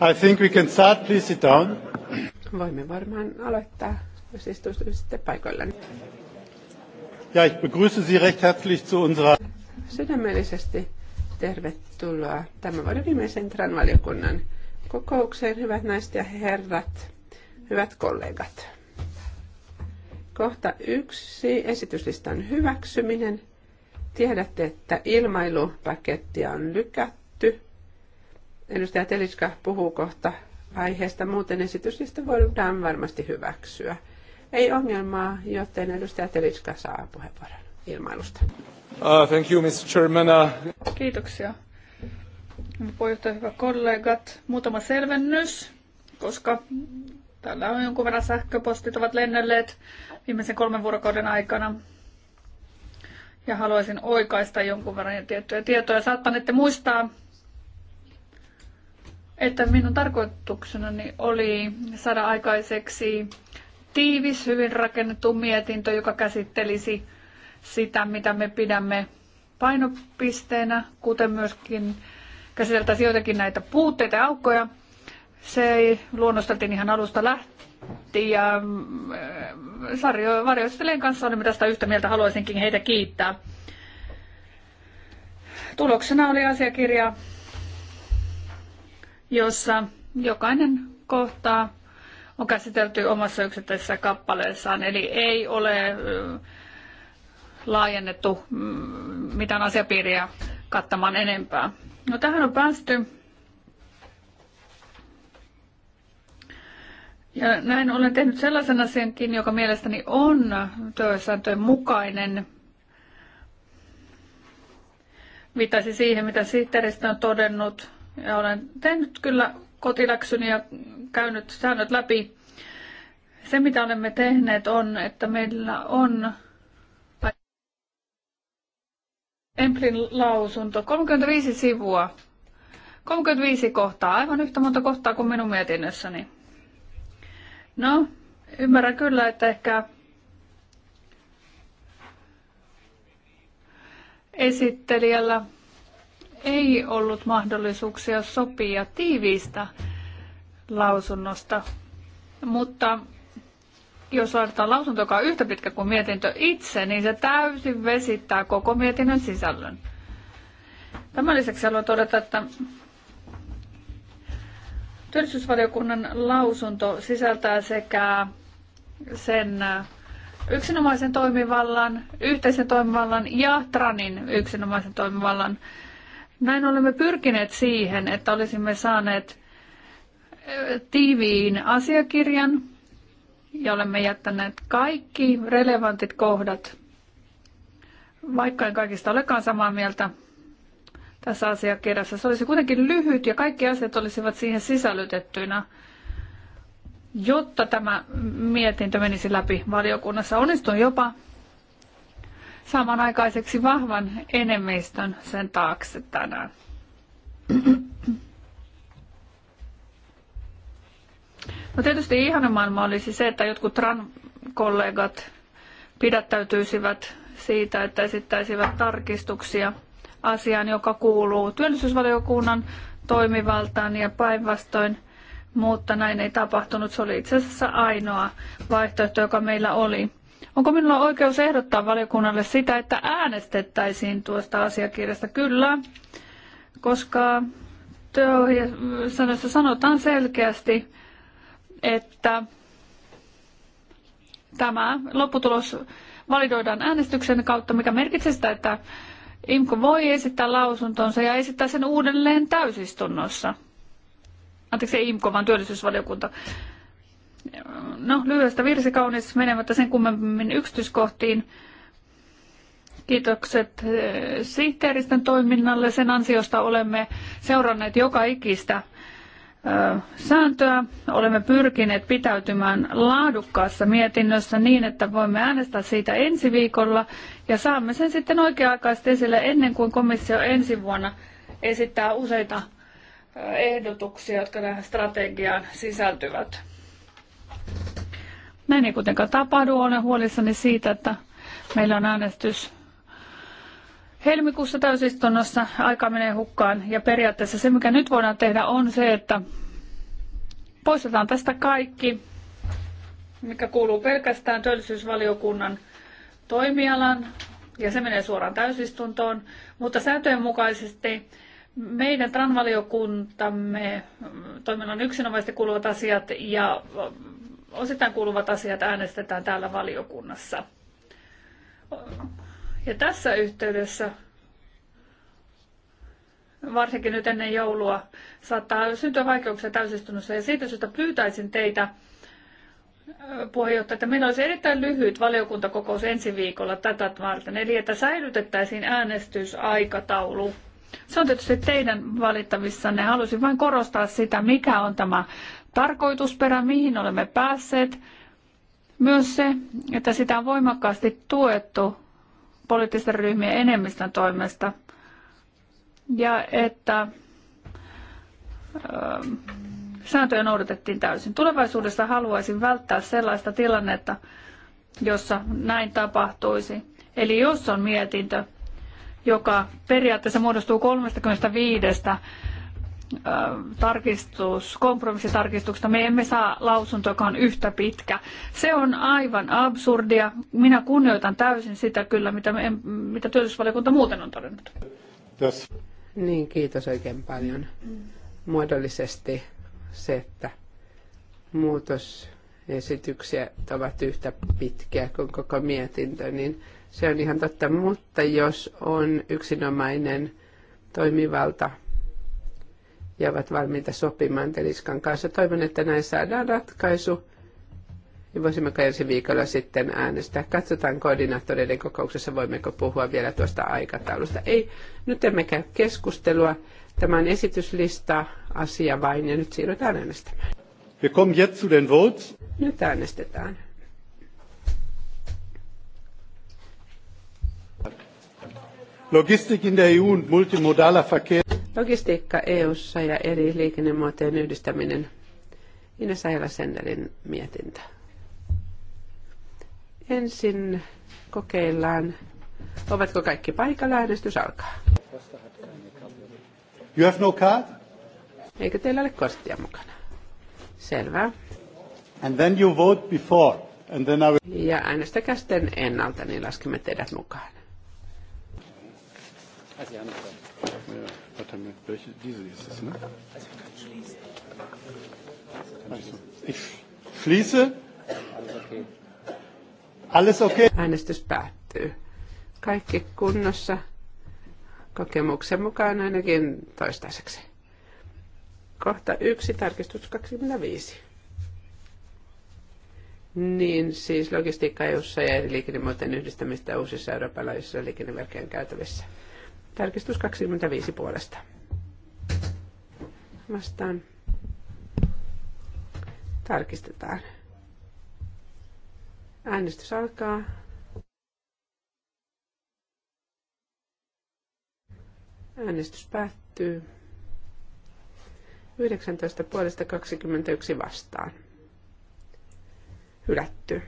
I think we can start. Please sit down. Voimme varmaan aloittaa, jos istuisitte Ja, ich begrüße Sie recht herzlich zu unserer... Sydämellisesti tervetuloa tämän vuoden viimeisen TRAN-valiokunnan kokoukseen, hyvät naiset ja herrat, hyvät kollegat. Kohta yksi, esityslistan hyväksyminen. Tiedätte, että ilmailupakettia on lykätty Edustaja Teliska puhuu kohta aiheesta, muuten esityslista voidaan varmasti hyväksyä. Ei ongelmaa, joten edustaja Teliska saa puheenvuoron ilmailusta. Uh, thank you, Mr. Chairman. Uh... Kiitoksia. Puheenjohtaja, hyvät kollegat. Muutama selvennys, koska täällä on jonkun verran sähköpostit ovat lennelleet viimeisen kolmen vuorokauden aikana. Ja haluaisin oikaista jonkun verran tiettyjä tietoja. Saattanette muistaa, että minun tarkoituksenani oli saada aikaiseksi tiivis, hyvin rakennettu mietintö, joka käsittelisi sitä, mitä me pidämme painopisteenä, kuten myöskin käsiteltäisiin joitakin näitä puutteita ja aukkoja. Se luonnosteltiin ihan alusta lähti ja äh, varjoistelijan kanssa olimme tästä yhtä mieltä, haluaisinkin heitä kiittää. Tuloksena oli asiakirja, jossa jokainen kohtaa on käsitelty omassa yksittäisessä kappaleessaan, eli ei ole laajennettu mm, mitään asiapiiriä kattamaan enempää. No tähän on päästy. Ja näin olen tehnyt sellaisen asiankin, joka mielestäni on työsääntöjen mukainen. Viitasi siihen, mitä sihteeristä on todennut ja olen tehnyt kyllä kotiläksyni ja käynyt säännöt läpi. Se, mitä olemme tehneet, on, että meillä on Emplin lausunto, 35 sivua, 35 kohtaa, aivan yhtä monta kohtaa kuin minun mietinnössäni. No, ymmärrän kyllä, että ehkä esittelijällä ei ollut mahdollisuuksia sopia tiiviistä lausunnosta, mutta jos laitetaan lausunto, joka on yhtä pitkä kuin mietintö itse, niin se täysin vesittää koko mietinnön sisällön. Tämän lisäksi haluan todeta, että työllisyysvaliokunnan lausunto sisältää sekä sen yksinomaisen toimivallan, yhteisen toimivallan ja TRANin yksinomaisen toimivallan. Näin olemme pyrkineet siihen, että olisimme saaneet tiiviin asiakirjan ja olemme jättäneet kaikki relevantit kohdat, vaikka en kaikista olekaan samaa mieltä tässä asiakirjassa. Se olisi kuitenkin lyhyt ja kaikki asiat olisivat siihen sisällytettyinä, jotta tämä mietintö menisi läpi valiokunnassa. Onnistuin jopa samanaikaiseksi vahvan enemmistön sen taakse tänään. No tietysti ihana maailma olisi se, että jotkut TRAN-kollegat pidättäytyisivät siitä, että esittäisivät tarkistuksia asiaan, joka kuuluu työllisyysvaliokunnan toimivaltaan ja päinvastoin, mutta näin ei tapahtunut. Se oli itse asiassa ainoa vaihtoehto, joka meillä oli. Onko minulla oikeus ehdottaa valiokunnalle sitä, että äänestettäisiin tuosta asiakirjasta? Kyllä, koska työohjesanoissa sanotaan selkeästi, että tämä lopputulos validoidaan äänestyksen kautta, mikä merkitsee sitä, että IMKO voi esittää lausuntonsa ja esittää sen uudelleen täysistunnossa. Anteeksi, ei IMKO, vaan työllisyysvaliokunta. No, lyhyestä virsi kaunis menemättä sen kummemmin yksityiskohtiin. Kiitokset eh, sihteeristön toiminnalle. Sen ansiosta olemme seuranneet joka ikistä eh, sääntöä. Olemme pyrkineet pitäytymään laadukkaassa mietinnössä niin, että voimme äänestää siitä ensi viikolla ja saamme sen sitten oikea-aikaisesti esille ennen kuin komissio ensi vuonna esittää useita eh, ehdotuksia, jotka tähän strategiaan sisältyvät. Näin ei kuitenkaan tapahdu. Olen huolissani siitä, että meillä on äänestys helmikuussa täysistunnossa. Aika menee hukkaan ja periaatteessa se, mikä nyt voidaan tehdä, on se, että poistetaan tästä kaikki, mikä kuuluu pelkästään työllisyysvaliokunnan toimialan ja se menee suoraan täysistuntoon, mutta sääntöjen mukaisesti meidän tranvaliokuntamme toiminnan yksinomaisesti kuuluvat asiat ja osittain kuuluvat asiat äänestetään täällä valiokunnassa. Ja tässä yhteydessä, varsinkin nyt ennen joulua, saattaa syntyä vaikeuksia täysistunnossa. Ja siitä syystä pyytäisin teitä puheenjohtaja, että meillä olisi erittäin lyhyt valiokuntakokous ensi viikolla tätä varten, eli että säilytettäisiin äänestysaikataulu. Se on tietysti teidän valittavissanne. Halusin vain korostaa sitä, mikä on tämä tarkoitusperä, mihin olemme päässeet. Myös se, että sitä on voimakkaasti tuettu poliittisten ryhmien enemmistön toimesta ja että ähm, sääntöjä noudatettiin täysin. Tulevaisuudessa haluaisin välttää sellaista tilannetta, jossa näin tapahtuisi. Eli jos on mietintö, joka periaatteessa muodostuu 35 tarkistus, kompromissitarkistuksesta. Me emme saa lausuntoa joka on yhtä pitkä. Se on aivan absurdia. Minä kunnioitan täysin sitä kyllä, mitä, me, mitä työllisyysvaliokunta muuten on todennut. Yes. Niin, kiitos oikein paljon. Muodollisesti se, että muutosesityksiä ovat yhtä pitkiä kuin koko mietintö, niin se on ihan totta. Mutta jos on yksinomainen toimivalta ja ovat valmiita sopimaan Teliskan kanssa. Toivon, että näin saadaan ratkaisu. Ja voisimmeko ensi viikolla sitten äänestää? Katsotaan koordinaattoreiden kokouksessa, voimmeko puhua vielä tuosta aikataulusta. Ei, nyt emme käy keskustelua. Tämä on esityslista asia vain ja nyt siirrytään äänestämään. Wir kommen jetzt zu den votes. Nyt äänestetään. Logistik in der EU und multimodaler Verkehr. Logistiikka EU:ssa ja eri liikennemuotojen yhdistäminen. Ines Saila Sennelin mietintä. Ensin kokeillaan, ovatko kaikki paikalla, äänestys alkaa. You have no card? Eikö teillä ole korttia mukana? Selvä. And then you vote before. And then I will... Ja äänestäkää sitten ennalta, niin laskemme teidät mukaan. Asia, Warte mal, welche, diese ist es, ne? Also ich schließe. Alles okay. Alles okay. Äänestys päättyy. Kaikki kunnossa. Kokemuksen mukaan ainakin toistaiseksi. Kohta yksi, tarkistus 25. Niin, siis logistiikka EU-ssa ja liikennemuotojen yhdistämistä uusissa eurooppalaisissa liikenneverkkojen käytävissä. Tarkistus 25 puolesta. Vastaan. Tarkistetaan. Äänestys alkaa. Äänestys päättyy. 19 puolesta 21 vastaan. Hylätty.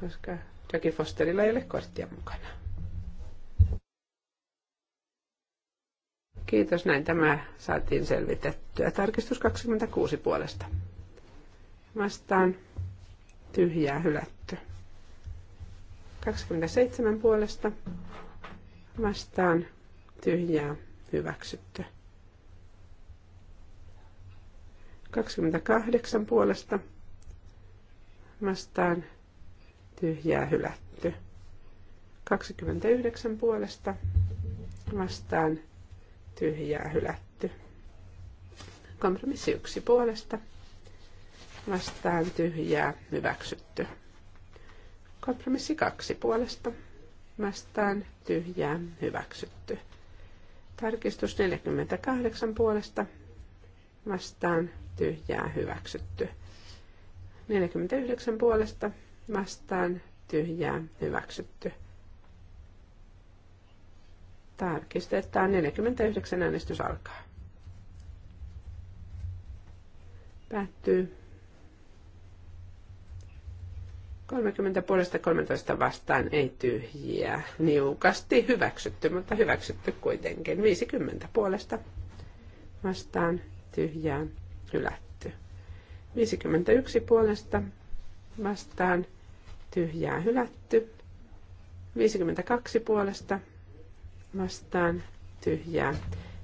Koska Jackie Fosterilla ei ole korttia mukana. Kiitos, näin tämä saatiin selvitettyä. Tarkistus 26 puolesta. Vastaan tyhjää hylätty. 27 puolesta vastaan tyhjää hyväksytty. 28 puolesta vastaan tyhjää hylätty. 29 puolesta vastaan tyhjää hylätty. Kompromissi yksi puolesta vastaan tyhjää hyväksytty. Kompromissi kaksi puolesta vastaan tyhjää hyväksytty. Tarkistus 48 puolesta vastaan tyhjää hyväksytty. 49 puolesta vastaan tyhjää hyväksytty. Tarkistetaan. 49 äänestys alkaa. Päättyy. 30 puolesta 13 vastaan ei tyhjiä. Niukasti hyväksytty, mutta hyväksytty kuitenkin. 50 puolesta vastaan tyhjää hylätty. 51 puolesta vastaan tyhjää hylätty. 52 puolesta vastaan tyhjää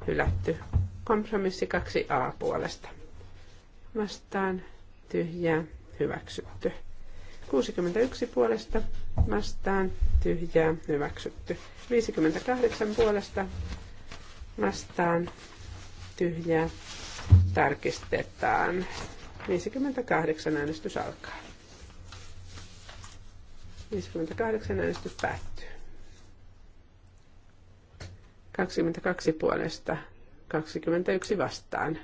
hylätty. Kompromissi 2a puolesta vastaan tyhjää hyväksytty. 61 puolesta vastaan tyhjää hyväksytty. 58 puolesta vastaan tyhjää tarkistetaan. 58 äänestys alkaa. 58 äänestys päättyy. 22 puolesta 21 vastaan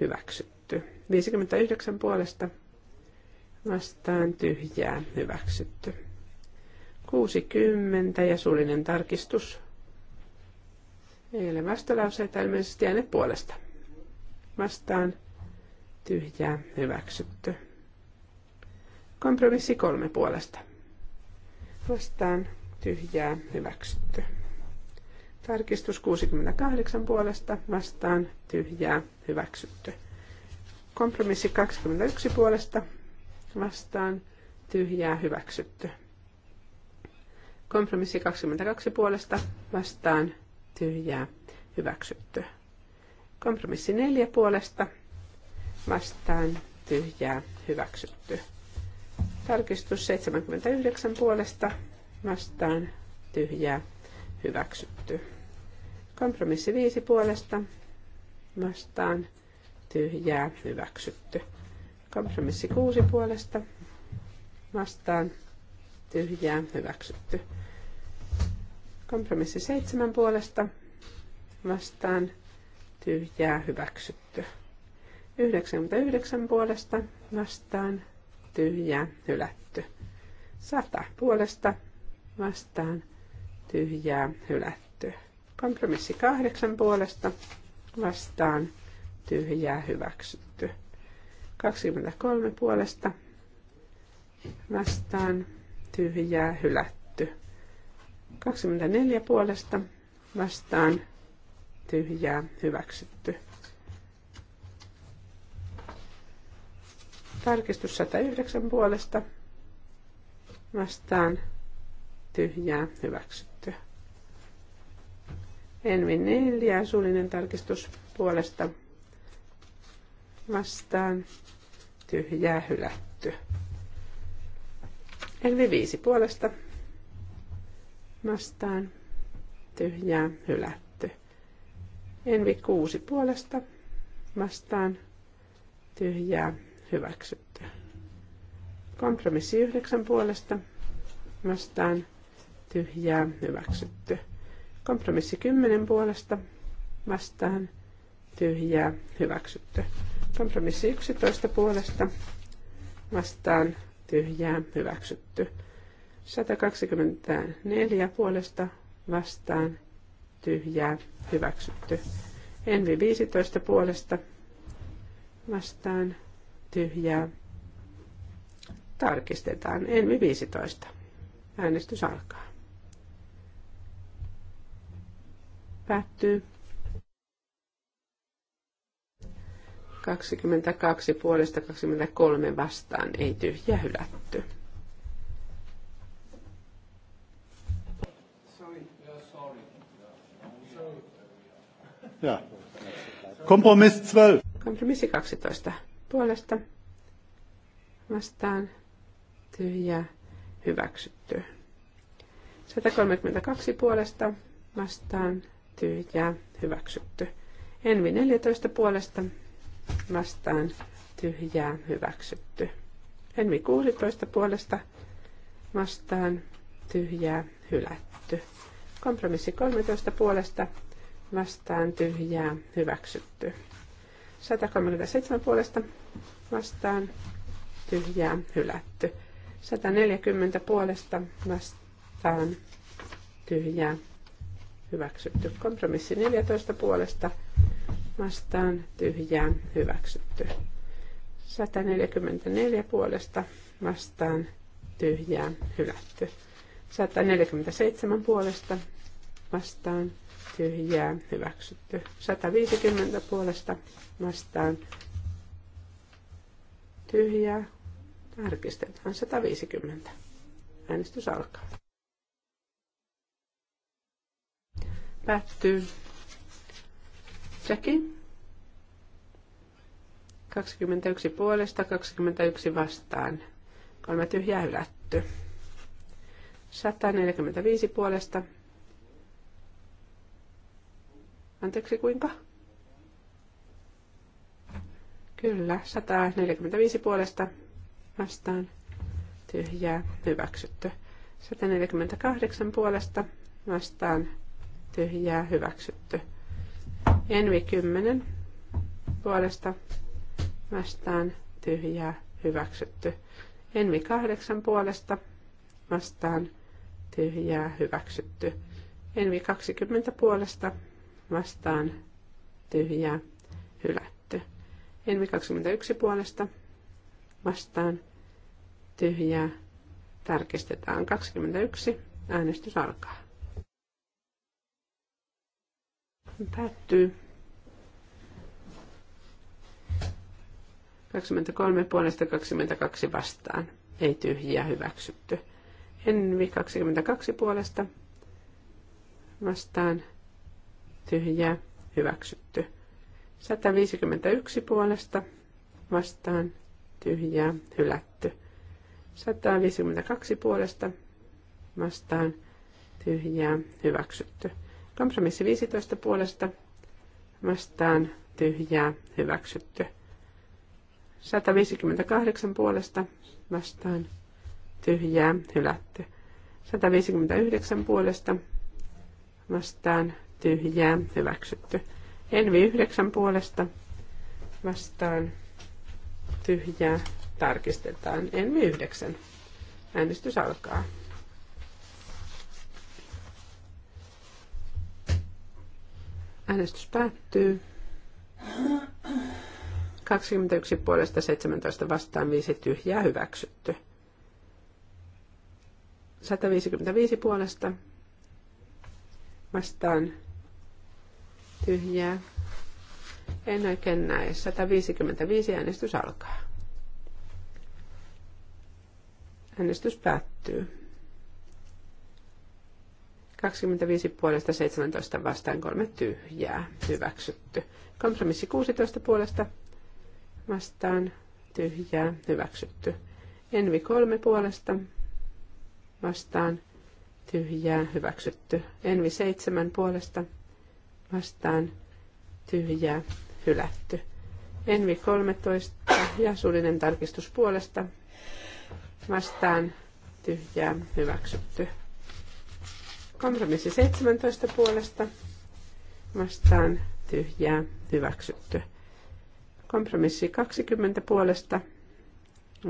hyväksytty. 59 puolesta vastaan tyhjää hyväksytty. 60 ja suullinen tarkistus. Ei ole vastalauseita ilmeisesti ne puolesta. Vastaan tyhjää hyväksytty. Kompromissi kolme puolesta. Vastaan tyhjää hyväksytty. Tarkistus 68 puolesta vastaan tyhjää hyväksytty. Kompromissi 21 puolesta vastaan tyhjää hyväksytty. Kompromissi 22 puolesta vastaan tyhjää hyväksytty. Kompromissi 4 puolesta vastaan tyhjää hyväksytty. Tarkistus 79 puolesta vastaan tyhjää hyväksytty. Kompromissi viisi puolesta vastaan tyhjää hyväksytty. Kompromissi kuusi puolesta vastaan tyhjää hyväksytty. Kompromissi seitsemän puolesta vastaan tyhjää hyväksytty. 99 puolesta vastaan tyhjää hylätty. 100 puolesta vastaan tyhjää hylätty. Kompromissi kahdeksan puolesta vastaan tyhjää hyväksytty. 23 puolesta vastaan tyhjää hylätty. 24 puolesta vastaan tyhjää hyväksytty. Tarkistus 109 puolesta vastaan tyhjää hyväksytty. Envi 4, suullinen tarkistus puolesta vastaan, tyhjää hylätty. Envi 5 puolesta vastaan, tyhjää hylätty. Envi 6 puolesta vastaan, tyhjää hyväksytty. Kompromissi 9 puolesta vastaan, tyhjää hyväksytty. Kompromissi 10 puolesta vastaan tyhjää hyväksytty. Kompromissi 11 puolesta vastaan tyhjää hyväksytty. 124 puolesta vastaan tyhjää hyväksytty. Envi 15 puolesta vastaan tyhjää tarkistetaan. Envi 15. Äänestys alkaa. Päättyy. 22 puolesta 23 vastaan ei tyhjä hylätty. Ja. 12. Kompromissi 12 puolesta vastaan tyhjä hyväksytty. 132 puolesta vastaan tyhjää hyväksytty. Envi 14 puolesta vastaan tyhjää hyväksytty. Envi 16 puolesta vastaan tyhjää hylätty. Kompromissi 13 puolesta vastaan tyhjää hyväksytty. 137 puolesta vastaan tyhjää hylätty. 140 puolesta vastaan tyhjää hyväksytty. Kompromissi 14 puolesta vastaan tyhjään hyväksytty. 144 puolesta vastaan tyhjään hylätty. 147 puolesta vastaan tyhjään hyväksytty. 150 puolesta vastaan tyhjää tarkistetaan 150. Äänestys alkaa. back to Jackie. 21 puolesta, 21 vastaan. Kolme tyhjää hylätty. 145 puolesta. Anteeksi, kuinka? Kyllä, 145 puolesta vastaan. Tyhjää, hyväksytty. 148 puolesta vastaan tyhjää hyväksytty. Envi 10 puolesta vastaan tyhjää hyväksytty. Envi 8 puolesta vastaan tyhjää hyväksytty. Envi 20 puolesta vastaan tyhjää hylätty. Envi 21 puolesta vastaan tyhjää tarkistetaan 21. Äänestys alkaa. Päättyy. 23 puolesta 22 vastaan. Ei tyhjiä hyväksytty. Envi 22 puolesta vastaan. Tyhjää hyväksytty. 151 puolesta vastaan. Tyhjää hylätty. 152 puolesta vastaan. Tyhjää hyväksytty. Kompromissi 15 puolesta vastaan tyhjää hyväksytty. 158 puolesta vastaan tyhjää hylätty. 159 puolesta vastaan tyhjää hyväksytty. Envi 9 puolesta vastaan tyhjää tarkistetaan. Envi 9. Äänestys alkaa. Äänestys päättyy. 21 puolesta 17 vastaan 5 tyhjää hyväksytty. 155 puolesta vastaan tyhjää. En oikein näe. 155 äänestys alkaa. Äänestys päättyy. 25 puolesta 17 vastaan 3 tyhjää. Hyväksytty. Kompromissi 16 puolesta vastaan tyhjää. Hyväksytty. Envi 3 puolesta vastaan tyhjää. Hyväksytty. Envi 7 puolesta vastaan tyhjää. Hylätty. Envi 13 ja suullinen tarkistus puolesta vastaan tyhjää. Hyväksytty. Kompromissi 17 puolesta vastaan tyhjää hyväksytty. Kompromissi 20 puolesta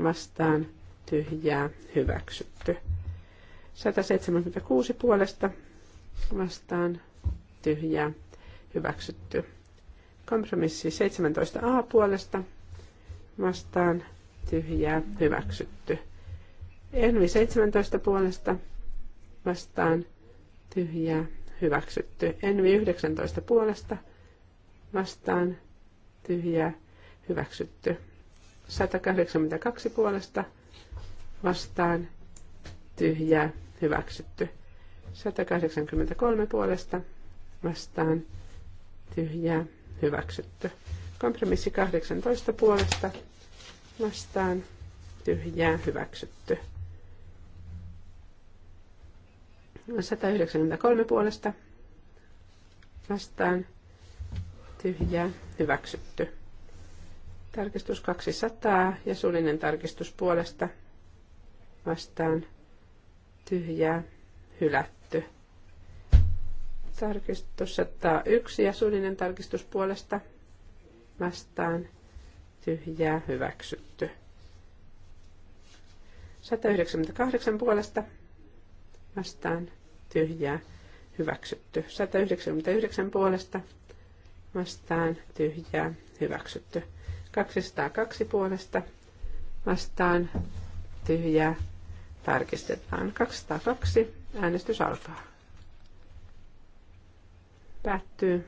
vastaan tyhjää hyväksytty. 176 puolesta vastaan tyhjää hyväksytty. Kompromissi 17a puolesta vastaan tyhjää hyväksytty. Envi 17 puolesta vastaan tyhjää hyväksytty. Envi 19 puolesta vastaan tyhjää hyväksytty. 182 puolesta vastaan tyhjää hyväksytty. 183 puolesta vastaan tyhjää hyväksytty. Kompromissi 18 puolesta vastaan tyhjää hyväksytty. 193 puolesta vastaan tyhjää hyväksytty. Tarkistus 200 ja suullinen tarkistus puolesta vastaan tyhjää hylätty. Tarkistus 101 ja suullinen tarkistus puolesta vastaan tyhjää hyväksytty. 198 puolesta vastaan tyhjää hyväksytty. 199 puolesta vastaan tyhjää hyväksytty. 202 puolesta vastaan tyhjää tarkistetaan. 202 äänestys alkaa. Päättyy.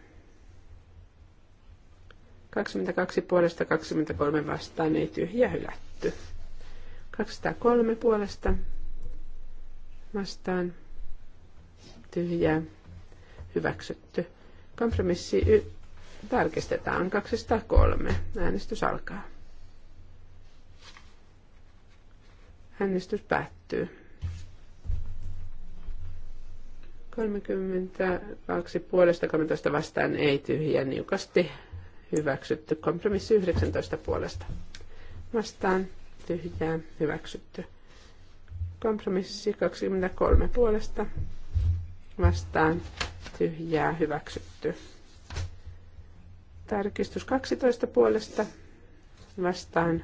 22 puolesta 23 vastaan ei tyhjä hylätty. 203 puolesta vastaan tyhjää hyväksytty. Kompromissi y- tarkistetaan 203. Äänestys alkaa. Äänestys päättyy. 32 puolesta 13 vastaan ei tyhjä niukasti hyväksytty. Kompromissi 19 puolesta vastaan tyhjää hyväksytty. Kompromissi 23 puolesta vastaan tyhjää hyväksytty. Tarkistus 12 puolesta vastaan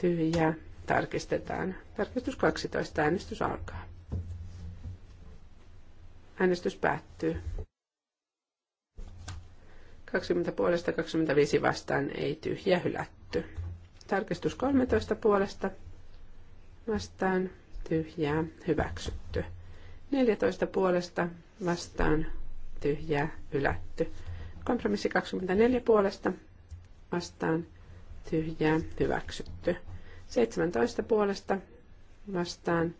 tyhjää tarkistetaan. Tarkistus 12. Äänestys alkaa. Äänestys päättyy. 20 puolesta 25 vastaan ei tyhjä hylätty. Tarkistus 13 puolesta vastaan tyhjää hyväksytty. 14 puolesta vastaan tyhjää hylätty. Kompromissi 24 puolesta vastaan tyhjää hyväksytty. 17 puolesta vastaan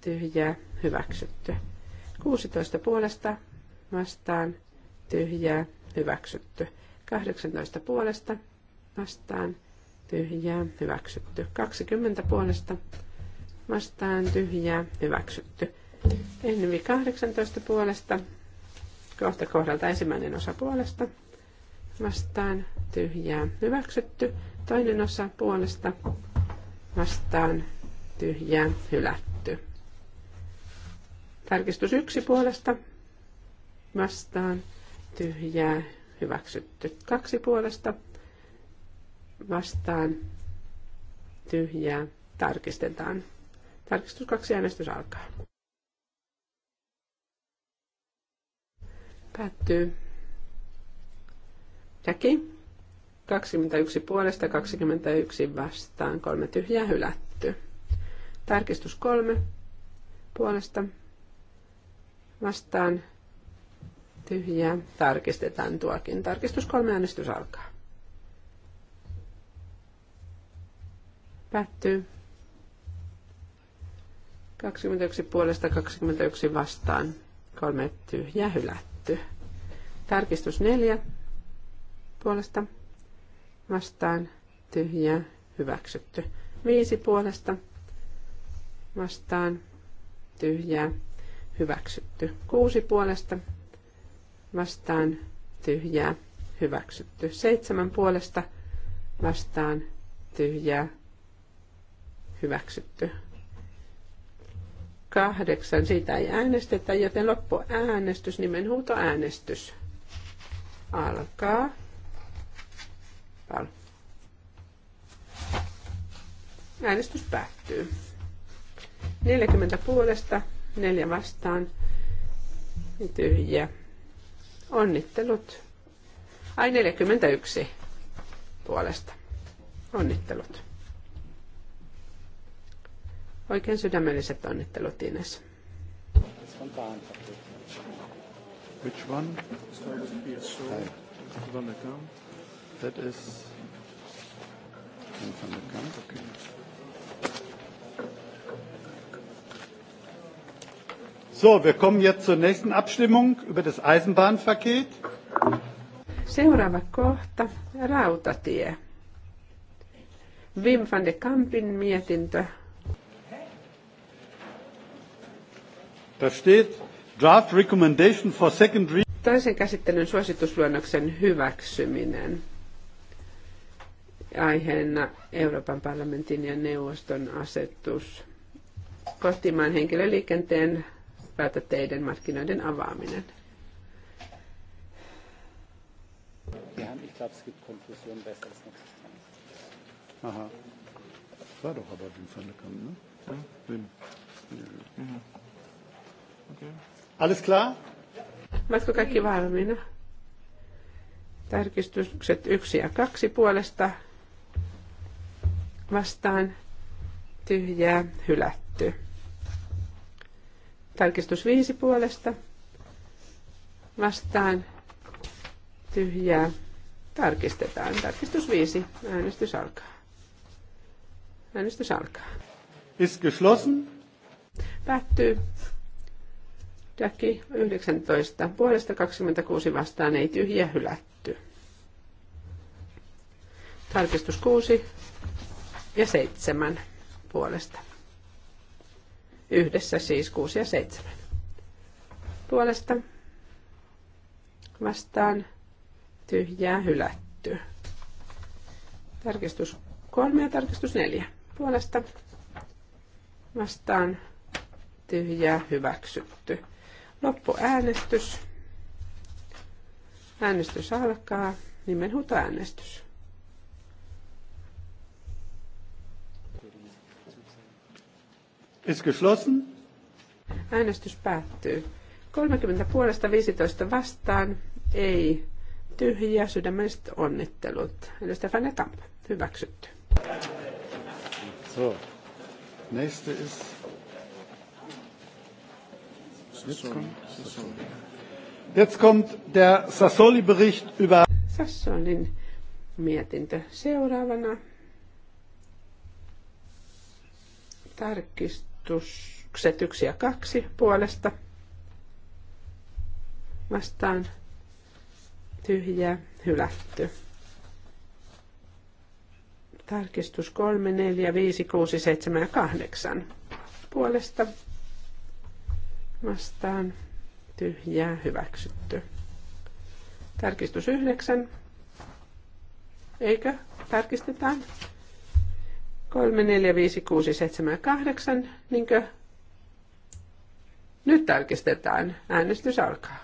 tyhjää hyväksytty. 16 puolesta vastaan tyhjää hyväksytty. 18 puolesta vastaan tyhjää, hyväksytty. 20 puolesta vastaan tyhjää, hyväksytty. Envi 18 puolesta, kohta kohdalta ensimmäinen osa puolesta, vastaan tyhjää, hyväksytty. Toinen osa puolesta, vastaan tyhjää, hylätty. Tarkistus yksi puolesta, vastaan tyhjää, hyväksytty. Kaksi puolesta, vastaan tyhjää tarkistetaan. Tarkistus kaksi äänestys alkaa. Päättyy. Jäki. 21 puolesta, 21 vastaan, kolme tyhjää hylätty. Tarkistus kolme puolesta vastaan tyhjää. Tarkistetaan tuokin. Tarkistus kolme äänestys alkaa. Päättyy. 21 puolesta 21 vastaan. Kolme tyhjää hylätty. Tarkistus 4 puolesta vastaan tyhjää hyväksytty. 5 puolesta vastaan tyhjää hyväksytty. 6 puolesta vastaan tyhjää hyväksytty. 7 puolesta vastaan tyhjää hyväksytty. Kahdeksan, siitä ei äänestetä, joten loppuäänestys, nimenhuutoäänestys alkaa. Pal. Äänestys päättyy. 40 puolesta, 4 vastaan, tyhjä. Onnittelut. Ai 41 puolesta. Onnittelut. Oikein sydämelliset onnittelut Ines. Which one? That is from the camp. Okay. So, wir kommen jetzt zur nächsten Abstimmung über das Eisenbahnpaket. Seuraava kohta, rautatie. Wim van de Kampin mietintö Toisen käsittelyn suositusluonnoksen hyväksyminen. Aiheena Euroopan parlamentin ja neuvoston asetus. Kotimaan henkilöliikenteen päätäteiden markkinoiden avaaminen. Aha. War doch aber ne? Ja. Hm. Mhm. Okay. Alles klar? Ovatko kaikki valmiina? Tarkistukset yksi ja kaksi puolesta vastaan tyhjää hylätty. Tarkistus viisi puolesta vastaan tyhjää tarkistetaan. Tarkistus viisi. Äänestys alkaa. Äänestys alkaa. Ist geschlossen. Päättyy. Jaki 19. Puolesta 26 vastaan ei tyhjä hylätty. Tarkistus 6 ja 7 puolesta. Yhdessä siis 6 ja 7. Puolesta vastaan tyhjää hylätty. Tarkistus 3 ja tarkistus 4. Puolesta vastaan tyhjää hyväksytty. Loppuäänestys. Äänestys alkaa. Nimenhuutoäänestys. Ist geschlossen. Äänestys päättyy. 30 puolesta 15 vastaan. Ei. Tyhjiä sydämelliset onnittelut. Eli Stefania Kamp. Hyväksytty. So. Nächste ist Jetzt kommt der Sassoli-Bericht über... Sassolin mietintö seuraavana. Tarkistukset 1 ja 2 puolesta. Vastaan tyhjä hylätty. Tarkistus 3, 4, 5, 6, 7 ja 8 puolesta vastaan tyhjää hyväksytty. Tarkistus 9. Eikö? Tarkistetaan. 3, 4, 5, 6, 7, 8. Niinkö? Nyt tarkistetaan. Äänestys alkaa.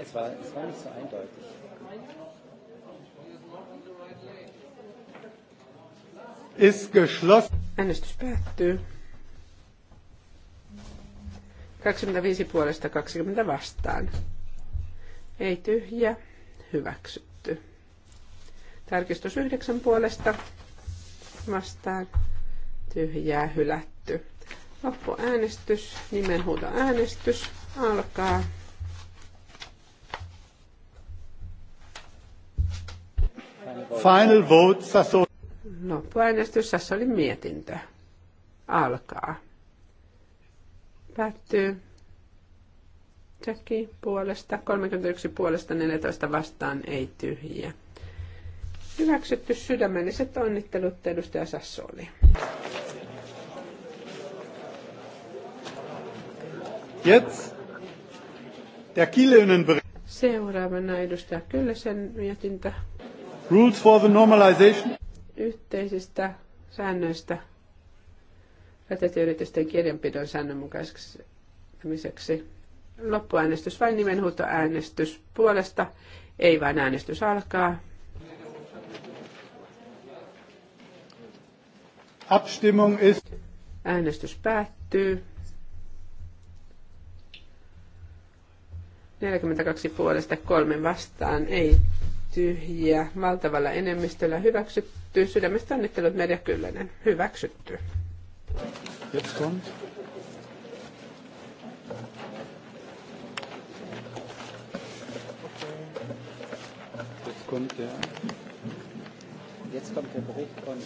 Es war, es war nicht so eindeutig. Ist geschlossen. Äänestys päättyy. 25 puolesta 20 vastaan. Ei tyhjä, hyväksytty. Tarkistus 9 puolesta vastaan, tyhjää, hylätty. Loppuäänestys, äänestys alkaa. Final vote, Sassoli. Loppuäänestys, Sassolin mietintö alkaa. Päättyy. Tsekki puolesta, 31 puolesta, 14 vastaan, ei tyhjiä. Hyväksytty sydämelliset onnittelut edustaja Sassoli. Jetzt der Kielönen Seuraavana edustaja Kyllösen mietintä. Rules for the normalization. Yhteisistä säännöistä Jäteyritysten kirjanpidon säännönmukaiseksi loppuäänestys vai nimenhuutoäänestys puolesta. Ei vain äänestys alkaa. Abstimmung ist. Äänestys päättyy. 42 puolesta kolmen vastaan, ei tyhjiä. Valtavalla enemmistöllä hyväksytty. Sydämestä onnittelut Merja Kyllönen. Hyväksytty. Jetzt kommt. Jetzt kommt der. Jetzt kommt der Bericht von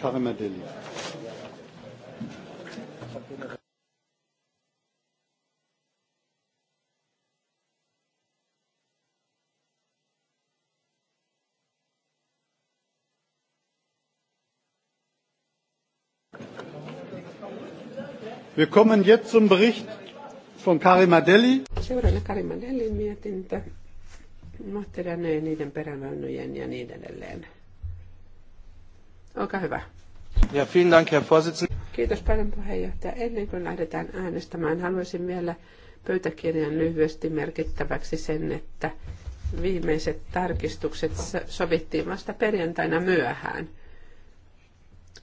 Karimadelli. Wir kommen jetzt zum Bericht von Karimadelli. Seuraavana Karimandellin mietintö. ja niiden perävaunujen ja niin edelleen. Olkaa hyvä. Ja, vielen Dank, Herr Vorsitzender. Kiitos paljon puheenjohtaja. Ennen kuin lähdetään äänestämään, haluaisin vielä pöytäkirjan lyhyesti merkittäväksi sen, että viimeiset tarkistukset sovittiin vasta perjantaina myöhään.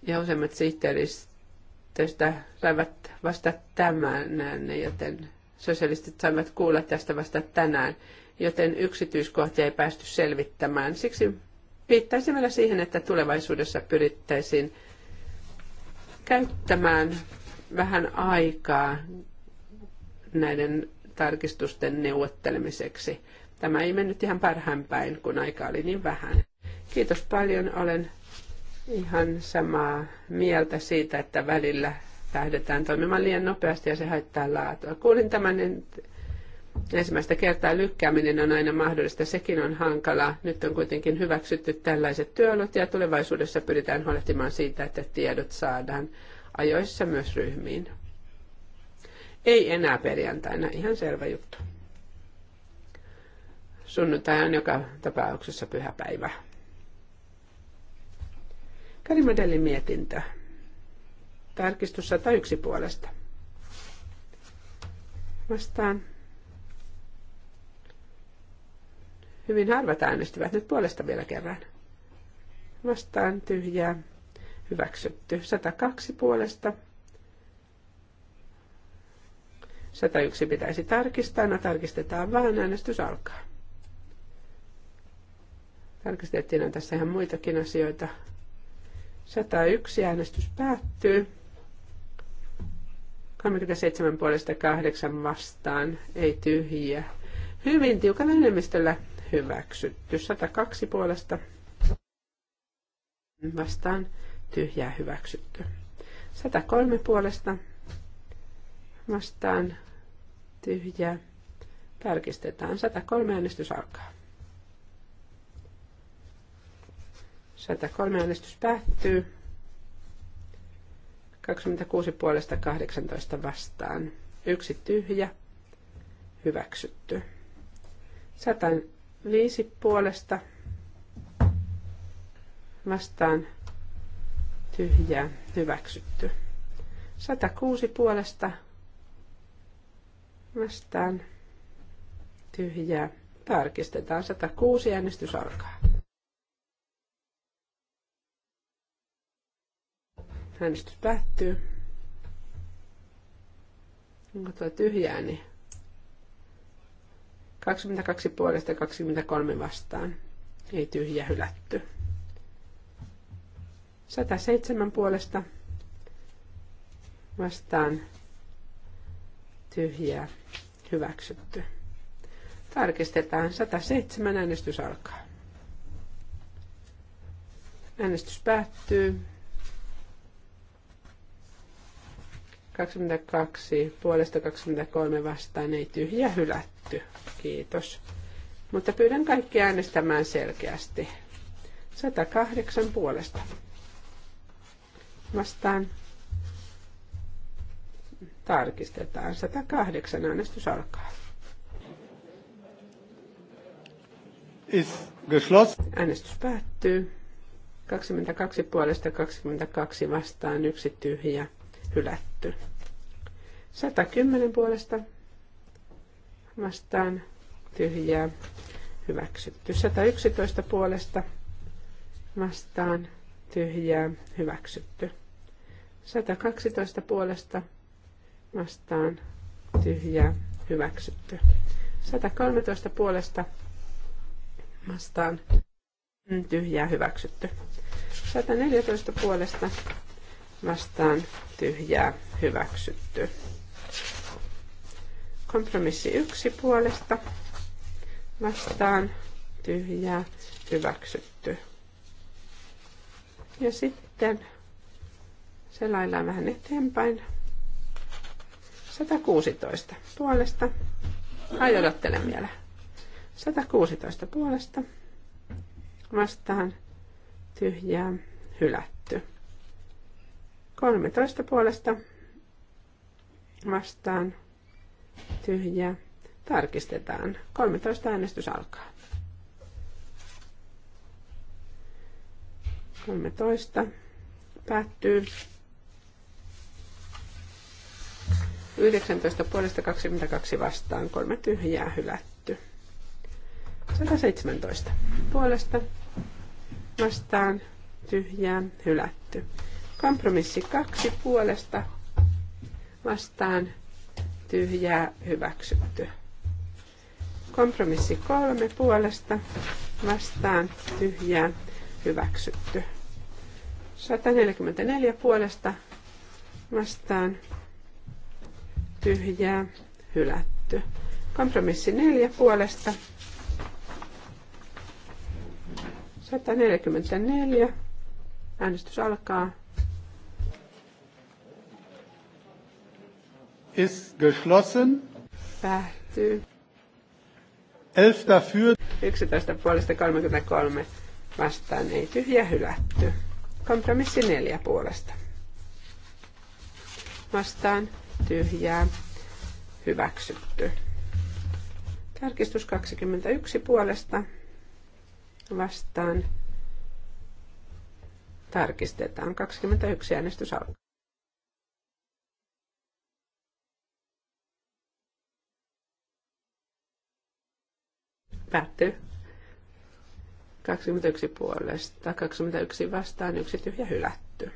Ja useimmat sihteeristä 2011 saivat vasta tämän, joten sosialistit saivat kuulla tästä vasta tänään, joten yksityiskohtia ei päästy selvittämään. Siksi viittaisin vielä siihen, että tulevaisuudessa pyrittäisiin käyttämään vähän aikaa näiden tarkistusten neuvottelemiseksi. Tämä ei mennyt ihan parhaan päin, kun aika oli niin vähän. Kiitos paljon, olen ihan samaa mieltä siitä, että välillä tähdetään toimimaan liian nopeasti ja se haittaa laatua. Kuulin tämän ensimmäistä kertaa lykkääminen on aina mahdollista, sekin on hankalaa. Nyt on kuitenkin hyväksytty tällaiset työolot ja tulevaisuudessa pyritään huolehtimaan siitä, että tiedot saadaan ajoissa myös ryhmiin. Ei enää perjantaina, ihan selvä juttu. Sunnuntai on joka tapauksessa pyhäpäivä. Karimadellin mietintö. Tarkistus 101 puolesta. Vastaan. Hyvin harvat äänestivät nyt puolesta vielä kerran. Vastaan tyhjää. Hyväksytty. 102 puolesta. 101 pitäisi tarkistaa. No tarkistetaan vaan. Äänestys alkaa. Tarkistettiin on tässä ihan muitakin asioita. 101 äänestys päättyy. 37 puolesta 8 vastaan, ei tyhjiä. Hyvin tiukalla enemmistöllä hyväksytty. 102 puolesta vastaan, tyhjää hyväksytty. 103 puolesta vastaan, tyhjää. Tarkistetaan. 103 äänestys alkaa. 103 äänestys päättyy. 26 puolesta 18 vastaan. Yksi tyhjä. Hyväksytty. 105 puolesta vastaan tyhjää. Hyväksytty. 106 puolesta vastaan tyhjää. Tarkistetaan. 106 äänestys alkaa. Äänestys päättyy. Onko tuo tyhjää, niin 22 puolesta 23 vastaan. Ei tyhjä hylätty. 107 puolesta vastaan tyhjää hyväksytty. Tarkistetaan 107 äänestys alkaa. Äänestys päättyy. 22 puolesta 23 vastaan ei tyhjä hylätty. Kiitos. Mutta pyydän kaikki äänestämään selkeästi. 108 puolesta. Vastaan tarkistetaan. 108 äänestys alkaa. Äänestys päättyy. 22 puolesta 22 vastaan yksi tyhjä hylätty. 110 puolesta vastaan tyhjää hyväksytty. 111 puolesta vastaan tyhjää hyväksytty. 112 puolesta vastaan tyhjää hyväksytty. 113 puolesta vastaan tyhjää hyväksytty. 114 puolesta vastaan tyhjää hyväksytty. Kompromissi yksi puolesta vastaan tyhjää hyväksytty. Ja sitten selaillaan vähän eteenpäin. 116 puolesta. Ai odottelen vielä. 116 puolesta vastaan tyhjää hylätty. 13 puolesta vastaan tyhjää. Tarkistetaan. 13 äänestys alkaa. 13 päättyy. 19 puolesta 22 vastaan, kolme tyhjää hylätty. 117 puolesta vastaan, tyhjää hylätty. Kompromissi kaksi puolesta vastaan tyhjää hyväksytty. Kompromissi kolme puolesta vastaan tyhjää hyväksytty. 144 puolesta vastaan tyhjää hylätty. Kompromissi neljä puolesta 144. Äänestys alkaa. ist geschlossen. Päättyy. 11 dafür. 11 puolesta 33 vastaan ei tyhjä hylätty. Kompromissi 4 puolesta. Vastaan tyhjää hyväksytty. Tarkistus 21 puolesta vastaan tarkistetaan. 21 äänestys alkaa. Päättyy. 21 puolesta, 21 vastaan, yksi tyhjä hylätty.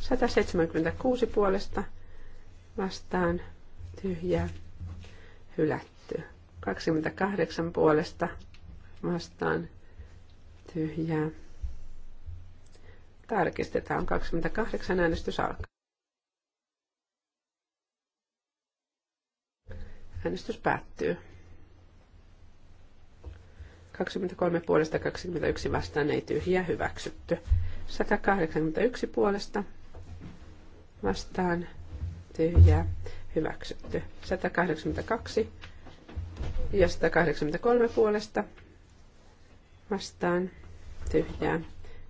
176 puolesta vastaan, tyhjä hylätty. 28 puolesta vastaan, tyhjä. Tarkistetaan 28 äänestys alkaa. Äänestys päättyy. 23 puolesta 21 vastaan ei tyhjiä hyväksytty. 181 puolesta vastaan tyhjää hyväksytty. 182 ja 183 puolesta vastaan tyhjää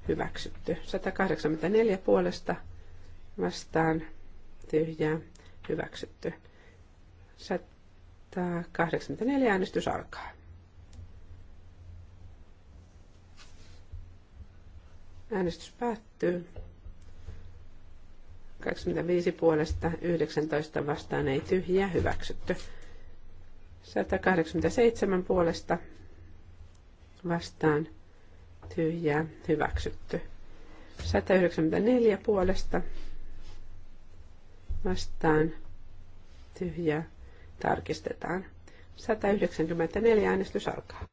hyväksytty. 184 puolesta vastaan tyhjää hyväksytty. 184 äänestys alkaa. Äänestys päättyy. 25 puolesta 19 vastaan ei tyhjiä hyväksytty. 187 puolesta vastaan tyhjää hyväksytty. 194 puolesta vastaan tyhjää tarkistetaan. 194 äänestys alkaa.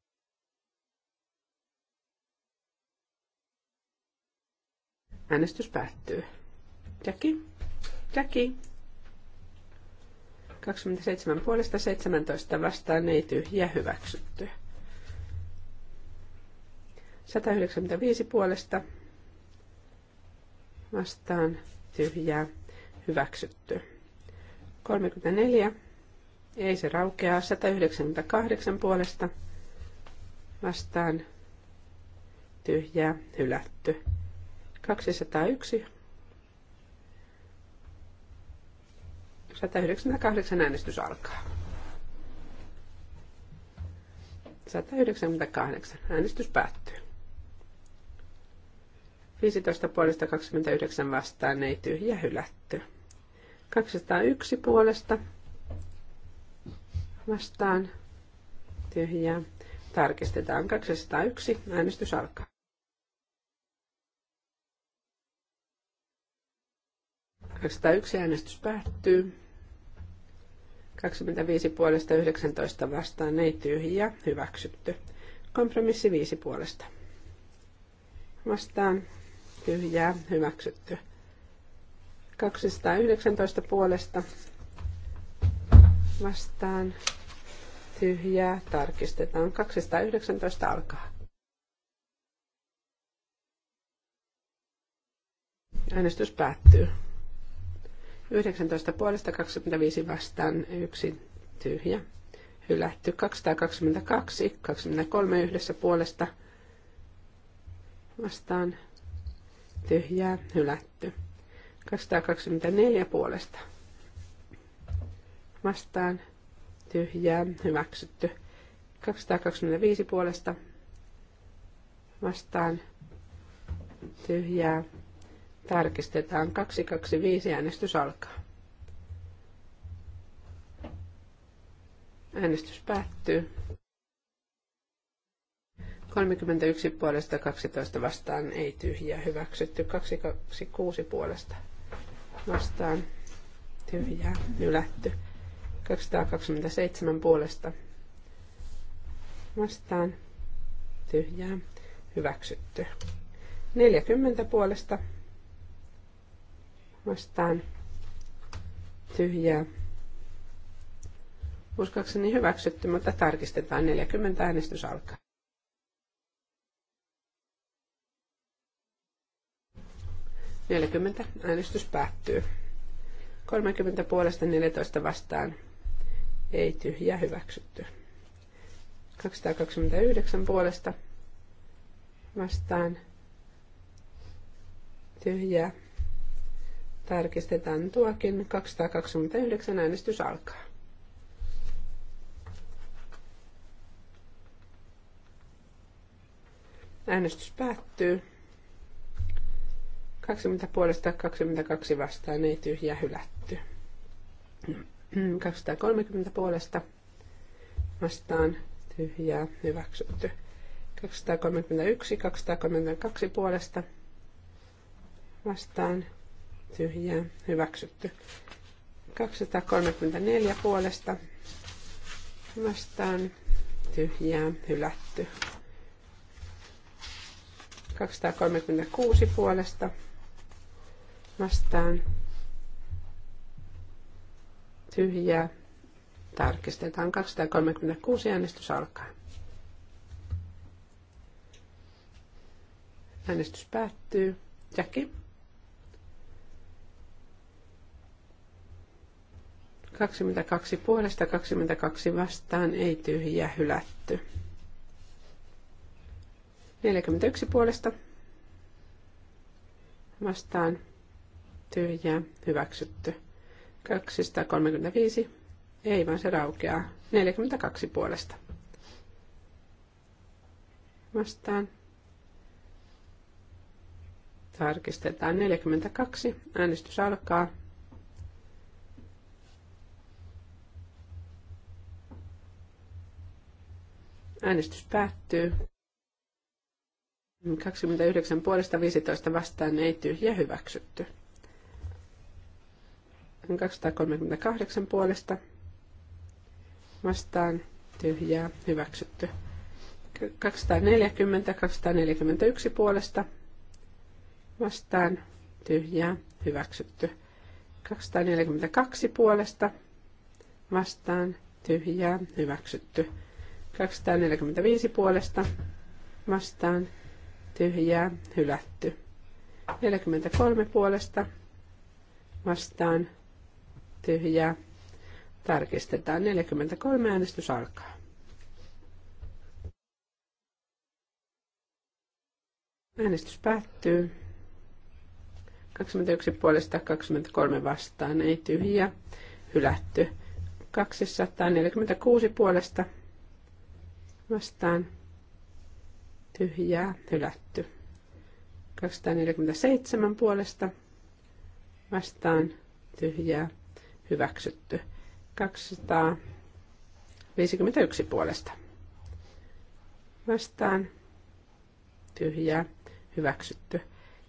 Äänestys päättyy. Jackie? Jackie? 27 puolesta 17 vastaan ei tyhjä hyväksytty. 195 puolesta vastaan tyhjää hyväksytty. 34 ei se raukeaa. 198 puolesta vastaan tyhjää hylätty. 201. 198 äänestys alkaa. 198. Äänestys päättyy. 15 puolesta 29 vastaan ei tyhjä hylätty. 201 puolesta vastaan tyhjää. Tarkistetaan 201. Äänestys alkaa. 201 äänestys päättyy. 25 puolesta 19 vastaan ei tyhjiä, hyväksytty. Kompromissi 5 puolesta. Vastaan tyhjää, hyväksytty. 219 puolesta vastaan tyhjää, tarkistetaan. 219 alkaa. Äänestys päättyy. 19 puolesta 25 vastaan yksi tyhjä. Hylätty 222, 23 yhdessä puolesta vastaan tyhjää hylätty. 224 puolesta vastaan tyhjää hyväksytty. 225 puolesta vastaan tyhjää Tarkistetaan 225 äänestys alkaa. Äänestys päättyy. 31 puolesta 12 vastaan ei tyhjää hyväksytty. 226 puolesta vastaan tyhjää hylätty. 227 puolesta vastaan tyhjää hyväksytty. 40 puolesta vastaan tyhjää. Uskoakseni hyväksytty, mutta tarkistetaan 40 äänestys alkaa. Neljäkymmentä. Äänestys päättyy. 30 puolesta 14 vastaan. Ei tyhjä hyväksytty. 229 puolesta vastaan. Tyhjää Tarkistetaan tuokin. 229 äänestys alkaa. Äänestys päättyy. 20 puolesta 22 vastaan ei tyhjä hylätty. 230 puolesta vastaan tyhjää hyväksytty. 231, 232 puolesta vastaan tyhjää hyväksytty. 234 puolesta vastaan tyhjää hylätty. 236 puolesta vastaan tyhjää. Tarkistetaan 236 äänestys alkaa. Äänestys päättyy. Jackie. 22 puolesta, 22 vastaan, ei tyhjiä, hylätty. 41 puolesta vastaan, tyhjää, hyväksytty. 235, ei vaan se raukeaa. 42 puolesta vastaan. Tarkistetaan 42, äänestys alkaa. Äänestys päättyy. 29 puolesta 15 vastaan ei tyhjä hyväksytty. 238 puolesta vastaan tyhjää hyväksytty. 240, 241 puolesta vastaan tyhjää hyväksytty. 242 puolesta vastaan tyhjää hyväksytty. 245 puolesta vastaan tyhjää hylätty. 43 puolesta vastaan tyhjää. Tarkistetaan 43 äänestys alkaa. Äänestys päättyy. 21 puolesta 23 vastaan ei tyhjä, hylätty. 246 puolesta vastaan tyhjää hylätty. 247 puolesta vastaan tyhjää hyväksytty. 251 puolesta vastaan tyhjää hyväksytty.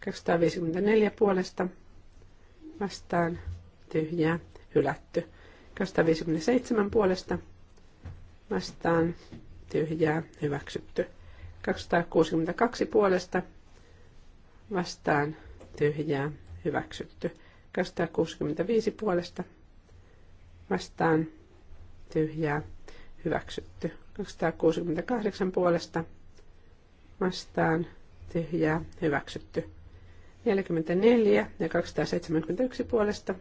254 puolesta vastaan tyhjää hylätty. 257 puolesta vastaan tyhjää hyväksytty. 262 puolesta vastaan tyhjää hyväksytty. 265 puolesta vastaan tyhjää hyväksytty. 268 puolesta vastaan tyhjää hyväksytty. 44 ja 271 puolesta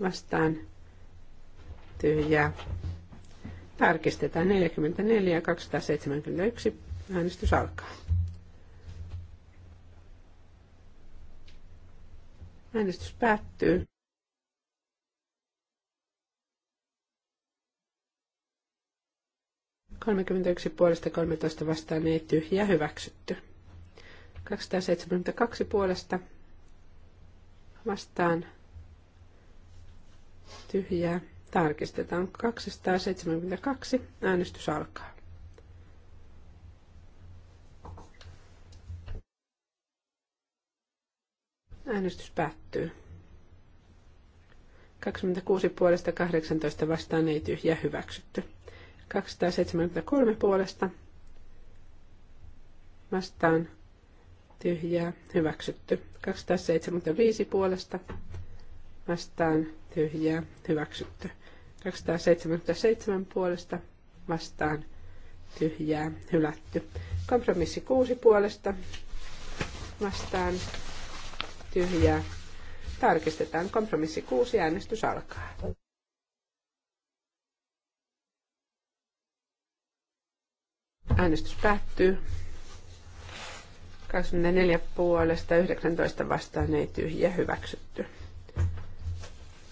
vastaan tyhjää Tarkistetaan 44 ja 271. Äänestys alkaa. Äänestys päättyy. puolesta 13 vastaan ei tyhjä hyväksytty. 272 puolesta vastaan tyhjää Tarkistetaan 272. Äänestys alkaa. Äänestys päättyy. 26 puolesta 18 vastaan ei tyhjä hyväksytty. 273 puolesta vastaan tyhjää hyväksytty. 275 puolesta vastaan tyhjää hyväksytty. 277 puolesta vastaan tyhjää hylätty. Kompromissi 6 puolesta vastaan tyhjää. Tarkistetaan kompromissi 6 äänestys alkaa. Äänestys päättyy. 24 puolesta 19 vastaan ei tyhjiä hyväksytty.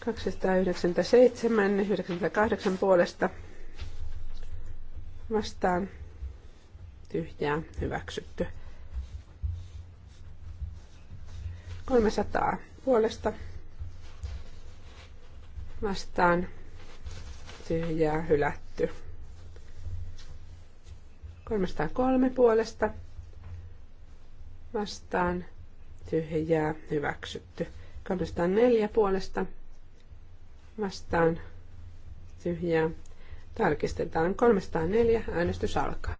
297, 98 puolesta vastaan tyhjää hyväksytty. 300 puolesta vastaan tyhjää hylätty. 303 puolesta vastaan tyhjää hyväksytty. 304 puolesta vastaan vastaan tyhjää. Tarkistetaan 304. Äänestys alkaa.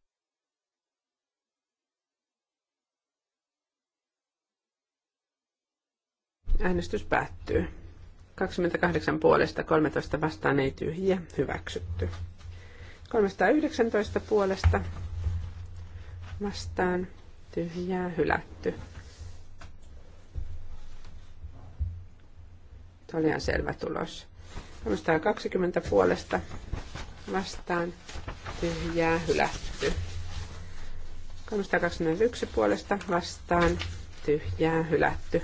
Äänestys päättyy. 28 puolesta 13 vastaan ei tyhjiä. Hyväksytty. 319 puolesta vastaan tyhjää hylätty. Tämä oli ihan selvä tulos. 320 puolesta vastaan tyhjää hylätty. 321 puolesta vastaan tyhjää hylätty.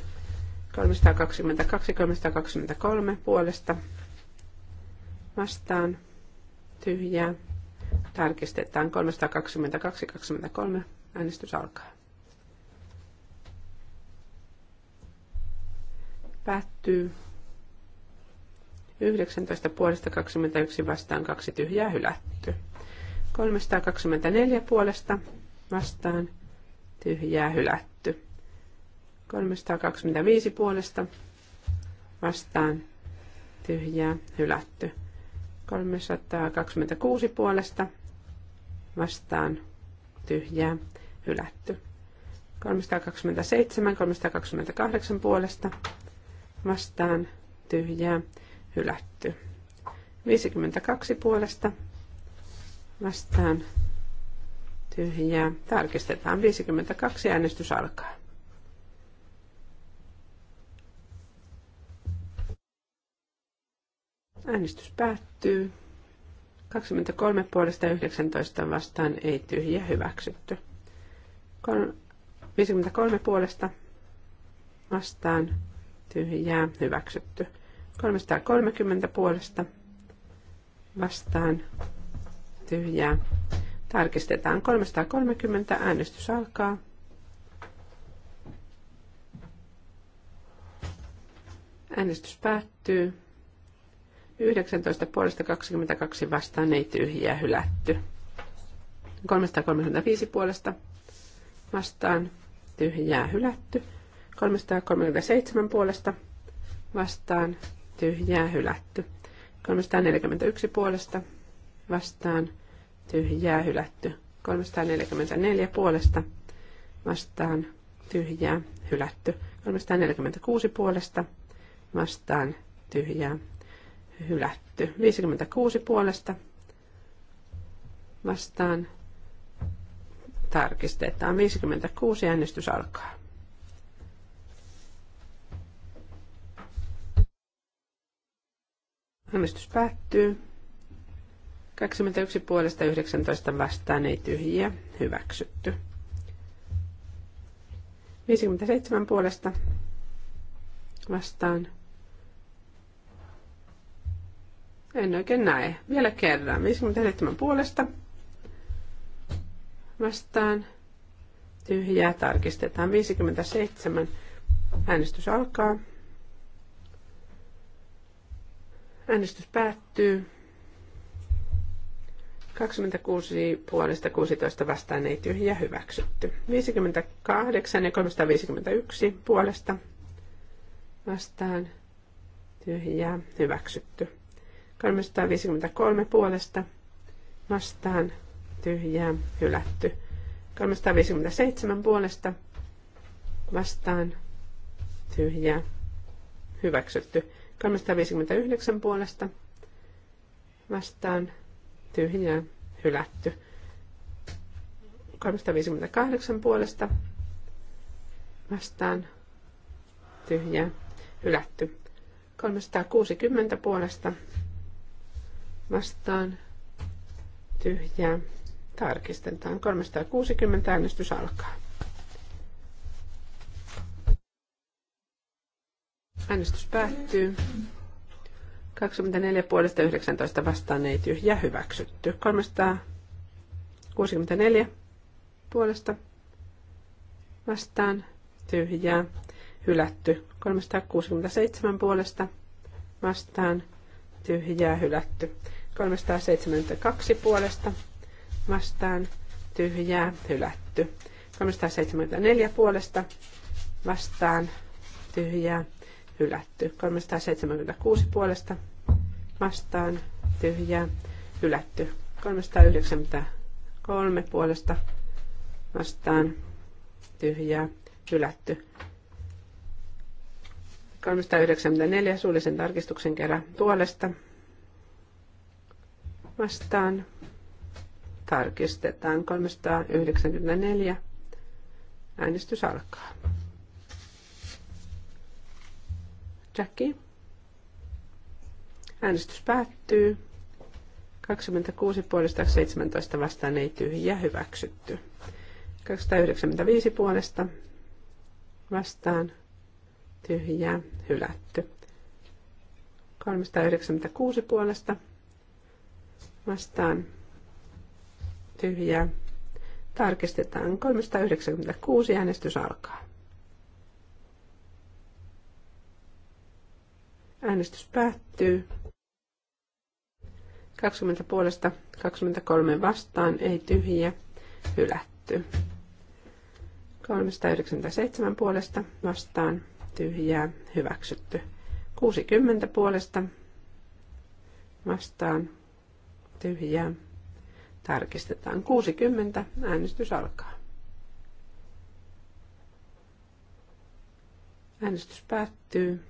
322, 323 puolesta vastaan tyhjää. Tarkistetaan 322, 23. Äänestys alkaa. Päättyy. 19 puolesta 21 vastaan kaksi tyhjää hylätty. 324 puolesta vastaan tyhjää hylätty. 325 puolesta vastaan tyhjää hylätty. 326 puolesta vastaan tyhjää hylätty. 327, 328 puolesta vastaan tyhjää hylätty. 52 puolesta vastaan tyhjää. Tarkistetaan 52 äänestys alkaa. Äänestys päättyy. 23 puolesta 19 vastaan ei tyhjä hyväksytty. 53 puolesta vastaan tyhjää hyväksytty. 330 puolesta vastaan tyhjää. Tarkistetaan 330. Äänestys alkaa. Äänestys päättyy. 19 puolesta 22 vastaan ei tyhjiä hylätty. 335 puolesta vastaan tyhjää hylätty. 337 puolesta vastaan tyhjää hylätty. 341 puolesta vastaan tyhjää hylätty. 344 puolesta vastaan tyhjää hylätty. 346 puolesta vastaan tyhjää hylätty. 56 puolesta vastaan tarkistetaan. 56 äänestys alkaa. Äänestys päättyy. 21 puolesta 19 vastaan ei tyhjiä. Hyväksytty. 57 puolesta vastaan. En oikein näe. Vielä kerran. 57 puolesta vastaan. Tyhjää tarkistetaan. 57. Äänestys alkaa. Äänestys päättyy. 26 puolesta 16 vastaan ei tyhjä hyväksytty. 58 ja 351 puolesta vastaan tyhjää hyväksytty. 353 puolesta vastaan tyhjää hylätty. 357 puolesta vastaan tyhjää hyväksytty. 359 puolesta vastaan tyhjää hylätty. 358 puolesta vastaan tyhjä hylätty. 360 puolesta vastaan tyhjää. Tarkistetaan. 360 äänestys alkaa. Äänestys päättyy. 24 puolesta 19 vastaan ei tyhjä hyväksytty. 364 puolesta vastaan tyhjää hylätty. 367 puolesta vastaan tyhjää hylätty. 372 puolesta vastaan tyhjää hylätty. 374 puolesta vastaan tyhjää hylätty hylätty. 376 puolesta vastaan tyhjää hylätty. 393 puolesta vastaan tyhjää hylätty. 394 suullisen tarkistuksen kerran puolesta vastaan tarkistetaan 394. Äänestys alkaa. Jackie. Äänestys päättyy. 26 puolesta 17 vastaan ei tyhjä hyväksytty. 295 puolesta vastaan tyhjä hylätty. 396 puolesta vastaan tyhjä Tarkistetaan 396 äänestys alkaa. Äänestys päättyy. 20 puolesta 23 vastaan, ei tyhjiä, hylätty. 397 puolesta vastaan, tyhjää, hyväksytty. 60 puolesta vastaan, tyhjää, tarkistetaan. 60, äänestys alkaa. Äänestys päättyy.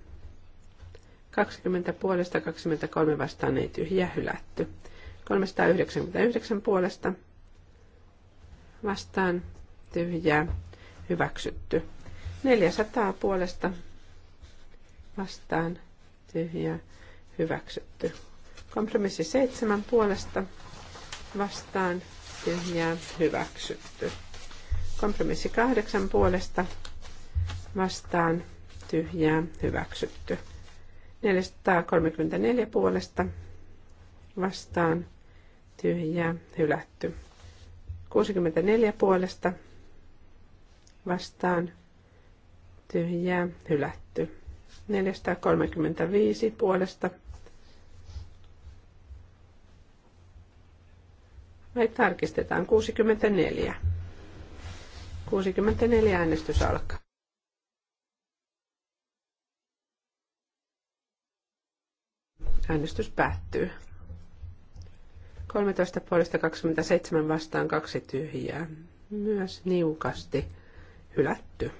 20 puolesta, 23 vastaan ei tyhjä hylätty. 399 puolesta vastaan tyhjää hyväksytty. 400 puolesta vastaan tyhjää hyväksytty. Kompromissi 7 puolesta vastaan tyhjää hyväksytty. Kompromissi 8 puolesta vastaan tyhjää hyväksytty. 434 puolesta vastaan tyhjää hylätty. 64 puolesta vastaan tyhjää hylätty. 435 puolesta Vai tarkistetaan 64. 64 äänestys alkaa. Äänestys päättyy. 13 puolesta 27 vastaan kaksi tyhjää. Myös niukasti hylätty.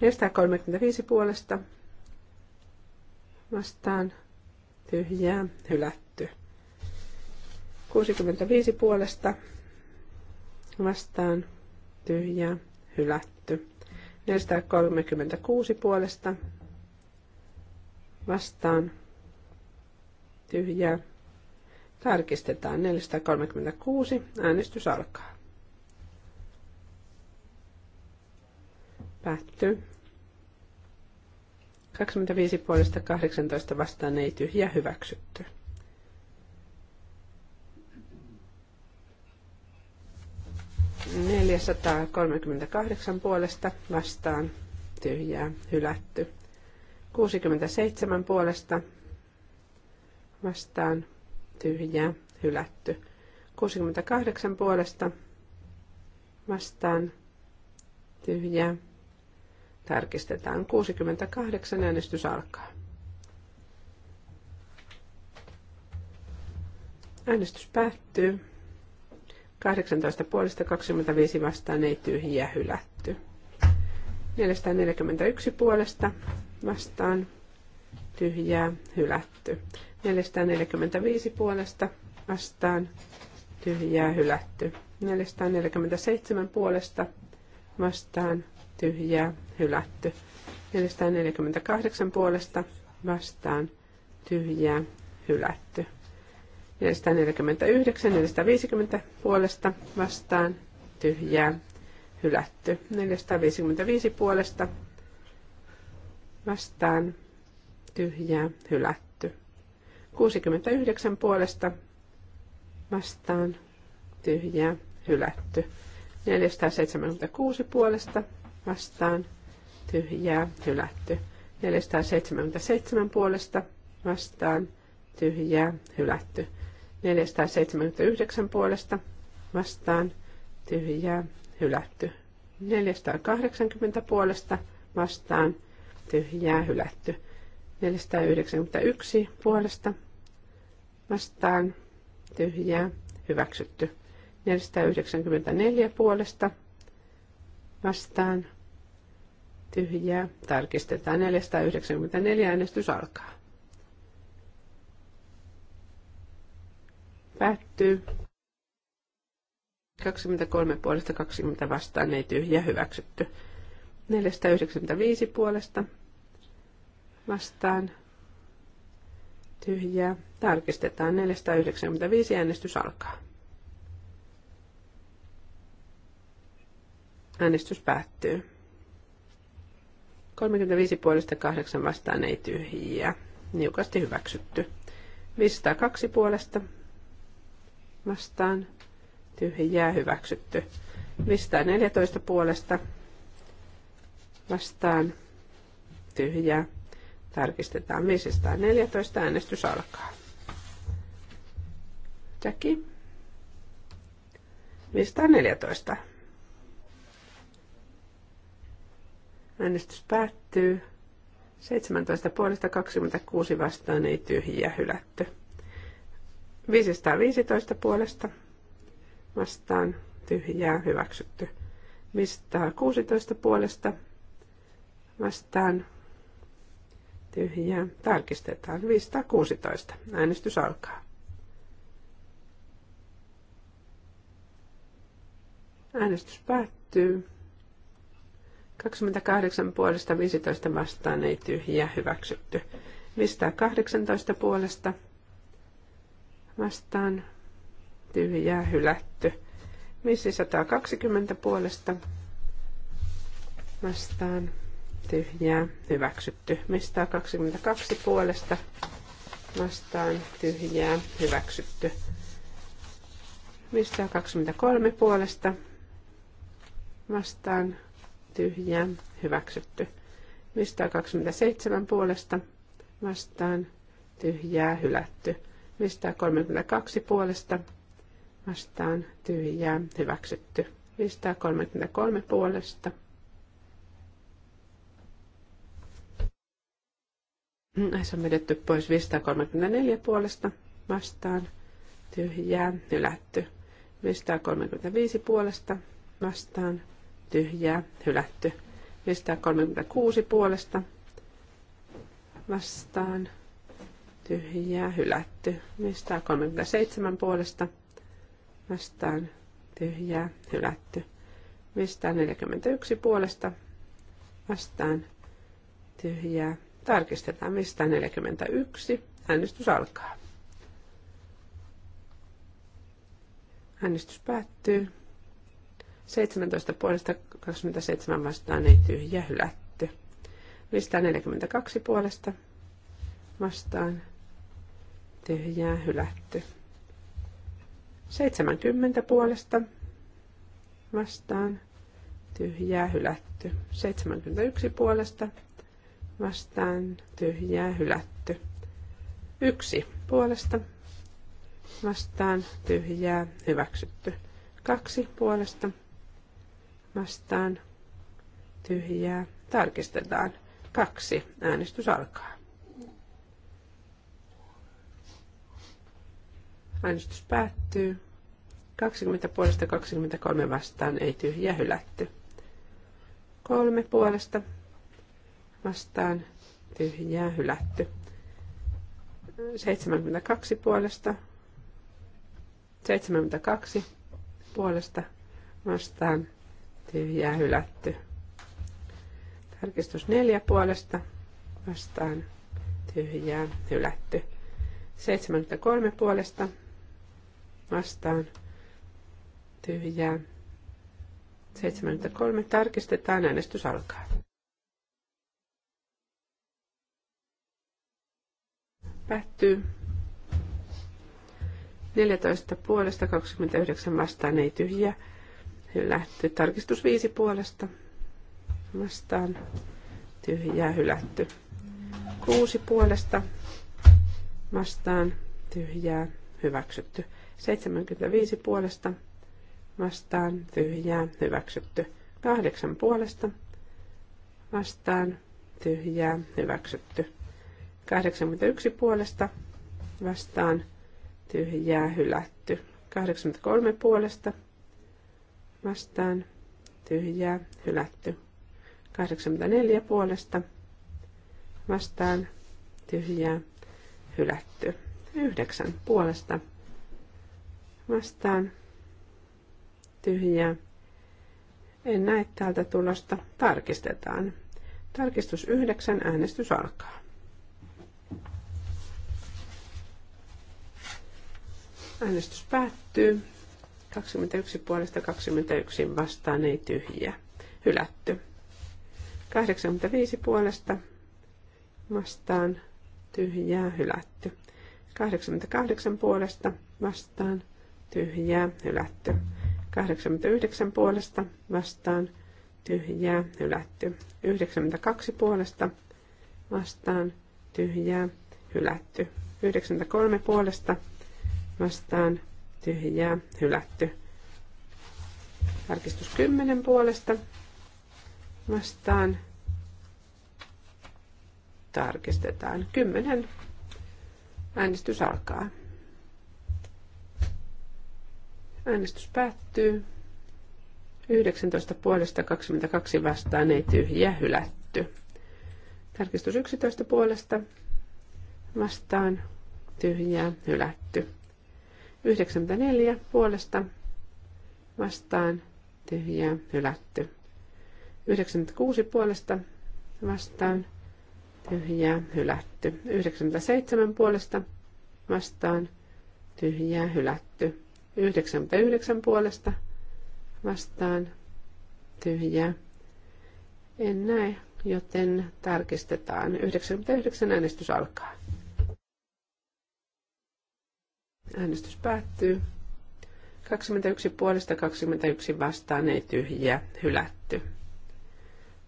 435 puolesta vastaan tyhjää hylätty. 65 puolesta vastaan tyhjää hylätty. 436 puolesta vastaan tyhjää. Tarkistetaan 436. Äänestys alkaa. Päättyy. 25 puolesta 18 vastaan ei tyhjä hyväksytty. Neljäsataa kolmekymmentäkahdeksan puolesta vastaan tyhjää hylätty. 67 puolesta vastaan tyhjää hylätty. 68 puolesta vastaan tyhjää. Tarkistetaan 68 äänestys alkaa. Äänestys päättyy. 18 puolesta 25 vastaan ei tyhjiä hylätty. 441 puolesta vastaan tyhjää hylätty. 445 puolesta vastaan tyhjää hylätty. 447 puolesta vastaan tyhjää hylätty. 448 puolesta vastaan tyhjää hylätty. 449, 450 puolesta vastaan tyhjää hylätty. 455 puolesta vastaan tyhjää hylätty. 69 puolesta vastaan tyhjää hylätty. 476 puolesta vastaan tyhjää hylätty. 477 puolesta vastaan tyhjää hylätty. 479 puolesta vastaan tyhjää hylätty. 480 puolesta vastaan tyhjää hylätty. 491 puolesta vastaan tyhjää hyväksytty. 494 puolesta vastaan tyhjää. Tarkistetaan 494 äänestys alkaa. Päättyy. 23 puolesta 20 vastaan ei tyhjä hyväksytty. 495 puolesta vastaan tyhjää. Tarkistetaan 495 äänestys alkaa. Äänestys päättyy. 35 puolesta 8 vastaan ei tyhjiä. Niukasti hyväksytty. 502 puolesta vastaan tyhjää hyväksytty. 514 puolesta vastaan tyhjää Tarkistetaan 514. Äänestys alkaa. Jackie. 514. Äänestys päättyy. 17 puolesta 26 vastaan ei tyhjiä hylätty. 515 puolesta vastaan tyhjää hyväksytty. 516 puolesta vastaan tyhjää. Tarkistetaan 516. Äänestys alkaa. Äänestys päättyy. 28 puolesta 15 vastaan ei tyhjiä hyväksytty. 518 puolesta vastaan tyhjää hylätty. 520 puolesta vastaan tyhjää, hyväksytty. Mistä 22 puolesta vastaan tyhjää, hyväksytty. Mistä 23 puolesta vastaan tyhjää, hyväksytty. Mistä 27 puolesta vastaan tyhjää, hylätty. Mistä 32 puolesta vastaan tyhjää, hyväksytty. 533 puolesta Näissä on vedetty pois 534 puolesta vastaan. Tyhjää, hylätty. 535 puolesta vastaan. Tyhjää, hylätty. 536 puolesta vastaan. Tyhjää, hylätty. 537 puolesta vastaan. Tyhjää, hylätty. 541 puolesta vastaan. Tyhjää, Tarkistetaan mistä 41. Äänestys alkaa. Äänestys päättyy. 17 puolesta 27 vastaan ei tyhjä hylätty. 542 puolesta vastaan tyhjää hylätty. 70 puolesta vastaan tyhjää hylätty. 71 puolesta vastaan tyhjää hylätty. Yksi puolesta vastaan tyhjää hyväksytty. Kaksi puolesta vastaan tyhjää tarkistetaan. Kaksi. Äänestys alkaa. Äänestys päättyy. 20 puolesta 23 vastaan ei tyhjä hylätty. Kolme puolesta vastaan tyhjää hylätty. 72 puolesta 72 puolesta vastaan tyhjää hylätty. Tarkistus 4 puolesta vastaan tyhjää hylätty. 73 puolesta vastaan tyhjää. 73 tarkistetaan, äänestys alkaa. Päättyy. 14 puolesta, 29 vastaan, ei tyhjä. Hylätty. Tarkistus 5 puolesta. Vastaan. tyhjä, hylätty. 6 puolesta. Vastaan. Tyhjää hyväksytty. 75 puolesta. Vastaan. Tyhjää hyväksytty. 8 puolesta. Vastaan. Tyhjää hyväksytty. 81 puolesta vastaan tyhjää hylätty. 83 puolesta vastaan tyhjää hylätty. 84 puolesta vastaan tyhjää hylätty. 9 puolesta vastaan tyhjää. En näe täältä tulosta. Tarkistetaan. Tarkistus 9. Äänestys alkaa. Äänestys päättyy. 21 puolesta 21 vastaan ei tyhjiä. Hylätty. 85 puolesta vastaan tyhjää hylätty. 88 puolesta vastaan tyhjää hylätty. 89 puolesta vastaan tyhjää hylätty. 92 puolesta vastaan tyhjää hylätty. 93 puolesta vastaan, vastaan tyhjää hylätty. Tarkistus 10 puolesta vastaan tarkistetaan. 10 äänestys alkaa. Äänestys päättyy. 19 puolesta 22 vastaan ei tyhjiä hylätty. Tarkistus 11 puolesta vastaan tyhjää hylätty. 94 puolesta vastaan tyhjää hylätty. 96 puolesta vastaan tyhjää hylätty. 97 puolesta vastaan tyhjää hylätty. 99 puolesta vastaan tyhjää. En näe, joten tarkistetaan. 99 äänestys alkaa. Äänestys päättyy. 21 puolesta 21 vastaan ei tyhjiä hylätty.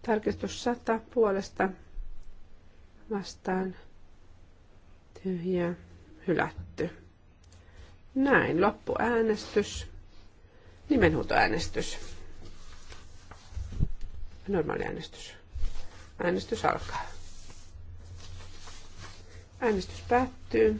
Tarkistus 100 puolesta vastaan tyhjiä hylätty. Näin, loppuäänestys. Nimenhuutoäänestys. Normaali äänestys. Äänestys alkaa. Äänestys päättyy.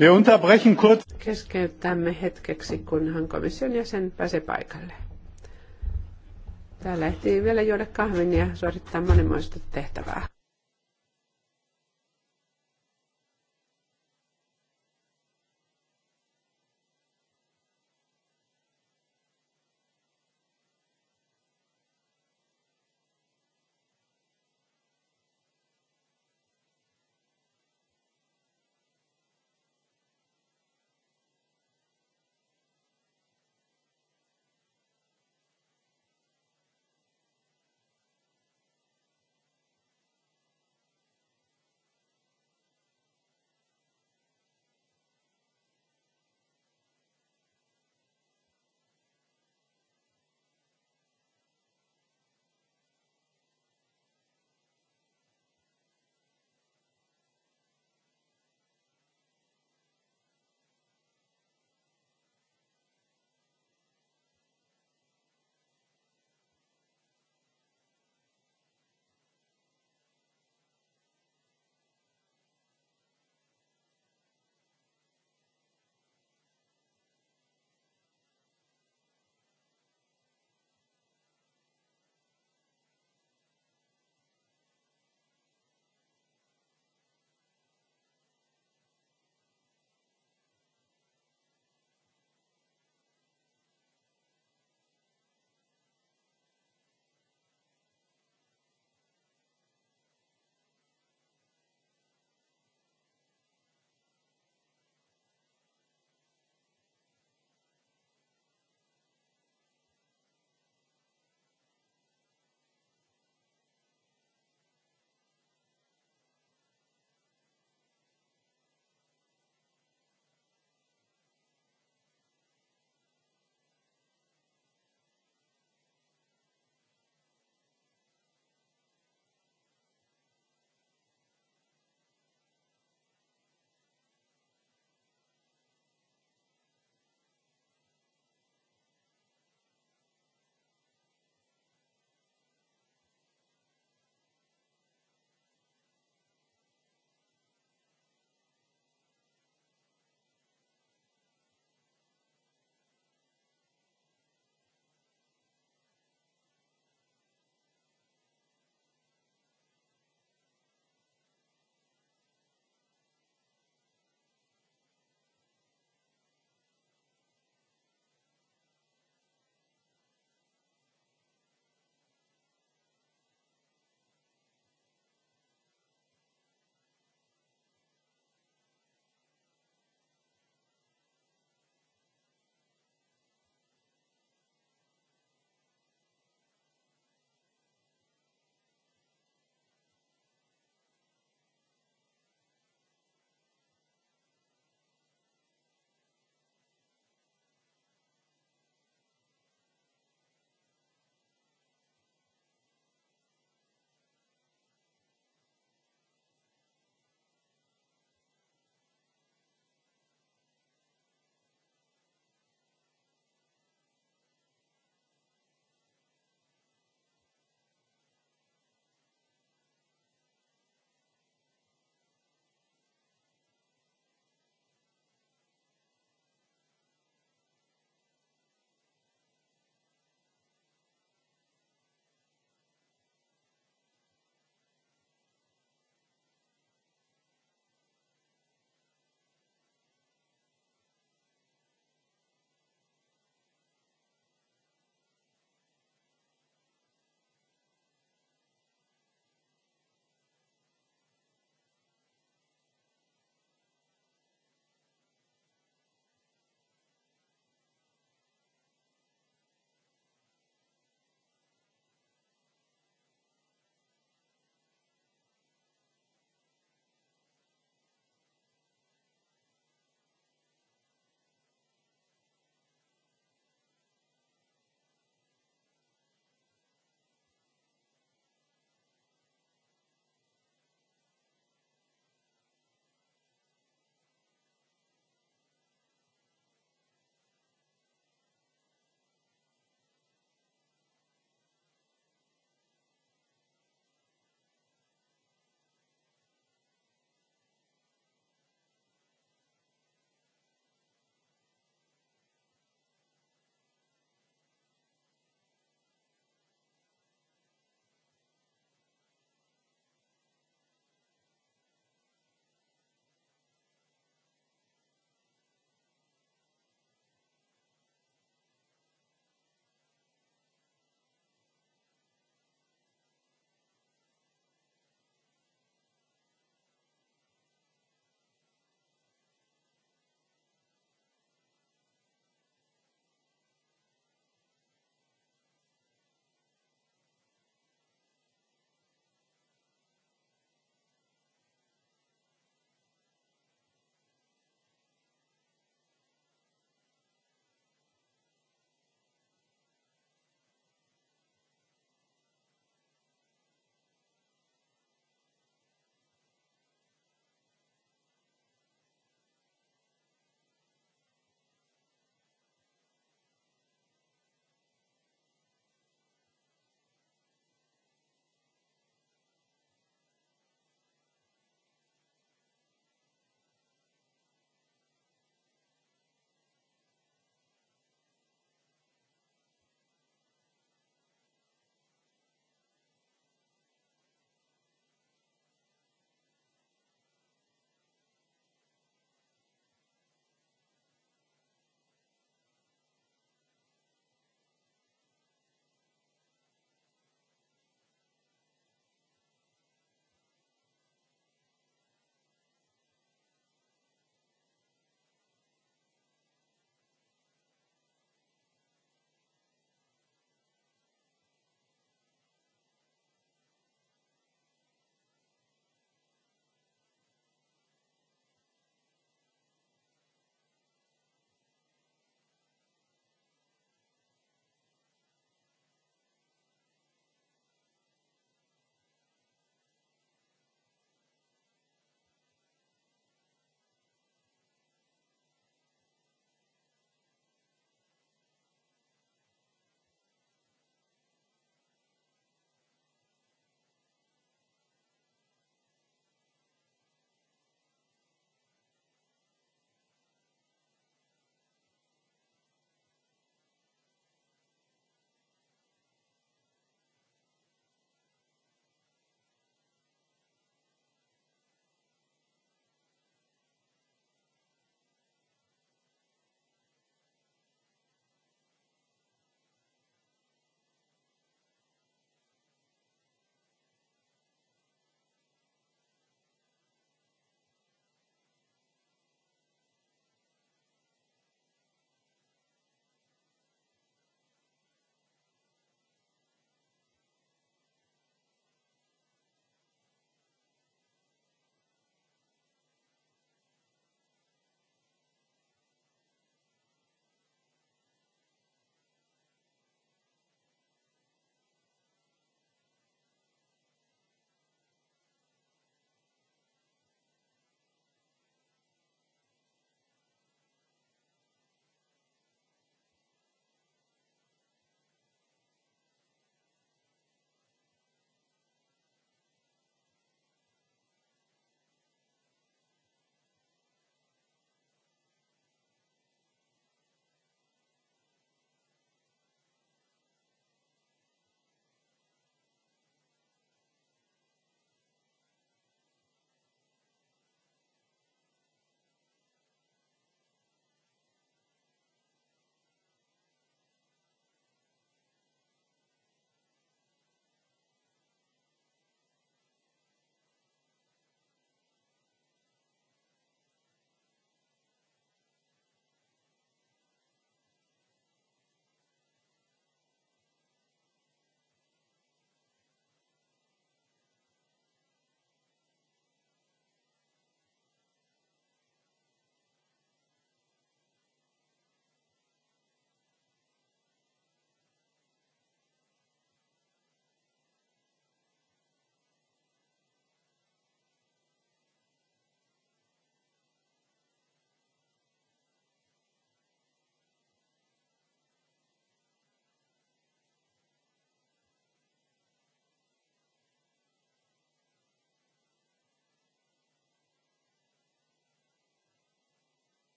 Wir unterbrechen kurz. Keskeytämme hetkeksi, kunhan komission jäsen pääsee paikalle. Täällä ehtii vielä juoda kahvin ja suorittaa monenmoista tehtävää.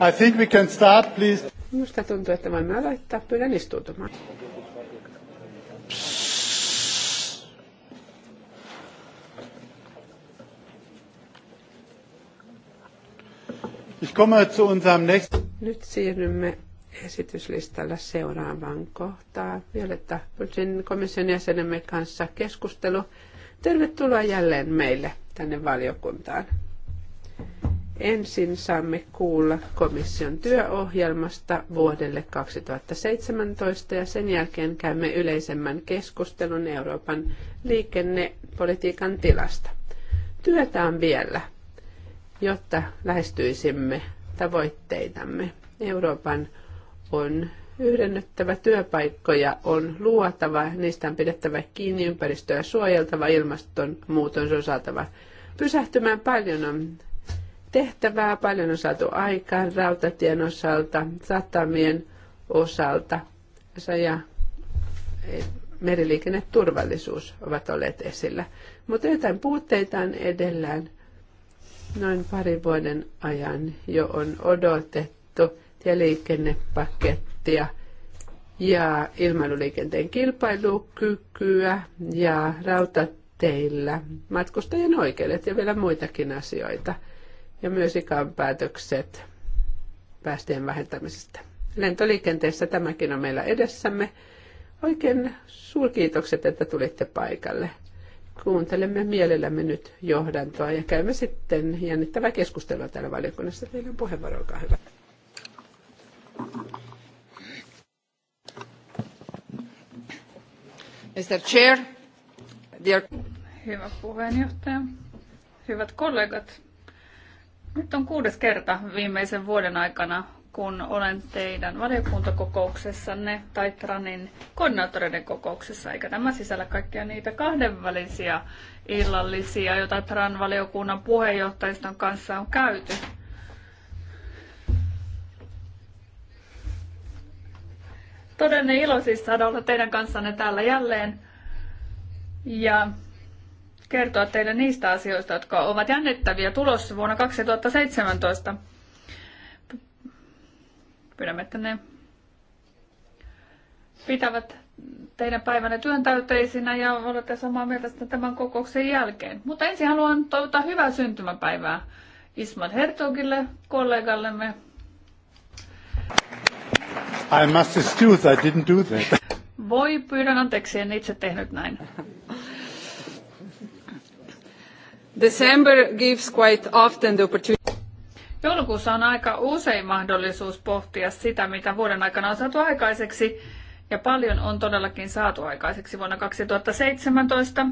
I think we can start, please. Minusta tuntuu, että voimme aloittaa. Pyydän istuutumaan. Ich komme zu unserem nächsten... Nyt siirrymme esityslistalla seuraavaan kohtaan. Violetta Putsin komission jäsenemme kanssa keskustelu. Tervetuloa jälleen meille tänne valiokuntaan. Ensin saamme kuulla komission työohjelmasta vuodelle 2017 ja sen jälkeen käymme yleisemmän keskustelun Euroopan liikennepolitiikan tilasta. Työtä on vielä, jotta lähestyisimme tavoitteitamme. Euroopan on yhdennettävä työpaikkoja on luotava, niistä on pidettävä kiinni ympäristöä suojeltava, ilmastonmuutos on saatava pysähtymään. Paljon on tehtävää. Paljon on saatu aikaan rautatien osalta, satamien osalta ja eh, meriliikenneturvallisuus ovat olleet esillä. Mutta jotain puutteita on edellään. Noin parin vuoden ajan jo on odotettu tieliikennepakettia ja ilmailuliikenteen kilpailukykyä ja rautateillä matkustajien oikeudet ja vielä muitakin asioita – ja myös ikan päätökset päästöjen vähentämisestä. Lentoliikenteessä tämäkin on meillä edessämme. Oikein suurkiitokset, että tulitte paikalle. Kuuntelemme mielellämme nyt johdantoa ja käymme sitten jännittävää keskustelua täällä valiokunnassa. Teidän puheenvuoro, olkaa hyvä. Mr. Chair, dear... Hyvä puheenjohtaja, hyvät kollegat, nyt on kuudes kerta viimeisen vuoden aikana, kun olen teidän valiokuntakokouksessanne tai TRANin koordinaattoreiden kokouksessa, eikä tämä sisällä kaikkia niitä kahdenvälisiä illallisia, joita TRAN-valiokunnan puheenjohtajiston kanssa on käyty. Todellinen ilo siis saada olla teidän kanssanne täällä jälleen. Ja kertoa teille niistä asioista, jotka ovat jännittäviä tulossa vuonna 2017. Pyydämme, että ne pitävät teidän päivänne työntäyteisinä ja olette samaa mieltä sitten tämän kokouksen jälkeen. Mutta ensin haluan toivottaa hyvää syntymäpäivää Ismail Hertogille, kollegallemme. I must excuse, I didn't do that. Voi, pyydän anteeksi, en itse tehnyt näin. December gives quite often the opportunity. Joulukuussa on aika usein mahdollisuus pohtia sitä, mitä vuoden aikana on saatu aikaiseksi, ja paljon on todellakin saatu aikaiseksi vuonna 2017.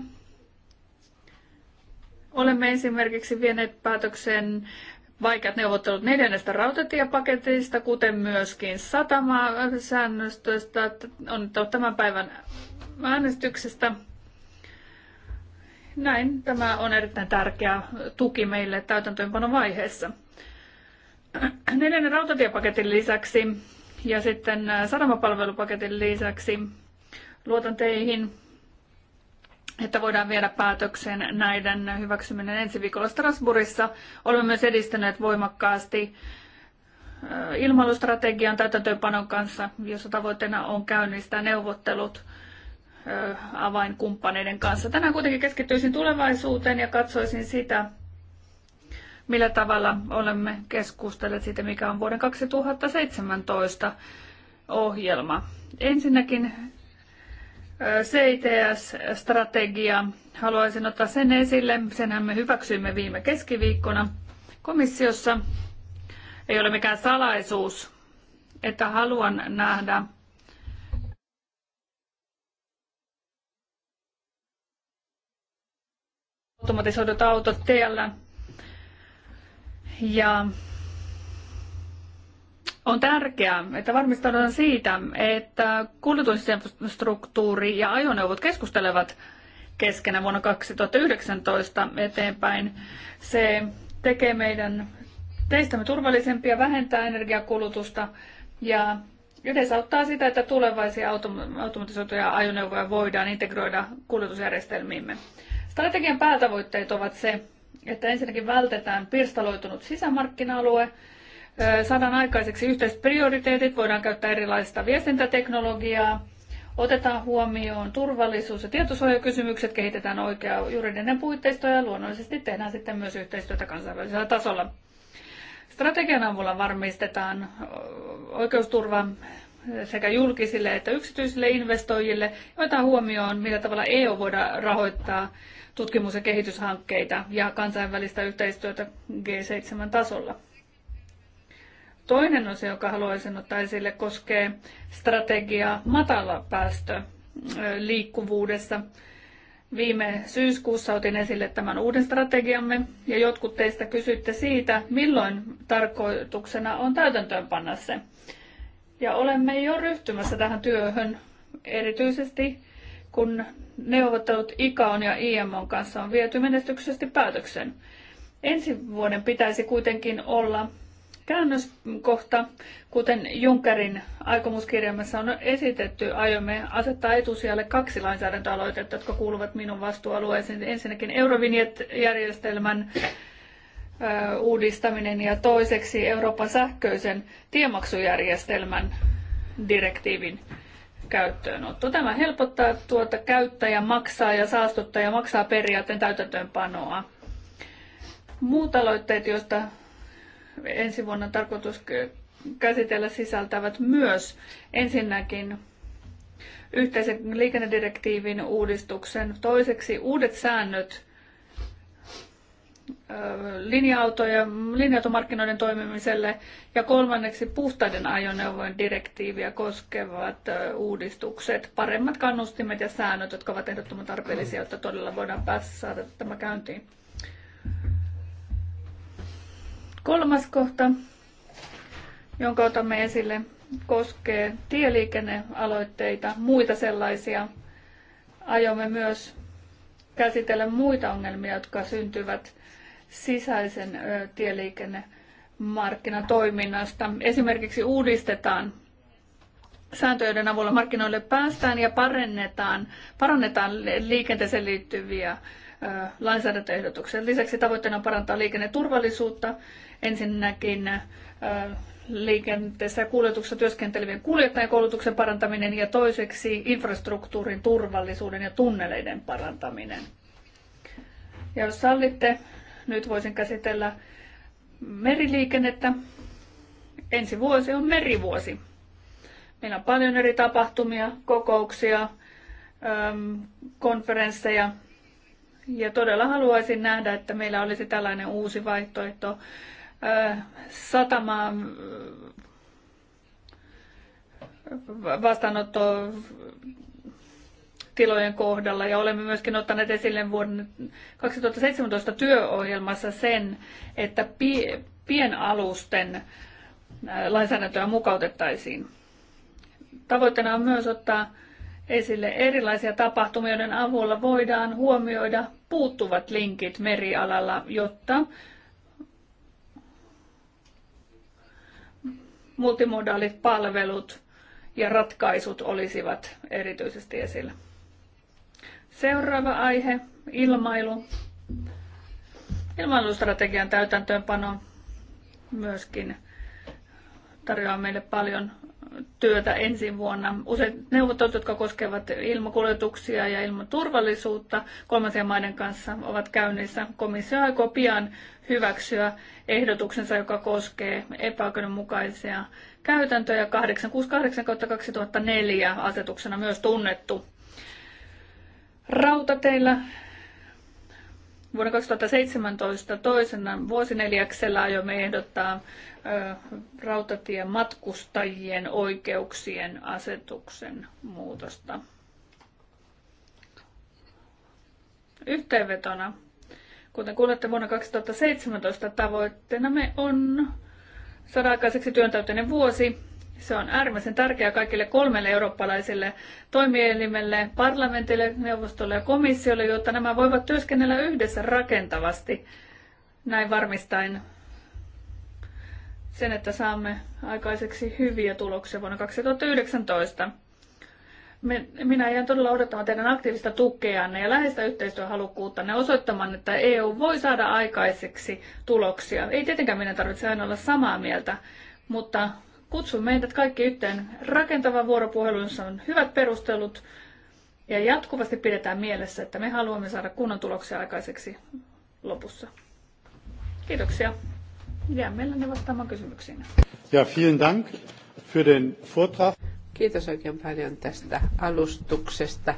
Olemme esimerkiksi vieneet päätöksen vaikeat neuvottelut neljännestä rautatiepaketista, kuten myöskin satamasäännöstöstä, on tämän päivän äänestyksestä näin tämä on erittäin tärkeä tuki meille täytäntöönpanon vaiheessa. Neljännen rautatiepaketin lisäksi ja sitten äh, satamapalvelupaketin lisäksi luotan teihin, että voidaan viedä päätöksen näiden hyväksyminen ensi viikolla Strasbourgissa. Olemme myös edistäneet voimakkaasti äh, ilmailustrategian täytäntöönpanon kanssa, jossa tavoitteena on käynnistää neuvottelut avainkumppaneiden kanssa. Tänään kuitenkin keskittyisin tulevaisuuteen ja katsoisin sitä, millä tavalla olemme keskustelleet siitä, mikä on vuoden 2017 ohjelma. Ensinnäkin CITS-strategia. Haluaisin ottaa sen esille. Senhän me hyväksyimme viime keskiviikkona komissiossa. Ei ole mikään salaisuus, että haluan nähdä automatisoidut autot tiellä. Ja on tärkeää, että varmistaudutaan siitä, että kuljetusinfrastruktuuri ja ajoneuvot keskustelevat keskenään vuonna 2019 eteenpäin. Se tekee meidän teistämme turvallisempia, vähentää energiakulutusta ja edesauttaa sitä, että tulevaisia automatisoituja ajoneuvoja voidaan integroida kuljetusjärjestelmiimme. Strategian päätavoitteet ovat se, että ensinnäkin vältetään pirstaloitunut sisämarkkina-alue, saadaan aikaiseksi yhteiset prioriteetit, voidaan käyttää erilaista viestintäteknologiaa, otetaan huomioon turvallisuus- ja tietosuojakysymykset, kehitetään oikea juridinen puitteisto ja luonnollisesti tehdään sitten myös yhteistyötä kansainvälisellä tasolla. Strategian avulla varmistetaan oikeusturva sekä julkisille että yksityisille investoijille ja otetaan huomioon, millä tavalla EU voidaan rahoittaa tutkimus- ja kehityshankkeita ja kansainvälistä yhteistyötä G7-tasolla. Toinen osio, joka haluaisin ottaa esille, koskee strategiaa matalapäästö liikkuvuudessa. Viime syyskuussa otin esille tämän uuden strategiamme ja jotkut teistä kysyitte siitä, milloin tarkoituksena on täytäntöönpanna se. Ja olemme jo ryhtymässä tähän työhön, erityisesti kun Neuvottelut ICAON ja IMOn kanssa on viety menestyksellisesti päätöksen. Ensi vuoden pitäisi kuitenkin olla käännöskohta, kuten Junckerin aikomuskirjelmässä on esitetty, aiomme asettaa etusijalle kaksi lainsäädäntöaloitetta, jotka kuuluvat minun vastuualueeseen. Ensinnäkin Eurovinjet-järjestelmän uudistaminen ja toiseksi Euroopan sähköisen tiemaksujärjestelmän direktiivin käyttöönotto. Tämä helpottaa tuota käyttäjä maksaa ja saastuttaja maksaa periaatteen täytäntöönpanoa. Muut aloitteet, joista ensi vuonna tarkoitus käsitellä sisältävät myös ensinnäkin yhteisen liikennedirektiivin uudistuksen, toiseksi uudet säännöt linja-autoja, linja-automarkkinoiden toimimiselle ja kolmanneksi puhtaiden ajoneuvojen direktiiviä koskevat uudistukset, paremmat kannustimet ja säännöt, jotka ovat ehdottoman tarpeellisia, jotta todella voidaan päästä saada tämä käyntiin. Kolmas kohta, jonka otamme esille, koskee tieliikennealoitteita, muita sellaisia. Aiomme myös käsitellä muita ongelmia, jotka syntyvät sisäisen tieliikennemarkkinatoiminnasta. Esimerkiksi uudistetaan sääntöiden avulla markkinoille päästään ja parannetaan, parannetaan liikenteeseen liittyviä lainsäädäntöehdotuksia. Lisäksi tavoitteena on parantaa liikenneturvallisuutta ensinnäkin liikenteessä ja kuljetuksessa työskentelevien kuljettajien koulutuksen parantaminen ja toiseksi infrastruktuurin turvallisuuden ja tunneleiden parantaminen. Ja jos sallitte, nyt voisin käsitellä meriliikennettä. Ensi vuosi on merivuosi. Meillä on paljon eri tapahtumia, kokouksia, konferensseja. Ja todella haluaisin nähdä, että meillä olisi tällainen uusi vaihtoehto satama vastaanotto tilojen kohdalla ja olemme myöskin ottaneet esille vuoden 2017 työohjelmassa sen, että pienalusten äh, lainsäädäntöä mukautettaisiin. Tavoitteena on myös ottaa esille erilaisia tapahtumia, joiden avulla voidaan huomioida puuttuvat linkit merialalla, jotta multimodaalit palvelut ja ratkaisut olisivat erityisesti esillä. Seuraava aihe, ilmailu. Ilmailustrategian täytäntöönpano myöskin tarjoaa meille paljon työtä ensi vuonna. Useat neuvottelut, jotka koskevat ilmakuljetuksia ja ilmaturvallisuutta kolmansien maiden kanssa, ovat käynnissä. Komissio aikoo pian hyväksyä ehdotuksensa, joka koskee epäoikeudenmukaisia käytäntöjä 868-2004 asetuksena myös tunnettu rautateillä vuonna 2017 toisena vuosineljäksellä aiomme ehdottaa rautatien matkustajien oikeuksien asetuksen muutosta. Yhteenvetona, kuten kuulette vuonna 2017 tavoitteena me on saada aikaiseksi työntäyteinen vuosi, se on äärimmäisen tärkeää kaikille kolmelle eurooppalaiselle toimielimelle, parlamentille, neuvostolle ja komissiolle, jotta nämä voivat työskennellä yhdessä rakentavasti, näin varmistaen sen, että saamme aikaiseksi hyviä tuloksia vuonna 2019. Minä jään todella odottamaan teidän aktiivista tukeanne ja läheistä yhteistyöhalukkuuttanne osoittamaan, että EU voi saada aikaiseksi tuloksia. Ei tietenkään meidän tarvitse aina olla samaa mieltä, mutta kutsun meidät kaikki yhteen rakentavan vuoropuhelun, jossa on hyvät perustelut ja jatkuvasti pidetään mielessä, että me haluamme saada kunnon tuloksia aikaiseksi lopussa. Kiitoksia. Jään mielelläni vastaamaan kysymyksiin. Ja vielen dank für den Vortrag. Kiitos oikein paljon tästä alustuksesta.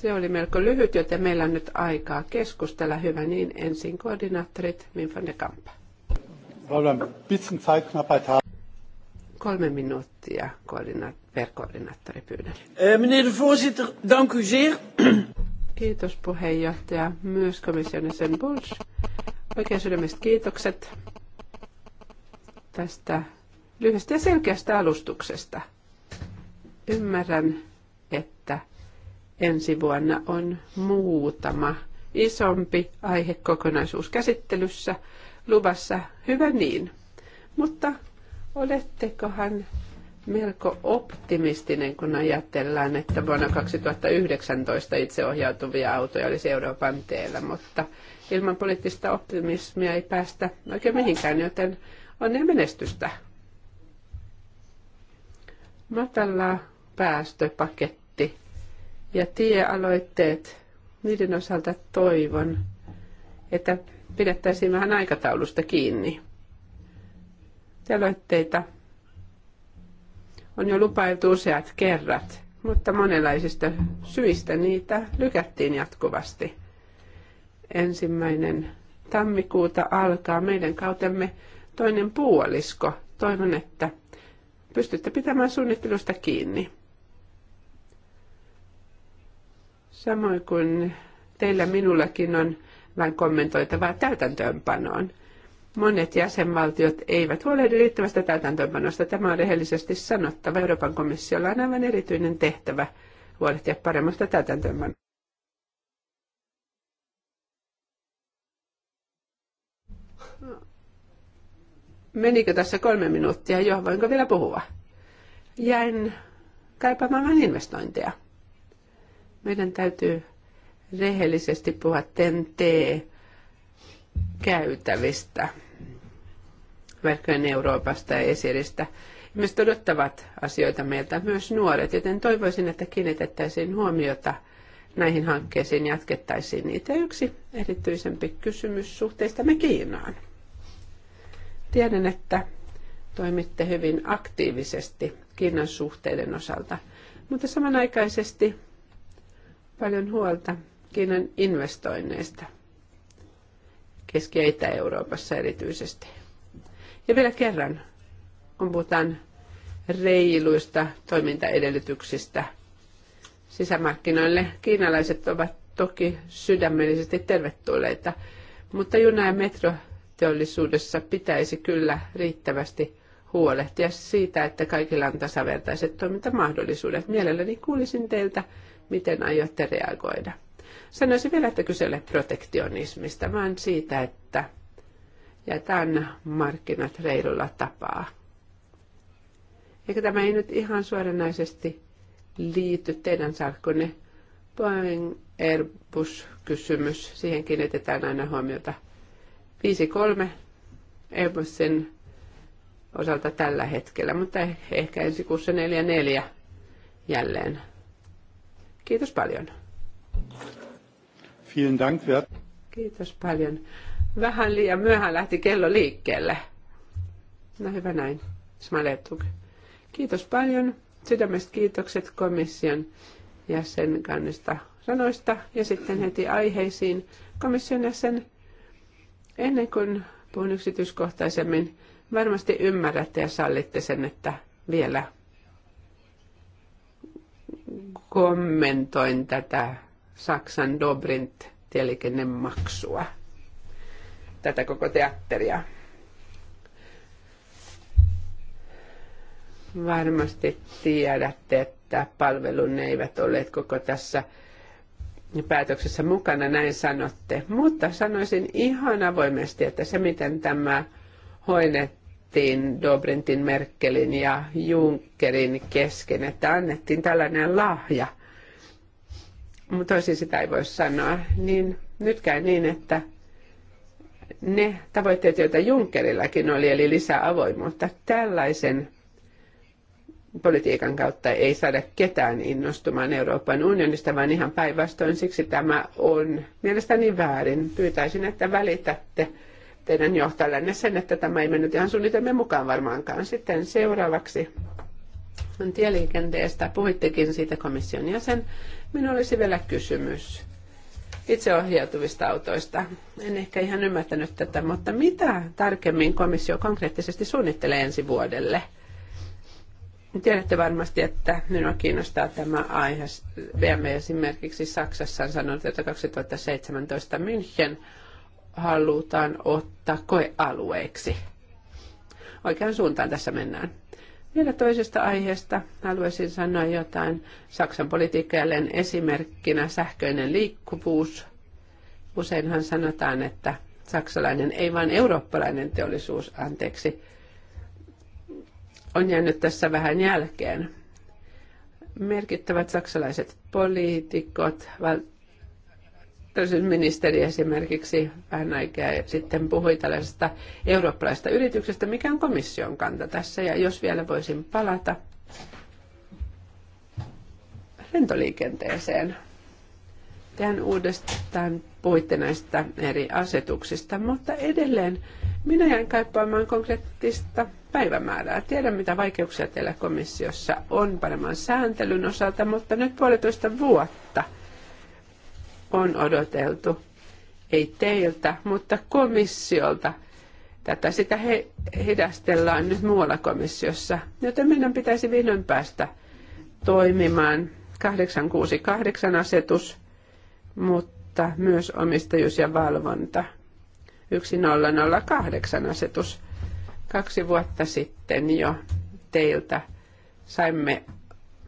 Se oli melko lyhyt, joten meillä on nyt aikaa keskustella. Hyvä niin, ensin koordinaattorit Min Kampa. Kolme minuuttia koordina- per koordinaattori pyydän. Eh, meneer de voorzitter, dank u zeer. Kiitos puheenjohtaja, myös komission jäsen Bulls. Oikein sydämestä kiitokset tästä lyhyestä ja selkeästä alustuksesta. Ymmärrän, että ensi vuonna on muutama isompi aihekokonaisuus käsittelyssä – luvassa, hyvä niin. Mutta olettekohan melko optimistinen, kun ajatellaan, että vuonna 2019 itseohjautuvia autoja olisi Euroopan teillä, mutta ilman poliittista optimismia ei päästä oikein mihinkään, joten on menestystä. Matala päästöpaketti ja tiealoitteet, niiden osalta toivon, että pidettäisiin vähän aikataulusta kiinni. Teloitteita on jo lupailtu useat kerrat, mutta monenlaisista syistä niitä lykättiin jatkuvasti. Ensimmäinen tammikuuta alkaa meidän kautemme toinen puolisko. Toivon, että pystytte pitämään suunnittelusta kiinni. Samoin kuin teillä minullakin on vain kommentoitavaa täytäntöönpanoon. Monet jäsenvaltiot eivät huolehdi riittävästä täytäntöönpanosta. Tämä on rehellisesti sanottava. Euroopan komissiolla on aivan erityinen tehtävä huolehtia paremmasta täytäntöönpanosta. Menikö tässä kolme minuuttia jo? Voinko vielä puhua? Jäin kaipaamaan vain investointeja. Meidän täytyy rehellisesti puhua TEN-T-käytävistä, verkkojen Euroopasta ja esiristä. Ihmiset odottavat asioita meiltä, myös nuoret, joten toivoisin, että kiinnitettäisiin huomiota näihin hankkeisiin, jatkettaisiin niitä. Yksi erityisempi kysymys suhteistamme Kiinaan. Tiedän, että toimitte hyvin aktiivisesti Kiinan suhteiden osalta, mutta samanaikaisesti paljon huolta Kiinan investoinneista Keski- ja Itä-Euroopassa erityisesti. Ja vielä kerran, kun puhutaan reiluista toimintaedellytyksistä sisämarkkinoille, kiinalaiset ovat toki sydämellisesti tervetulleita, mutta juna- ja metroteollisuudessa pitäisi kyllä riittävästi huolehtia siitä, että kaikilla on tasavertaiset toimintamahdollisuudet. Mielelläni kuulisin teiltä, miten aiotte reagoida. Sanoisin vielä, että kysele protektionismista, vaan siitä, että jätän markkinat reilulla tapaa. Eikä tämä ei nyt ihan suoranaisesti liity teidän salkkunne Boeing Airbus-kysymys. Siihen kiinnitetään aina huomiota. 5.3 Airbusin osalta tällä hetkellä, mutta ehkä ensi kuussa 4.4 jälleen. Kiitos paljon. Vielen Dank. Kiitos paljon. Vähän liian myöhään lähti kello liikkeelle. No hyvä näin. Smaletuk. Kiitos paljon. Sydämest kiitokset komission jäsen kannista sanoista ja sitten heti aiheisiin komission jäsen. Ennen kuin puhun yksityiskohtaisemmin, varmasti ymmärrätte ja sallitte sen, että vielä kommentoin tätä Saksan Dobrint tieliikennemaksua, tätä koko teatteria. Varmasti tiedätte, että palvelun eivät olleet koko tässä päätöksessä mukana, näin sanotte. Mutta sanoisin ihan avoimesti, että se miten tämä hoidettiin Dobrintin, Merkelin ja Junckerin kesken, että annettiin tällainen lahja – toisin sitä ei voi sanoa, niin nyt käy niin, että ne tavoitteet, joita Junckerillakin oli, eli lisää avoimuutta, tällaisen politiikan kautta ei saada ketään innostumaan Euroopan unionista, vaan ihan päinvastoin siksi tämä on mielestäni väärin. Pyytäisin, että välitätte teidän johtajanne sen, että tämä ei mennyt ihan suunnitelmien mukaan varmaankaan. Sitten seuraavaksi on tieliikenteestä. Puhuittekin siitä komission jäsen. Minulla olisi vielä kysymys itseohjautuvista autoista. En ehkä ihan ymmärtänyt tätä, mutta mitä tarkemmin komissio konkreettisesti suunnittelee ensi vuodelle? Tiedätte varmasti, että minua kiinnostaa tämä aihe. BMW esimerkiksi Saksassa on sanonut, että 2017 München halutaan ottaa koealueeksi. Oikean suuntaan tässä mennään. Vielä toisesta aiheesta haluaisin sanoa jotain. Saksan politiikka esimerkkinä sähköinen liikkuvuus. Useinhan sanotaan, että saksalainen, ei vain eurooppalainen teollisuus, anteeksi, on jäänyt tässä vähän jälkeen. Merkittävät saksalaiset poliitikot, ministeri esimerkiksi vähän aikaa sitten puhui tällaisesta eurooppalaisesta yrityksestä, mikä on komission kanta tässä. Ja jos vielä voisin palata lentoliikenteeseen. Tehän uudestaan puhuitte näistä eri asetuksista, mutta edelleen minä jään kaipaamaan konkreettista päivämäärää. Tiedän, mitä vaikeuksia teillä komissiossa on paremman sääntelyn osalta, mutta nyt puolitoista vuotta – on odoteltu, ei teiltä, mutta komissiolta. Tätä sitä he, hidastellaan nyt muualla komissiossa, joten meidän pitäisi vihdoin päästä toimimaan 868 asetus, mutta myös omistajuus ja valvonta 1008 asetus kaksi vuotta sitten jo teiltä saimme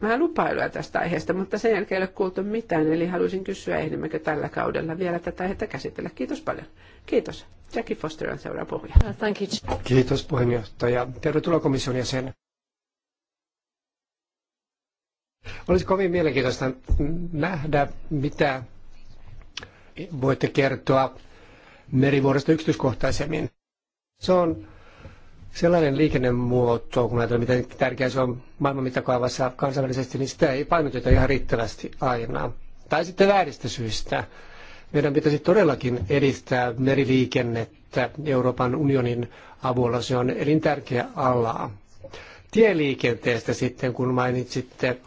vähän lupailuja tästä aiheesta, mutta sen jälkeen ei ole kuultu mitään, eli haluaisin kysyä, ehdimmekö tällä kaudella vielä tätä aihetta käsitellä. Kiitos paljon. Kiitos. Jackie Foster on seuraava puhuja. Uh, thank you. Kiitos puheenjohtaja. Tervetuloa komission jäsen. Olisi kovin mielenkiintoista nähdä, mitä voitte kertoa merivuorosta yksityiskohtaisemmin. Se on sellainen liikennemuoto, kun ajatellaan, miten tärkeä se on maailman mittakaavassa kansainvälisesti, niin sitä ei painoteta ihan riittävästi aina. Tai sitten vääristä syistä. Meidän pitäisi todellakin edistää meriliikennettä Euroopan unionin avulla. Se on elintärkeä ala. Tieliikenteestä sitten, kun mainitsitte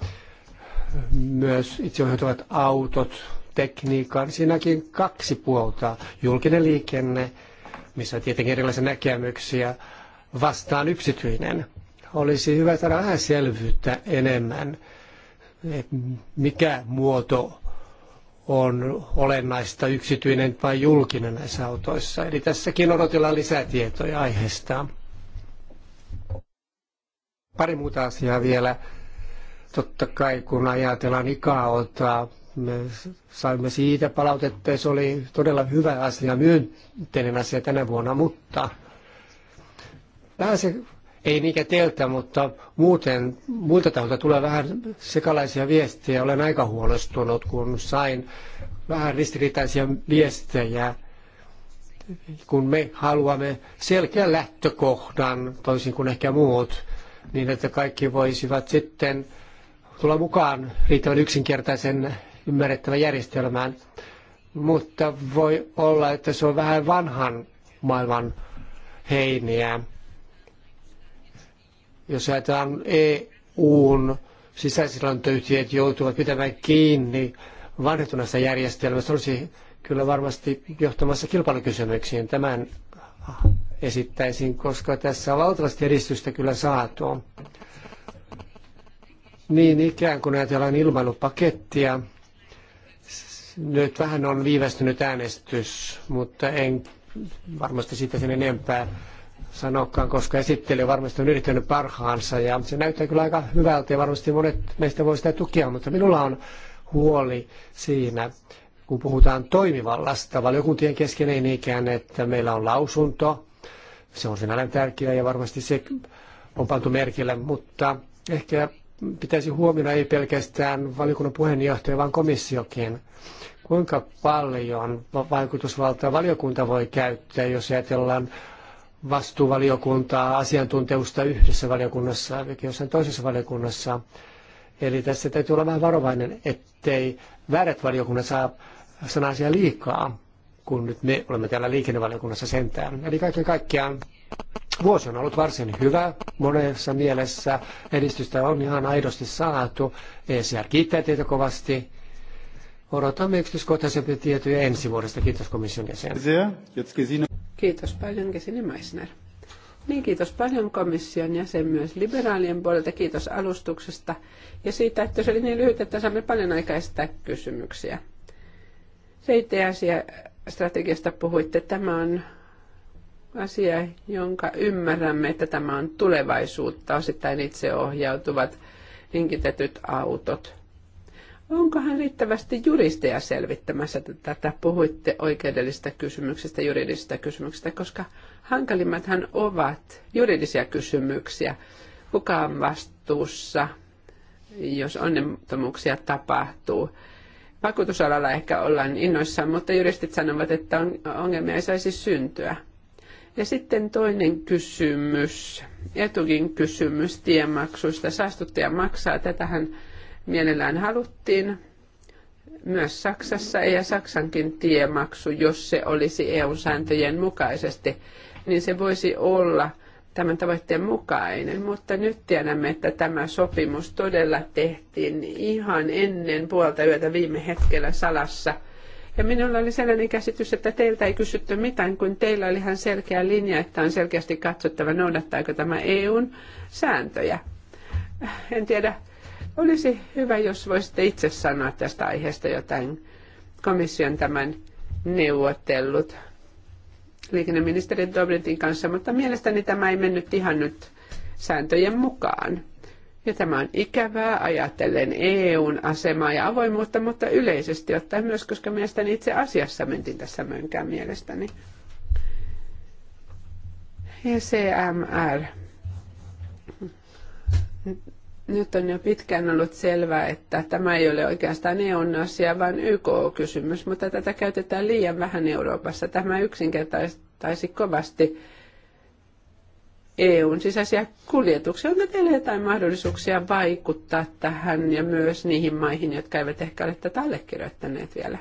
myös itseohjautuvat autot, tekniikan, niin siinäkin kaksi puolta. Julkinen liikenne, missä on tietenkin erilaisia näkemyksiä, vastaan yksityinen. Olisi hyvä saada vähän selvyyttä enemmän, mikä muoto on olennaista yksityinen vai julkinen näissä autoissa. Eli tässäkin odotellaan lisätietoja aiheesta. Pari muuta asiaa vielä. Totta kai kun ajatellaan ikäota, me saimme siitä palautetta, se oli todella hyvä asia, myönteinen asia tänä vuonna, mutta Vähän se, ei niinkään teiltä, mutta muuten muilta taholta tulee vähän sekalaisia viestejä. Olen aika huolestunut, kun sain vähän ristiriitaisia viestejä, kun me haluamme selkeän lähtökohdan, toisin kuin ehkä muut, niin että kaikki voisivat sitten tulla mukaan riittävän yksinkertaisen ymmärrettävän järjestelmään. Mutta voi olla, että se on vähän vanhan maailman heiniä. Jos ajatellaan EUn sisäiset lentoyhtiöt joutuvat pitämään kiinni vanhentuneesta järjestelmästä, olisi kyllä varmasti johtamassa kilpailukysymyksiin. Tämän esittäisin, koska tässä on valtavasti edistystä kyllä saatu. Niin ikään kuin ajatellaan ilmailupakettia, nyt vähän on viivästynyt äänestys, mutta en varmasti siitä sen enempää sanokaan, koska esittely varmasti on yrittänyt parhaansa ja se näyttää kyllä aika hyvältä ja varmasti monet meistä voi sitä tukea, mutta minulla on huoli siinä, kun puhutaan toimivallasta. Valiokuntien kesken ei niinkään, että meillä on lausunto, se on ajan tärkeä ja varmasti se on pantu merkille, mutta ehkä pitäisi huomioida ei pelkästään valiokunnan puheenjohtaja, vaan komissiokin. Kuinka paljon vaikutusvaltaa valiokunta voi käyttää, jos ajatellaan vastuuvaliokuntaa, asiantuntemusta yhdessä valiokunnassa, jossain toisessa valiokunnassa. Eli tässä täytyy olla vähän varovainen, ettei väärät valiokunnat saa sanaisia liikaa, kun nyt me olemme täällä liikennevaliokunnassa sentään. Eli kaiken kaikkiaan vuosi on ollut varsin hyvä monessa mielessä. Edistystä on ihan aidosti saatu. ECR kiittää teitä kovasti Odotamme yksityiskohtaisempia tietoja ensi vuodesta. Kiitos komission jäsen. Kiitos paljon Gesine Meissner. Niin, kiitos paljon komission jäsen myös liberaalien puolelta. Kiitos alustuksesta ja siitä, että se oli niin lyhyt, että saamme paljon aikaa esittää kysymyksiä. asia strategiasta puhuitte. Tämä on asia, jonka ymmärrämme, että tämä on tulevaisuutta, osittain itseohjautuvat linkitetyt autot. Onkohan riittävästi juristeja selvittämässä tätä? Puhuitte oikeudellisista kysymyksistä, juridisista kysymyksistä, koska hankalimmathan ovat juridisia kysymyksiä. Kuka on vastuussa, jos onnettomuuksia tapahtuu? Vakuutusalalla ehkä ollaan innoissaan, mutta juristit sanovat, että ongelmia ei saisi syntyä. Ja sitten toinen kysymys, etukin kysymys tiemaksuista. Saastuttaja maksaa. Tätähän mielellään haluttiin. Myös Saksassa ja Saksankin tiemaksu, jos se olisi EU-sääntöjen mukaisesti, niin se voisi olla tämän tavoitteen mukainen. Mutta nyt tiedämme, että tämä sopimus todella tehtiin ihan ennen puolta yötä viime hetkellä salassa – ja minulla oli sellainen käsitys, että teiltä ei kysytty mitään, kun teillä oli ihan selkeä linja, että on selkeästi katsottava, noudattaako tämä EUn sääntöjä. En tiedä, olisi hyvä, jos voisitte itse sanoa tästä aiheesta jotain. Komission tämän neuvotellut liikenneministeri Dobritin kanssa, mutta mielestäni tämä ei mennyt ihan nyt sääntöjen mukaan. Ja tämä on ikävää ajatellen EUn asemaa ja avoimuutta, mutta yleisesti ottaen myös, koska mielestäni itse asiassa mentiin tässä mönkään mielestäni. Ja CMR nyt on jo pitkään ollut selvää, että tämä ei ole oikeastaan EUn asia, vaan YK-kysymys, mutta tätä käytetään liian vähän Euroopassa. Tämä yksinkertaisi kovasti EUn sisäisiä kuljetuksia. Onko teillä jotain mahdollisuuksia vaikuttaa tähän ja myös niihin maihin, jotka eivät ehkä ole tätä allekirjoittaneet vielä?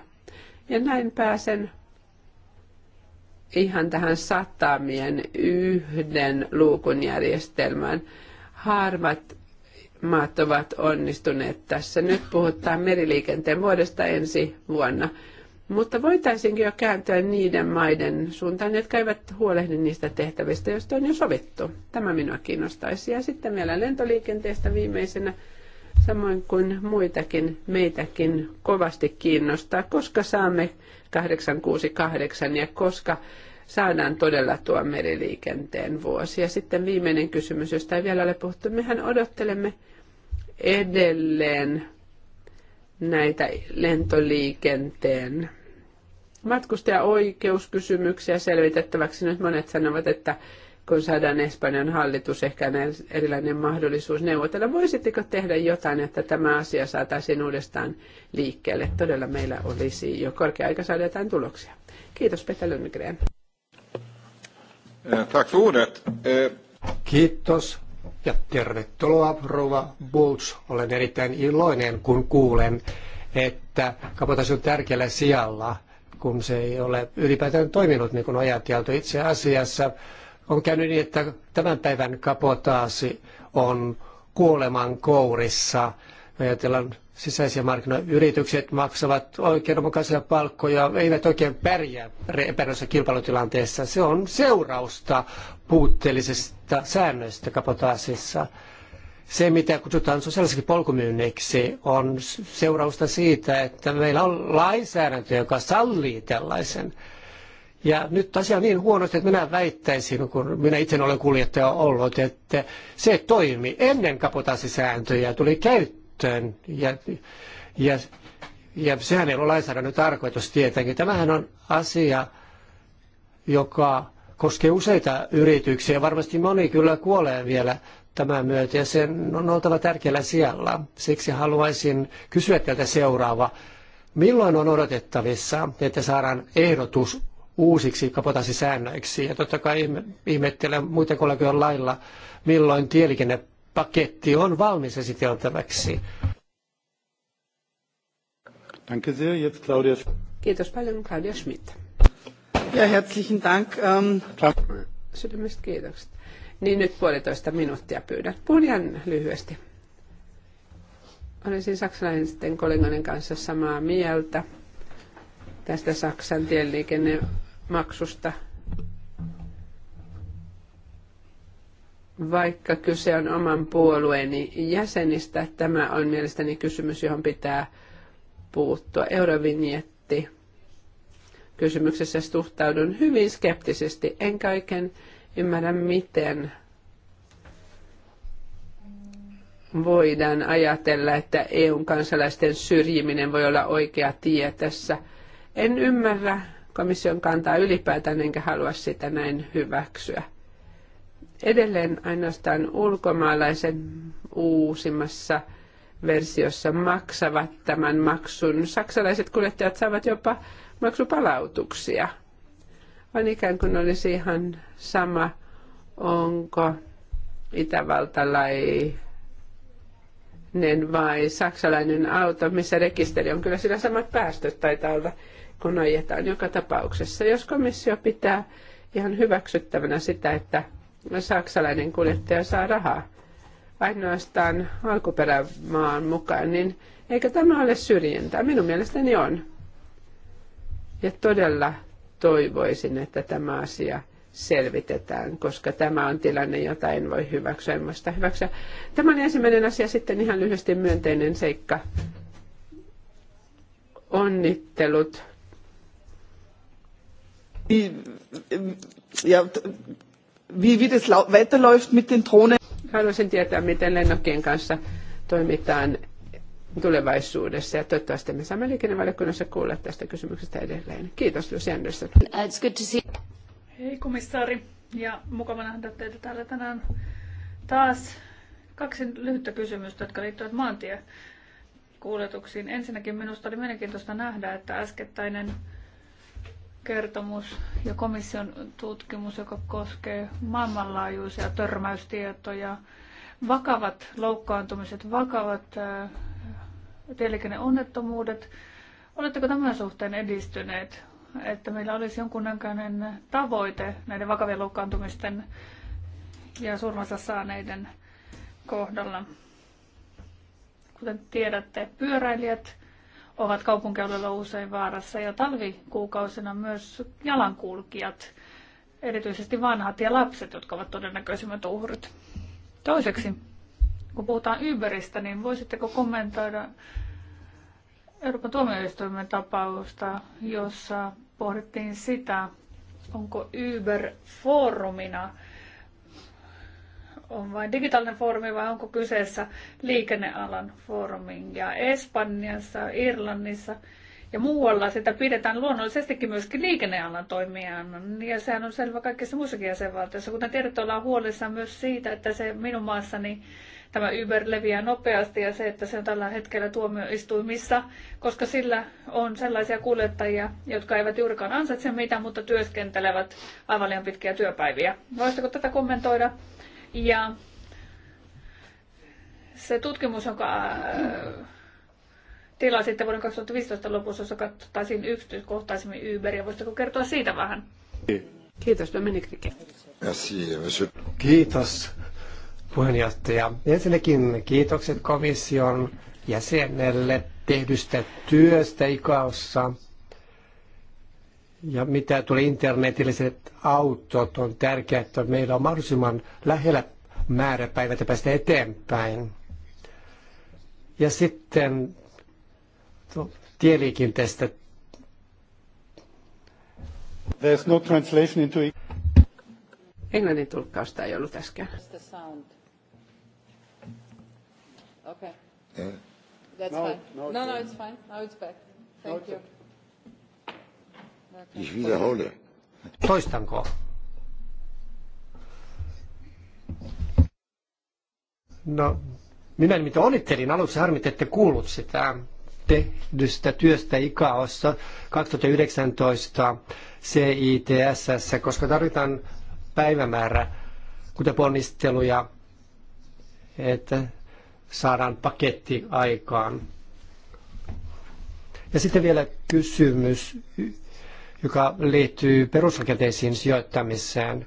Ja näin pääsen ihan tähän satamien yhden luukun järjestelmään. Harvat maat ovat onnistuneet tässä. Nyt puhutaan meriliikenteen vuodesta ensi vuonna. Mutta voitaisiinkin jo kääntyä niiden maiden suuntaan, jotka eivät huolehdi niistä tehtävistä, joista on jo sovittu. Tämä minua kiinnostaisi. Ja sitten vielä lentoliikenteestä viimeisenä, samoin kuin muitakin, meitäkin kovasti kiinnostaa, koska saamme 868 ja koska saadaan todella tuo meriliikenteen vuosi. Ja sitten viimeinen kysymys, josta ei vielä ole puhuttu. Mehän odottelemme edelleen näitä lentoliikenteen matkustajaoikeuskysymyksiä selvitettäväksi. Nyt monet sanovat, että kun saadaan Espanjan hallitus ehkä erilainen mahdollisuus neuvotella. Voisitteko tehdä jotain, että tämä asia saataisiin uudestaan liikkeelle? Todella meillä olisi jo korkea aika saada jotain tuloksia. Kiitos Petä Lundgren. Eh, tack för ordet. Eh, Kiitos ja tervetuloa Rova Bulls. Olen erittäin iloinen, kun kuulen, että kapotaisi on tärkeällä sijalla, kun se ei ole ylipäätään toiminut niin kuin ajateltu. Itse asiassa on käynyt niin, että tämän päivän kapotaasi on kuoleman kourissa. ajatellaan sisäisiä markkinayritykset maksavat oikeudenmukaisia palkkoja, eivät oikein pärjää epäreilussa kilpailutilanteessa. Se on seurausta puutteellisista säännöistä kapotaasissa. Se, mitä kutsutaan sosiaaliseksi polkumyynniksi, on seurausta siitä, että meillä on lainsäädäntö, joka sallii tällaisen. Ja nyt asia on niin huonosti, että minä väittäisin, kun minä itse olen kuljettaja ollut, että se toimi ennen kapotaasisääntöjä tuli käyttöön käyttöön. Ja, ja, ja sehän ei ole lainsäädännön tarkoitus tietenkin. Tämähän on asia, joka koskee useita yrityksiä. Varmasti moni kyllä kuolee vielä tämän myötä ja sen on oltava tärkeällä siellä. Siksi haluaisin kysyä teiltä seuraava. Milloin on odotettavissa, että saadaan ehdotus uusiksi kapotasisäännöiksi? Ja totta kai ihmettelen muiden kollegojen lailla, milloin tieliikenne paketti on valmis esiteltäväksi. Danke sehr, jetzt Claudia. Kiitos paljon, Claudia Schmidt. Ja herzlichen Dank. Ähm, Sydämestä kiitokset. Niin nyt puolitoista minuuttia pyydän. Puhun lyhyesti. Olen siis saksalaisten kollegoiden kanssa samaa mieltä tästä Saksan tieliikennemaksusta – vaikka kyse on oman puolueeni jäsenistä, tämä on mielestäni kysymys, johon pitää puuttua. Eurovinjetti kysymyksessä suhtaudun hyvin skeptisesti, en kaiken ymmärrä, miten voidaan ajatella, että EUn kansalaisten syrjiminen voi olla oikea tie tässä. En ymmärrä komission kantaa ylipäätään, enkä halua sitä näin hyväksyä. Edelleen ainoastaan ulkomaalaiset uusimmassa versiossa maksavat tämän maksun. Saksalaiset kuljettajat saavat jopa maksupalautuksia. On ikään kuin olisi ihan sama, onko itävaltalainen vai saksalainen auto, missä rekisteri on. Kyllä sillä samat päästöt taitaa olla, kun ajetaan joka tapauksessa. Jos komissio pitää ihan hyväksyttävänä sitä, että saksalainen kuljettaja saa rahaa ainoastaan alkuperämaan mukaan, niin eikä tämä ole syrjintää. Minun mielestäni on. Ja todella toivoisin, että tämä asia selvitetään, koska tämä on tilanne, jota en voi hyväksyä, en voi sitä hyväksyä. Tämä on ensimmäinen asia, sitten ihan lyhyesti myönteinen seikka. Onnittelut. Ja wie, wie das weiterläuft mit den Drohnen. Haluaisin tietää, miten lennokkien kanssa toimitaan tulevaisuudessa ja toivottavasti me saamme liikennevaliokunnassa kuulla tästä kysymyksestä edelleen. Kiitos Lucy Anderson. Uh, it's good to see. Hei komissaari ja mukava nähdä teitä täällä tänään taas kaksi lyhyttä kysymystä, jotka liittyvät maantiekuuletuksiin. Ensinnäkin minusta oli mielenkiintoista nähdä, että äskettäinen kertomus ja komission tutkimus, joka koskee maailmanlaajuisia törmäystietoja, vakavat loukkaantumiset, vakavat äh, tieliikenneonnettomuudet. Oletteko tämän suhteen edistyneet, että meillä olisi jonkunnäköinen tavoite näiden vakavien loukkaantumisten ja surmansa saaneiden kohdalla? Kuten tiedätte, pyöräilijät ovat kaupunkialueella usein vaarassa ja talvikuukausina myös jalankulkijat, erityisesti vanhat ja lapset, jotka ovat todennäköisimmät uhrit. Toiseksi, kun puhutaan Uberistä, niin voisitteko kommentoida Euroopan tuomioistuimen tapausta, jossa pohdittiin sitä, onko Uber foorumina on vain digitaalinen foorumi vai onko kyseessä liikennealan foorumi. Ja Espanjassa, Irlannissa ja muualla sitä pidetään luonnollisestikin myöskin liikennealan toimijana. Ja sehän on selvä kaikissa muissakin jäsenvaltioissa. Kuten tiedätte, ollaan huolissaan myös siitä, että se minun maassani tämä Uber leviää nopeasti ja se, että se on tällä hetkellä tuomioistuimissa, koska sillä on sellaisia kuljettajia, jotka eivät juurikaan ansaitse mitään, mutta työskentelevät aivan liian pitkiä työpäiviä. Voisitko tätä kommentoida? Ja se tutkimus, jonka äh, tilaa sitten vuoden 2015 lopussa, jossa katsottaisiin yksityiskohtaisemmin Uberia. Voisitko kertoa siitä vähän? Kiitos, Dominik Rike. Kiitos, puheenjohtaja. Ensinnäkin kiitokset komission jäsenelle tehdystä työstä ikaossa. Ja mitä tulee internetilliset autot, on tärkeää, että meillä on mahdollisimman lähellä määräpäivät ja päästä eteenpäin. Ja sitten tieliikenteestä. There's no translation into Englannin tulkkausta ei ollut äsken. Okay. That's no, fine. No, no, no it's fine. Now it's back. No, Thank no, you. Ich wiederhole. Toistanko? No, minä nimittäin onnittelin aluksi, harmit, ette kuullut sitä tehdystä työstä ICAOssa 2019 CITSS, koska tarvitaan päivämäärä, kuten ponnisteluja, että saadaan paketti aikaan. Ja sitten vielä kysymys joka liittyy perusrakenteisiin sijoittamiseen.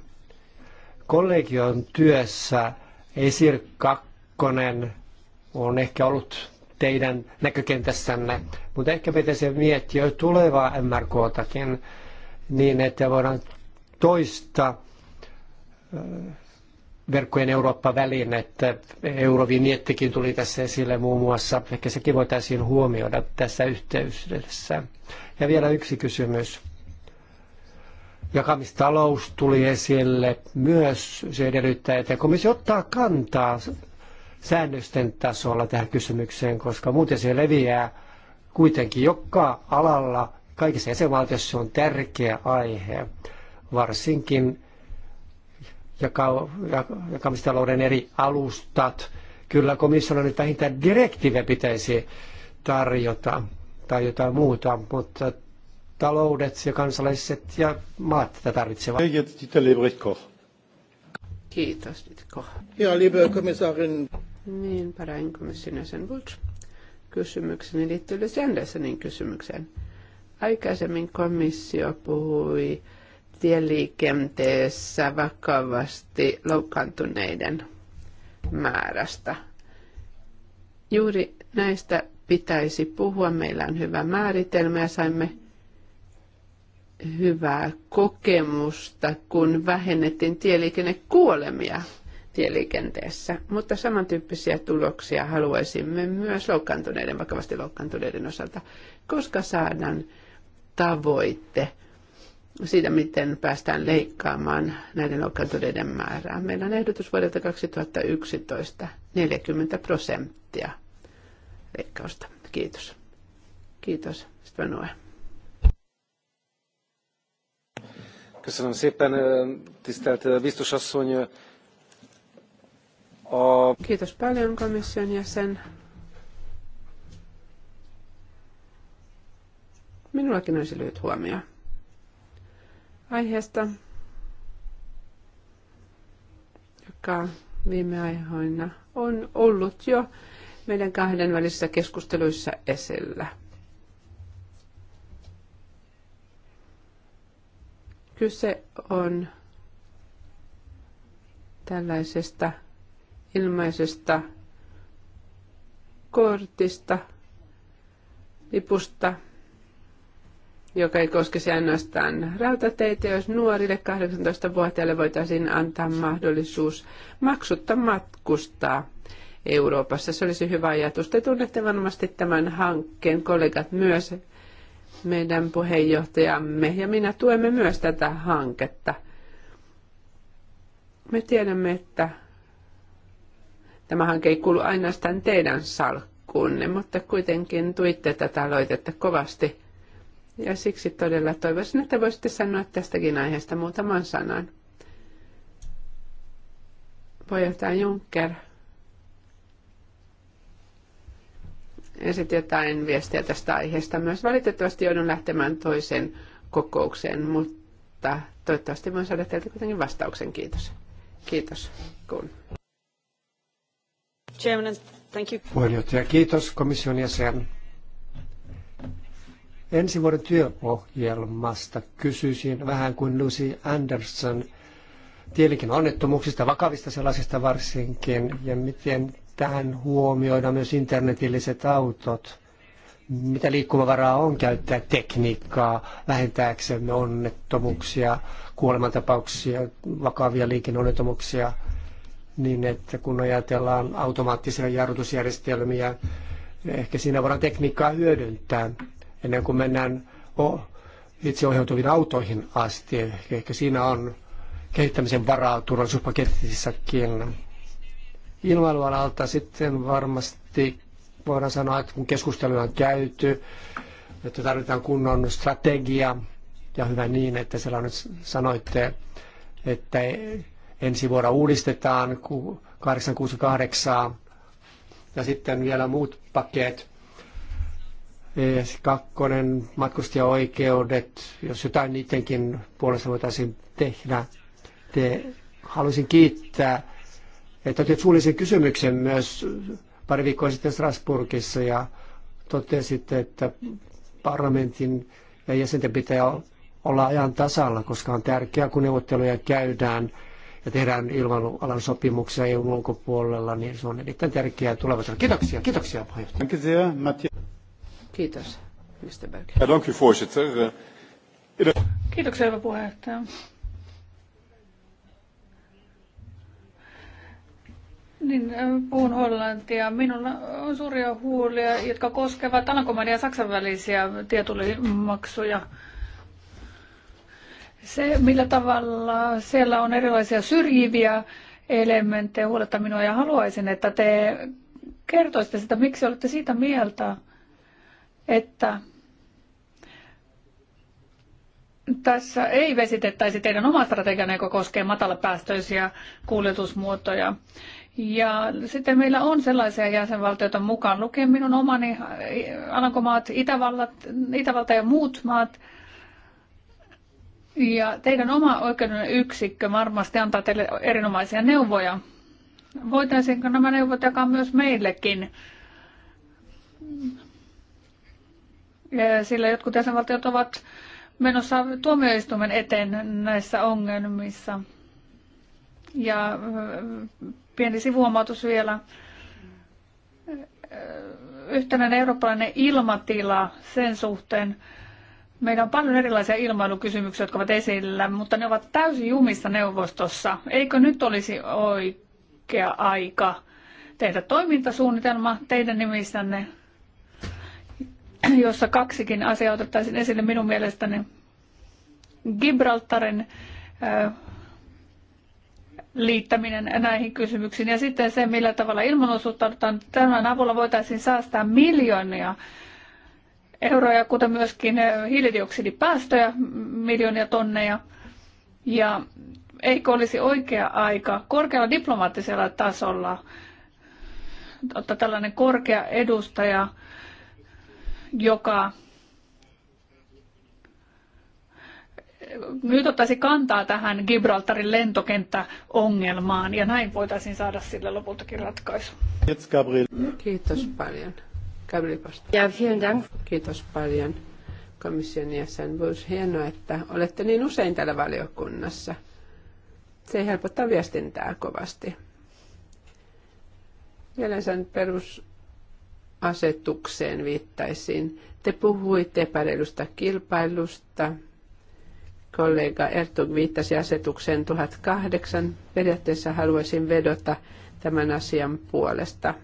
Kollegion työssä ESIR 2 on ehkä ollut teidän näkökentässänne, mutta ehkä pitäisi miettiä tulevaa MRKtakin niin, että voidaan toista verkkojen Eurooppa-välinettä. Eurovinjettikin tuli tässä esille muun muassa. Ehkä sekin voitaisiin huomioida tässä yhteydessä. Ja vielä yksi kysymys. Jakamistalous tuli esille myös. Se edellyttää, että komissio ottaa kantaa säännösten tasolla tähän kysymykseen, koska muuten se leviää kuitenkin joka alalla. Kaikissa jäsenvaltioissa se on tärkeä aihe, varsinkin jaka- jakamistalouden eri alustat. Kyllä komissiolla nyt vähintään direktiivejä pitäisi tarjota tai jotain muuta, mutta taloudet ja kansalaiset ja maat tätä tarvitsevat. Kiitos, Ditko. Ja liebe Kommissarin. Niin, parainkomission jäsen Bulch. Kysymykseni liittyy Lysi Anderssonin kysymykseen. Aikaisemmin komissio puhui tieliikenteessä vakavasti loukkaantuneiden määrästä. Juuri näistä pitäisi puhua. Meillä on hyvä määritelmä ja saimme hyvää kokemusta, kun vähennettiin tieliikennekuolemia tieliikenteessä, mutta samantyyppisiä tuloksia haluaisimme myös loukkaantuneiden, vakavasti loukkaantuneiden osalta, koska saadaan tavoitte siitä, miten päästään leikkaamaan näiden loukkaantuneiden määrää. Meillä on ehdotus vuodelta 2011 40 prosenttia leikkausta. Kiitos. Kiitos, Sitten Köszönöm szépen, tisztelt biztos asszony. A... Kiitos paljon komission jäsen. Minullakin olisi lyhyt huomio aiheesta, joka viime aikoina on ollut jo meidän kahden välisissä keskusteluissa esillä. Kyse on tällaisesta ilmaisesta kortista, lipusta, joka ei koskisi ainoastaan rautateitä, jos nuorille 18-vuotiaille voitaisiin antaa mahdollisuus maksutta matkustaa Euroopassa. Se olisi hyvä ajatus. Te tunnette varmasti tämän hankkeen, kollegat myös meidän puheenjohtajamme ja minä tuemme myös tätä hanketta. Me tiedämme, että tämä hanke ei kuulu ainoastaan teidän salkkuunne, mutta kuitenkin tuitte tätä aloitetta kovasti. Ja siksi todella toivoisin, että voisitte sanoa tästäkin aiheesta muutaman sanan. Puheenjohtaja Juncker sitten jotain viestiä tästä aiheesta. Myös valitettavasti joudun lähtemään toiseen kokoukseen, mutta toivottavasti voin saada teiltä kuitenkin vastauksen. Kiitos. Kiitos. Kun. Chairman, thank you. Puheenjohtaja, kiitos komission jäsen. Ensi vuoden työohjelmasta kysyisin vähän kuin Lucy Anderson onnettomuuksista, vakavista sellaisista varsinkin, ja miten tähän huomioida myös internetilliset autot. Mitä liikkumavaraa on käyttää tekniikkaa vähentääksemme onnettomuuksia, kuolemantapauksia, vakavia liikenneonnettomuuksia, niin että kun ajatellaan automaattisia jarrutusjärjestelmiä, ehkä siinä voidaan tekniikkaa hyödyntää ennen kuin mennään itseohjautuviin autoihin asti. Ehkä siinä on kehittämisen varaa turvallisuuspaketissakin ilmailualalta sitten varmasti voidaan sanoa, että kun keskustelua on käyty, että tarvitaan kunnon strategia ja hyvä niin, että siellä nyt sanoitte, että ensi vuonna uudistetaan 868 ja sitten vielä muut paket. E kakkonen, matkustajaoikeudet, jos jotain niidenkin puolesta voitaisiin tehdä. Te haluaisin kiittää että otit suullisen kysymyksen myös pari viikkoa sitten Strasbourgissa ja totesitte, että parlamentin ja jäsenten pitää olla ajan tasalla, koska on tärkeää, kun neuvotteluja käydään ja tehdään ilmailualan sopimuksia EUn ulkopuolella, niin se on erittäin tärkeää tulevaisuudessa. Kiitoksia, kiitoksia puheenjohtaja. Kiitos, Mr. Berg. Eh, kiitoksia, hyvä puheenjohtaja. Niin, puhun hollantia. Minun on suuria huolia, jotka koskevat Alankomaiden ja Saksan välisiä tietulimaksuja. Se, millä tavalla siellä on erilaisia syrjiviä elementtejä, huoletta minua ja haluaisin, että te kertoisitte sitä, miksi olette siitä mieltä, että tässä ei vesitettäisi teidän omaa strategianne, joka koskee matalapäästöisiä kuljetusmuotoja. Ja sitten meillä on sellaisia jäsenvaltioita mukaan lukien minun omani Alankomaat, Itävallat, Itävalta ja muut maat. Ja teidän oma oikeuden yksikkö varmasti antaa teille erinomaisia neuvoja. Voitaisiinko nämä neuvot jakaa myös meillekin? Sillä jotkut jäsenvaltiot ovat menossa tuomioistuimen eteen näissä ongelmissa. Ja pieni sivuomautus vielä. Yhtenäinen eurooppalainen ilmatila sen suhteen. Meillä on paljon erilaisia ilmailukysymyksiä, jotka ovat esillä, mutta ne ovat täysin jumissa neuvostossa. Eikö nyt olisi oikea aika tehdä toimintasuunnitelma teidän nimissänne, jossa kaksikin asiaa otettaisiin esille minun mielestäni. Gibraltarin äh, liittäminen näihin kysymyksiin ja sitten se, millä tavalla ilmanosuuttaudutaan. Tämän avulla voitaisiin säästää miljoonia euroja, kuten myöskin hiilidioksidipäästöjä, miljoonia tonneja. Ja eikö olisi oikea aika korkealla diplomaattisella tasolla ottaa tällainen korkea edustaja, joka nyt ottaisi kantaa tähän Gibraltarin lentokenttäongelmaan ja näin voitaisiin saada sille lopultakin ratkaisu. Kiitos, Gabriel. Kiitos paljon. Gabriel ja, vielen dank. Kiitos paljon komission jäsen Bush. Hienoa, että olette niin usein täällä valiokunnassa. Se helpottaa viestintää kovasti. Vielä sen perusasetukseen viittaisin. Te puhuitte epäreilusta kilpailusta, kollega Ertug viittasi asetukseen 1008. Periaatteessa haluaisin vedota tämän asian puolesta,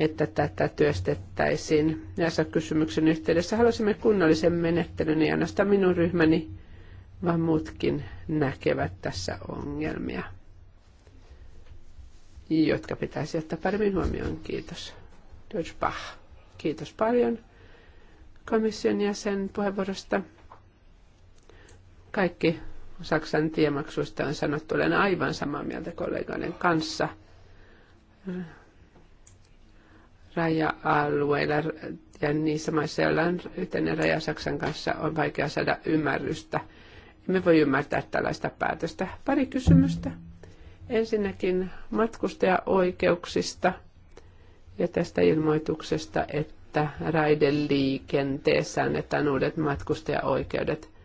että tätä työstettäisiin. Näissä kysymyksen yhteydessä haluaisimme kunnollisen menettelyn, ja ainoastaan minun ryhmäni, vaan muutkin näkevät tässä ongelmia, jotka pitäisi ottaa paremmin huomioon. Kiitos. Deutsch Bach. Kiitos paljon komission jäsen puheenvuorosta. Kaikki Saksan tiemaksuista on sanottu, olen aivan samaa mieltä kollegoiden kanssa. Raja-alueilla ja niissä maissa, joilla on yhteinen raja Saksan kanssa, on vaikea saada ymmärrystä. Me voi ymmärtää tällaista päätöstä. Pari kysymystä. Ensinnäkin matkustajaoikeuksista ja tästä ilmoituksesta, että raideliikenteessä annetaan uudet matkustajaoikeudet.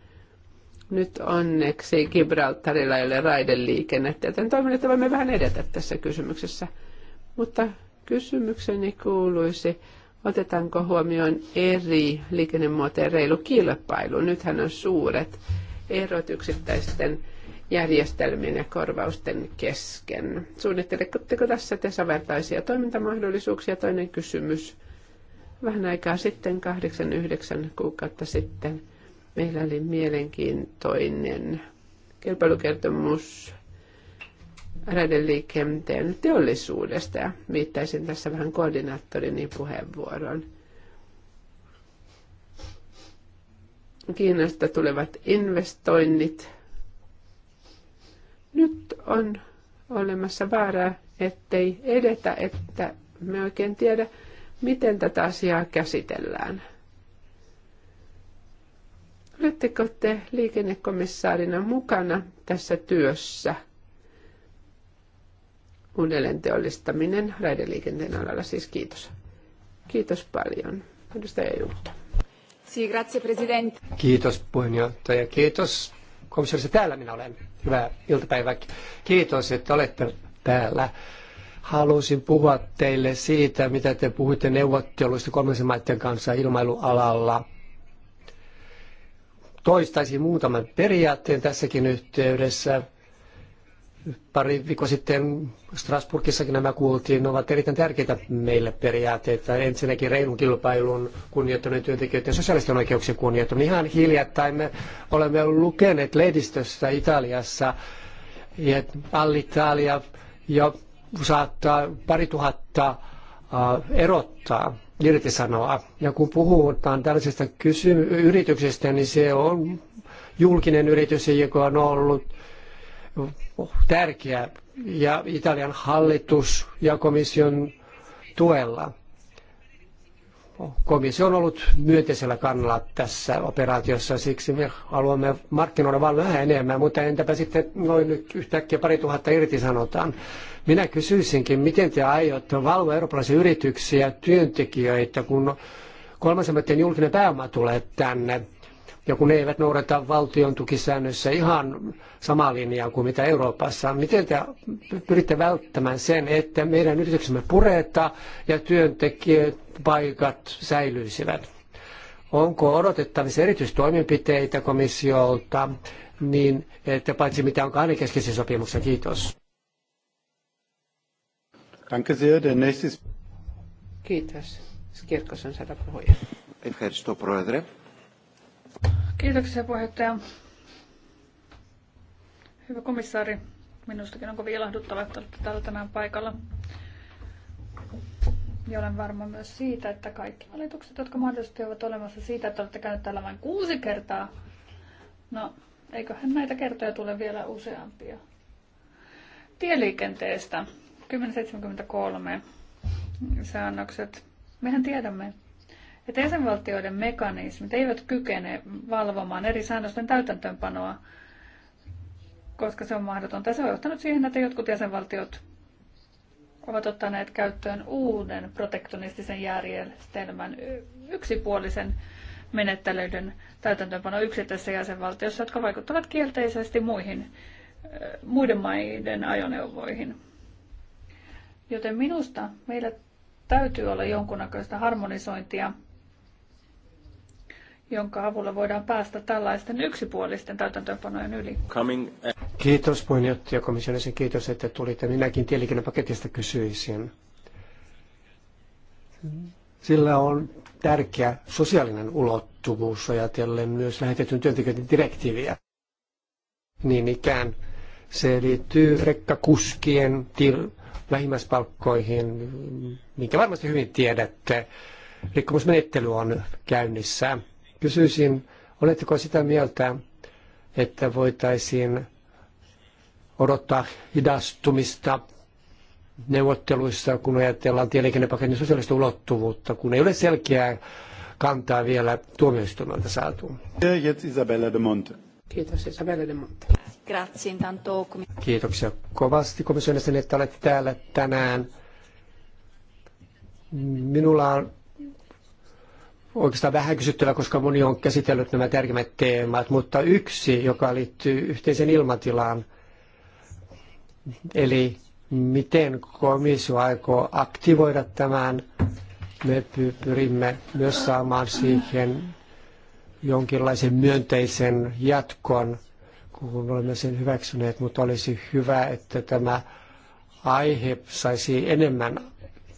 Nyt onneksi Gibraltarilla ei ole raideliikennettä, joten toivon, että voimme vähän edetä tässä kysymyksessä. Mutta kysymykseni kuuluisi, otetaanko huomioon eri liikennemuotojen reilu kilpailu? Nythän on suuret erot yksittäisten järjestelmien ja korvausten kesken. Suunnitteletteko tässä tasavertaisia toimintamahdollisuuksia? Toinen kysymys. Vähän aikaa sitten, kahdeksan, yhdeksän kuukautta sitten, Meillä oli mielenkiintoinen kilpailukertomus raideliikenteen teollisuudesta ja viittaisin tässä vähän koordinaattorini puheenvuoron. Kiinasta tulevat investoinnit. Nyt on olemassa vaaraa, ettei edetä, että me oikein tiedä, miten tätä asiaa käsitellään. Oletteko te liikennekomissaarina mukana tässä työssä? Uudelleen teollistaminen raideliikenteen alalla siis kiitos. Kiitos paljon. Edustaja Juutta. Kiitos puheenjohtaja. Kiitos komissaarissa. Täällä minä olen. Hyvää iltapäivää. Kiitos, että olette täällä. Halusin puhua teille siitä, mitä te puhuitte neuvotteluista kolmansien maiden kanssa ilmailualalla toistaisin muutaman periaatteen tässäkin yhteydessä. Pari viikkoa sitten Strasburgissakin nämä kuultiin, ne ovat erittäin tärkeitä meille periaatteita. Ensinnäkin reilun kilpailun kunnioittaminen työntekijöiden sosiaalisten oikeuksien kunnioittaminen. Ihan hiljattain me olemme lukeneet lehdistössä Italiassa, että Allitalia jo saattaa pari tuhatta erottaa, irtisanoa. Ja kun puhutaan tällaisista kysy- yrityksistä, niin se on julkinen yritys, joka on ollut tärkeä ja Italian hallitus ja komission tuella komissio on ollut myönteisellä kannalla tässä operaatiossa, siksi me haluamme markkinoida vain vähän enemmän, mutta entäpä sitten noin nyt yhtäkkiä pari tuhatta irtisanotaan. Minä kysyisinkin, miten te aiotte valvoa eurooppalaisia yrityksiä, työntekijöitä, kun kolmansamatten julkinen pääoma tulee tänne ja kun ne eivät noudata valtion tukisäännöissä ihan samaa linjaa kuin mitä Euroopassa, miten te pyritte välttämään sen, että meidän yrityksemme pureta ja työntekijäpaikat säilyisivät? Onko odotettavissa erityistoimenpiteitä komissiolta, niin että paitsi mitä on kahdenkeskisen sopimuksen? Kiitos. Danke sehr. Der nächste Kiitos. Skirkos on saada puhuja. Ευχαριστώ, Πρόεδρε. Kiitoksia puheenjohtaja. Hyvä komissaari, minustakin on kovin ilahduttava, että olette täällä tänään paikalla. Ja olen varma myös siitä, että kaikki valitukset, jotka mahdollisesti ovat olemassa siitä, että olette käyneet täällä vain kuusi kertaa, no eiköhän näitä kertoja tule vielä useampia. Tieliikenteestä 1073 säännökset. Mehän tiedämme, että jäsenvaltioiden mekanismit eivät kykene valvomaan eri säännösten täytäntöönpanoa, koska se on mahdotonta. Se on johtanut siihen, että jotkut jäsenvaltiot ovat ottaneet käyttöön uuden protektionistisen järjestelmän yksipuolisen menettelyiden täytäntöönpano yksittäisessä jäsenvaltiossa, jotka vaikuttavat kielteisesti muihin, muiden maiden ajoneuvoihin. Joten minusta meillä täytyy olla jonkunnäköistä harmonisointia jonka avulla voidaan päästä tällaisten yksipuolisten täytäntöönpanojen yli. Kiitos puheenjohtaja komissionisen, kiitos, että tulitte. Minäkin tieliikennepaketista kysyisin. Sillä on tärkeä sosiaalinen ulottuvuus ajatellen myös lähetetyn työntekijöiden direktiiviä. Niin ikään se liittyy rekkakuskien til- vähimmäispalkkoihin, minkä varmasti hyvin tiedätte. Rikkomusmenettely on käynnissä Kysyisin, oletteko sitä mieltä, että voitaisiin odottaa hidastumista neuvotteluissa, kun ajatellaan tieliikennepaketin sosiaalista ulottuvuutta, kun ei ole selkeää kantaa vielä tuomioistuimelta saatu. Isabella de Monte. Kiitos Isabella de Monte. Grazie intanto. Kiitoksia kovasti komission että olette täällä tänään. Minulla on oikeastaan vähän kysyttävä, koska moni on käsitellyt nämä tärkeimmät teemat, mutta yksi, joka liittyy yhteisen ilmatilaan, eli miten komissio aikoo aktivoida tämän. Me pyrimme myös saamaan siihen jonkinlaisen myönteisen jatkon, kun olemme sen hyväksyneet, mutta olisi hyvä, että tämä aihe saisi enemmän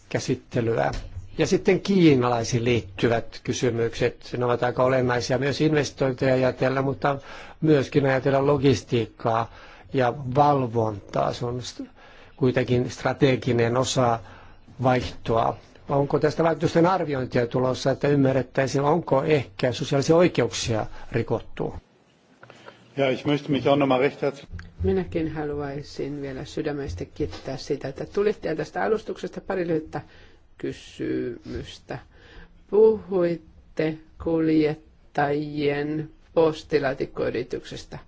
käsittelyä. Ja sitten kiinalaisiin liittyvät kysymykset, ne ovat aika olennaisia myös investointeja ajatella, mutta myöskin ajatella logistiikkaa ja valvontaa. Se on kuitenkin strateginen osa vaihtoa. Onko tästä vaikutusten arviointia tulossa, että ymmärrettäisiin, onko ehkä sosiaalisia oikeuksia rikottu? Ja, ich möchte mich auch nochmal recht Minäkin haluaisin vielä sydämestä kiittää siitä, että tulitte ja tästä alustuksesta pari lyhyttä kysymystä. Puhuitte kuljettajien postilaatikkoyrityksestä.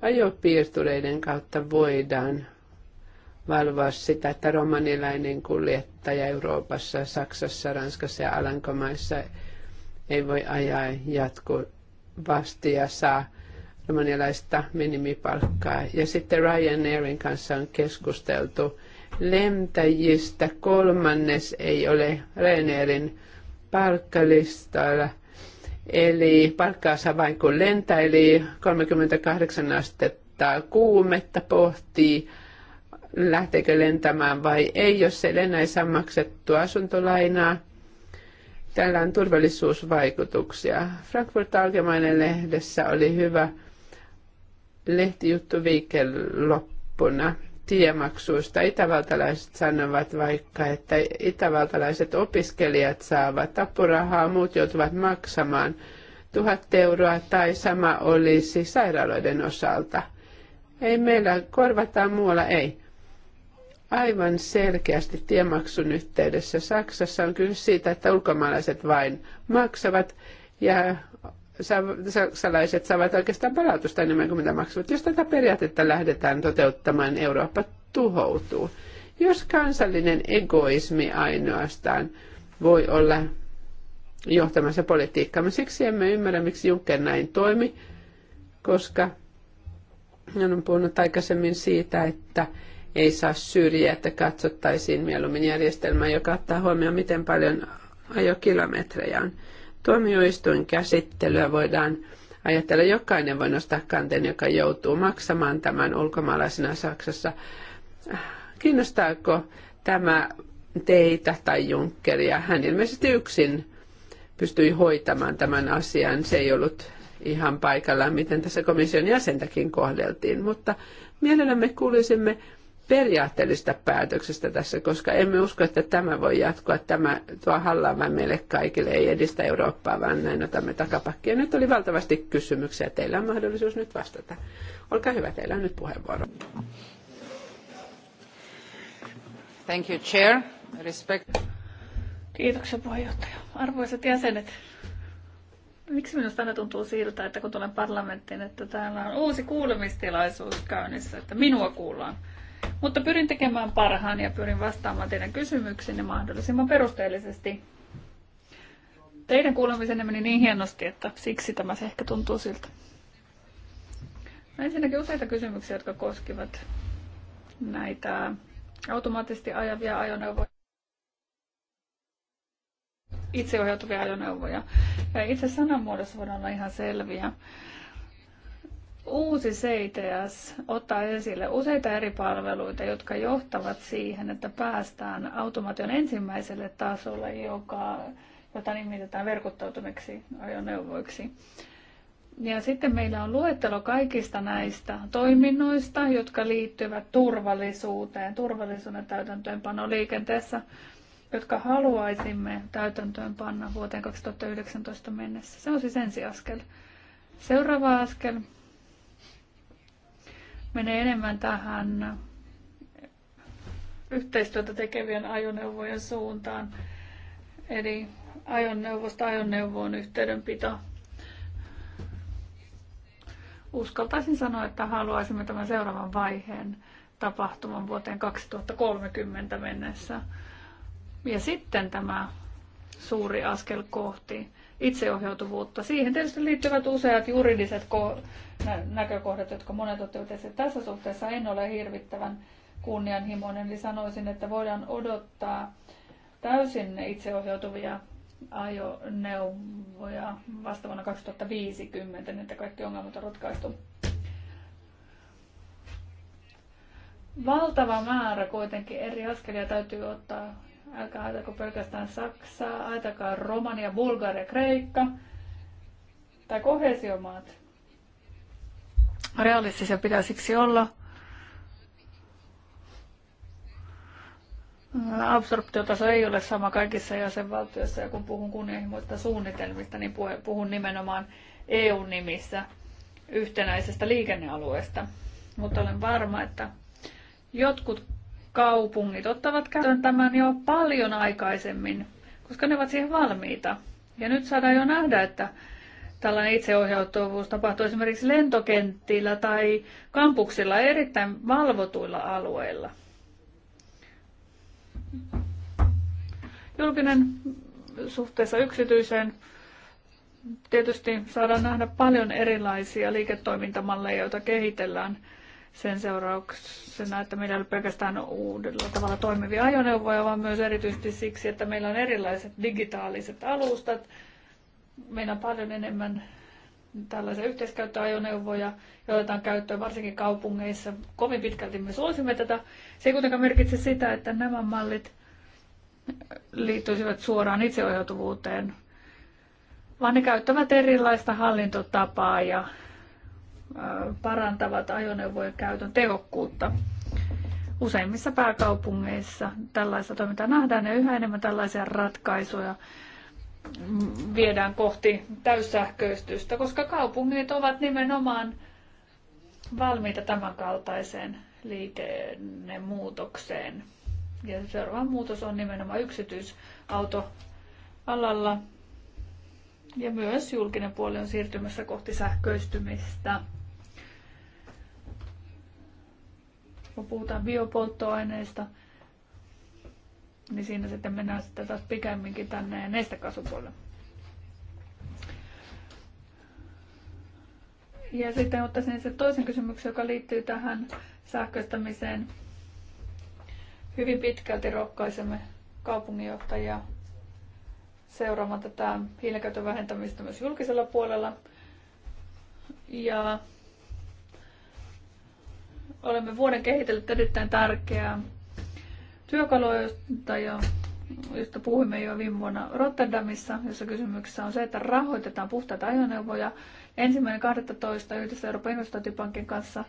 Ajopiirtureiden kautta voidaan valvoa sitä, että romanilainen kuljettaja Euroopassa, Saksassa, Ranskassa ja Alankomaissa ei voi ajaa jatkuvasti ja saa romanialaista minimipalkkaa. Ja sitten Ryanairin kanssa on keskusteltu lentäjistä kolmannes ei ole Reinerin palkkalistalla. Eli palkkaa saa vain kun lentää, eli 38 astetta kuumetta pohtii, lähteekö lentämään vai ei, jos se lennä ei saa maksettua asuntolainaa. Tällä on turvallisuusvaikutuksia. Frankfurt Algemainen lehdessä oli hyvä lehtijuttu viikonloppuna. loppuna tiemaksuista. Itävaltalaiset sanovat vaikka, että itävaltalaiset opiskelijat saavat apurahaa, muut joutuvat maksamaan tuhat euroa tai sama olisi sairaaloiden osalta. Ei meillä korvataan muualla, ei. Aivan selkeästi tiemaksun yhteydessä Saksassa on kyse siitä, että ulkomaalaiset vain maksavat ja saksalaiset saavat oikeastaan palautusta enemmän kuin mitä maksavat. Jos tätä periaatetta lähdetään toteuttamaan, Eurooppa tuhoutuu. Jos kansallinen egoismi ainoastaan voi olla johtamassa politiikkaamme. Siksi emme ymmärrä, miksi Juncker näin toimi, koska hän on puhunut aikaisemmin siitä, että ei saa syrjiä, että katsottaisiin mieluummin järjestelmää, joka ottaa huomioon, miten paljon ajokilometrejä on. Tuomioistuin käsittelyä voidaan ajatella, jokainen voi nostaa kanteen, joka joutuu maksamaan tämän ulkomaalaisena Saksassa. Kiinnostaako tämä teitä tai Junckeria? Hän ilmeisesti yksin pystyi hoitamaan tämän asian. Se ei ollut ihan paikallaan, miten tässä komission jäsentäkin kohdeltiin, mutta mielellämme kuulisimme periaatteellisesta päätöksestä tässä, koska emme usko, että tämä voi jatkua. Tämä tuo hallaamaan meille kaikille, ei edistä Eurooppaa, vaan näin otamme takapakkia. Nyt oli valtavasti kysymyksiä. Teillä on mahdollisuus nyt vastata. Olkaa hyvä, teillä on nyt puheenvuoro. Thank you, Chair. Respect. Kiitoksia puheenjohtaja. Arvoisat jäsenet, miksi minusta aina tuntuu siltä, että kun tulen parlamenttiin, että täällä on uusi kuulemistilaisuus käynnissä, että minua kuullaan. Mutta pyrin tekemään parhaan ja pyrin vastaamaan teidän kysymyksiinne mahdollisimman perusteellisesti. Teidän kuulemisenne meni niin hienosti, että siksi tämä se ehkä tuntuu siltä. No, ensinnäkin useita kysymyksiä, jotka koskivat näitä automaattisesti ajavia ajoneuvoja, itseohjautuvia ajoneuvoja. Ja itse muodossa voidaan olla ihan selviä. Uusi CTS ottaa esille useita eri palveluita, jotka johtavat siihen, että päästään automaation ensimmäiselle tasolle, joka, jota nimitetään verkottautuneeksi ajoneuvoiksi. Ja sitten meillä on luettelo kaikista näistä toiminnoista, jotka liittyvät turvallisuuteen, turvallisuuden täytäntöönpano liikenteessä, jotka haluaisimme täytäntöönpanna vuoteen 2019 mennessä. Se on siis ensiaskel. Seuraava askel menee enemmän tähän yhteistyötä tekevien ajoneuvojen suuntaan. Eli ajoneuvosta ajoneuvoon yhteydenpito. Uskaltaisin sanoa, että haluaisimme tämän seuraavan vaiheen tapahtuman vuoteen 2030 mennessä. Ja sitten tämä suuri askel kohti itseohjautuvuutta. Siihen tietysti liittyvät useat juridiset näkökohdat, jotka monet ottivat esille. Tässä suhteessa en ole hirvittävän kunnianhimoinen, eli sanoisin, että voidaan odottaa täysin itseohjautuvia ajoneuvoja vasta vuonna 2050, niin että kaikki ongelmat on ratkaistu. Valtava määrä kuitenkin eri askelia täytyy ottaa Älkää ajatako pelkästään Saksaa, ajatakaa Romania, Bulgaria, Kreikka tai kohesiomaat. Realistisia pitää siksi olla. Absorptiotaso ei ole sama kaikissa jäsenvaltioissa ja kun puhun kunnianhimoista suunnitelmista, niin puhun nimenomaan EU-nimissä yhtenäisestä liikennealueesta. Mutta olen varma, että jotkut kaupungit ottavat käyttöön tämän jo paljon aikaisemmin, koska ne ovat siihen valmiita. Ja nyt saadaan jo nähdä, että tällainen itseohjautuvuus tapahtuu esimerkiksi lentokentillä tai kampuksilla erittäin valvotuilla alueilla. Julkinen suhteessa yksityiseen tietysti saadaan nähdä paljon erilaisia liiketoimintamalleja, joita kehitellään – sen seurauksena, että meillä ei ole pelkästään uudella tavalla toimivia ajoneuvoja, vaan myös erityisesti siksi, että meillä on erilaiset digitaaliset alustat. Meillä on paljon enemmän tällaisia yhteiskäyttöajoneuvoja, joita on käyttöön varsinkin kaupungeissa. Kovin pitkälti me suosimme tätä. Se ei kuitenkaan merkitse sitä, että nämä mallit liittyisivät suoraan itseohjautuvuuteen, vaan ne käyttävät erilaista hallintotapaa ja parantavat ajoneuvojen käytön tehokkuutta. Useimmissa pääkaupungeissa tällaista toimintaa nähdään ja yhä enemmän tällaisia ratkaisuja viedään kohti täyssähköistystä, koska kaupungit ovat nimenomaan valmiita tämänkaltaiseen liikennemuutokseen. Ja seuraava muutos on nimenomaan yksityisautoalalla ja myös julkinen puoli on siirtymässä kohti sähköistymistä. kun puhutaan biopolttoaineista, niin siinä sitten mennään sitten taas pikemminkin tänne nestekasvupuolelle. Ja sitten ottaisin se toisen kysymyksen, joka liittyy tähän sähköistämiseen. Hyvin pitkälti rohkaisemme kaupunginjohtajia seuraamaan tätä hiilikäytön vähentämistä myös julkisella puolella. Ja Olemme vuoden kehitelleet erittäin tärkeää työkalua, josta, josta puhuimme jo viime vuonna Rotterdamissa, jossa kysymyksessä on se, että rahoitetaan puhtaita ajoneuvoja. Ensimmäinen 12. yhdessä Euroopan investointipankin kanssa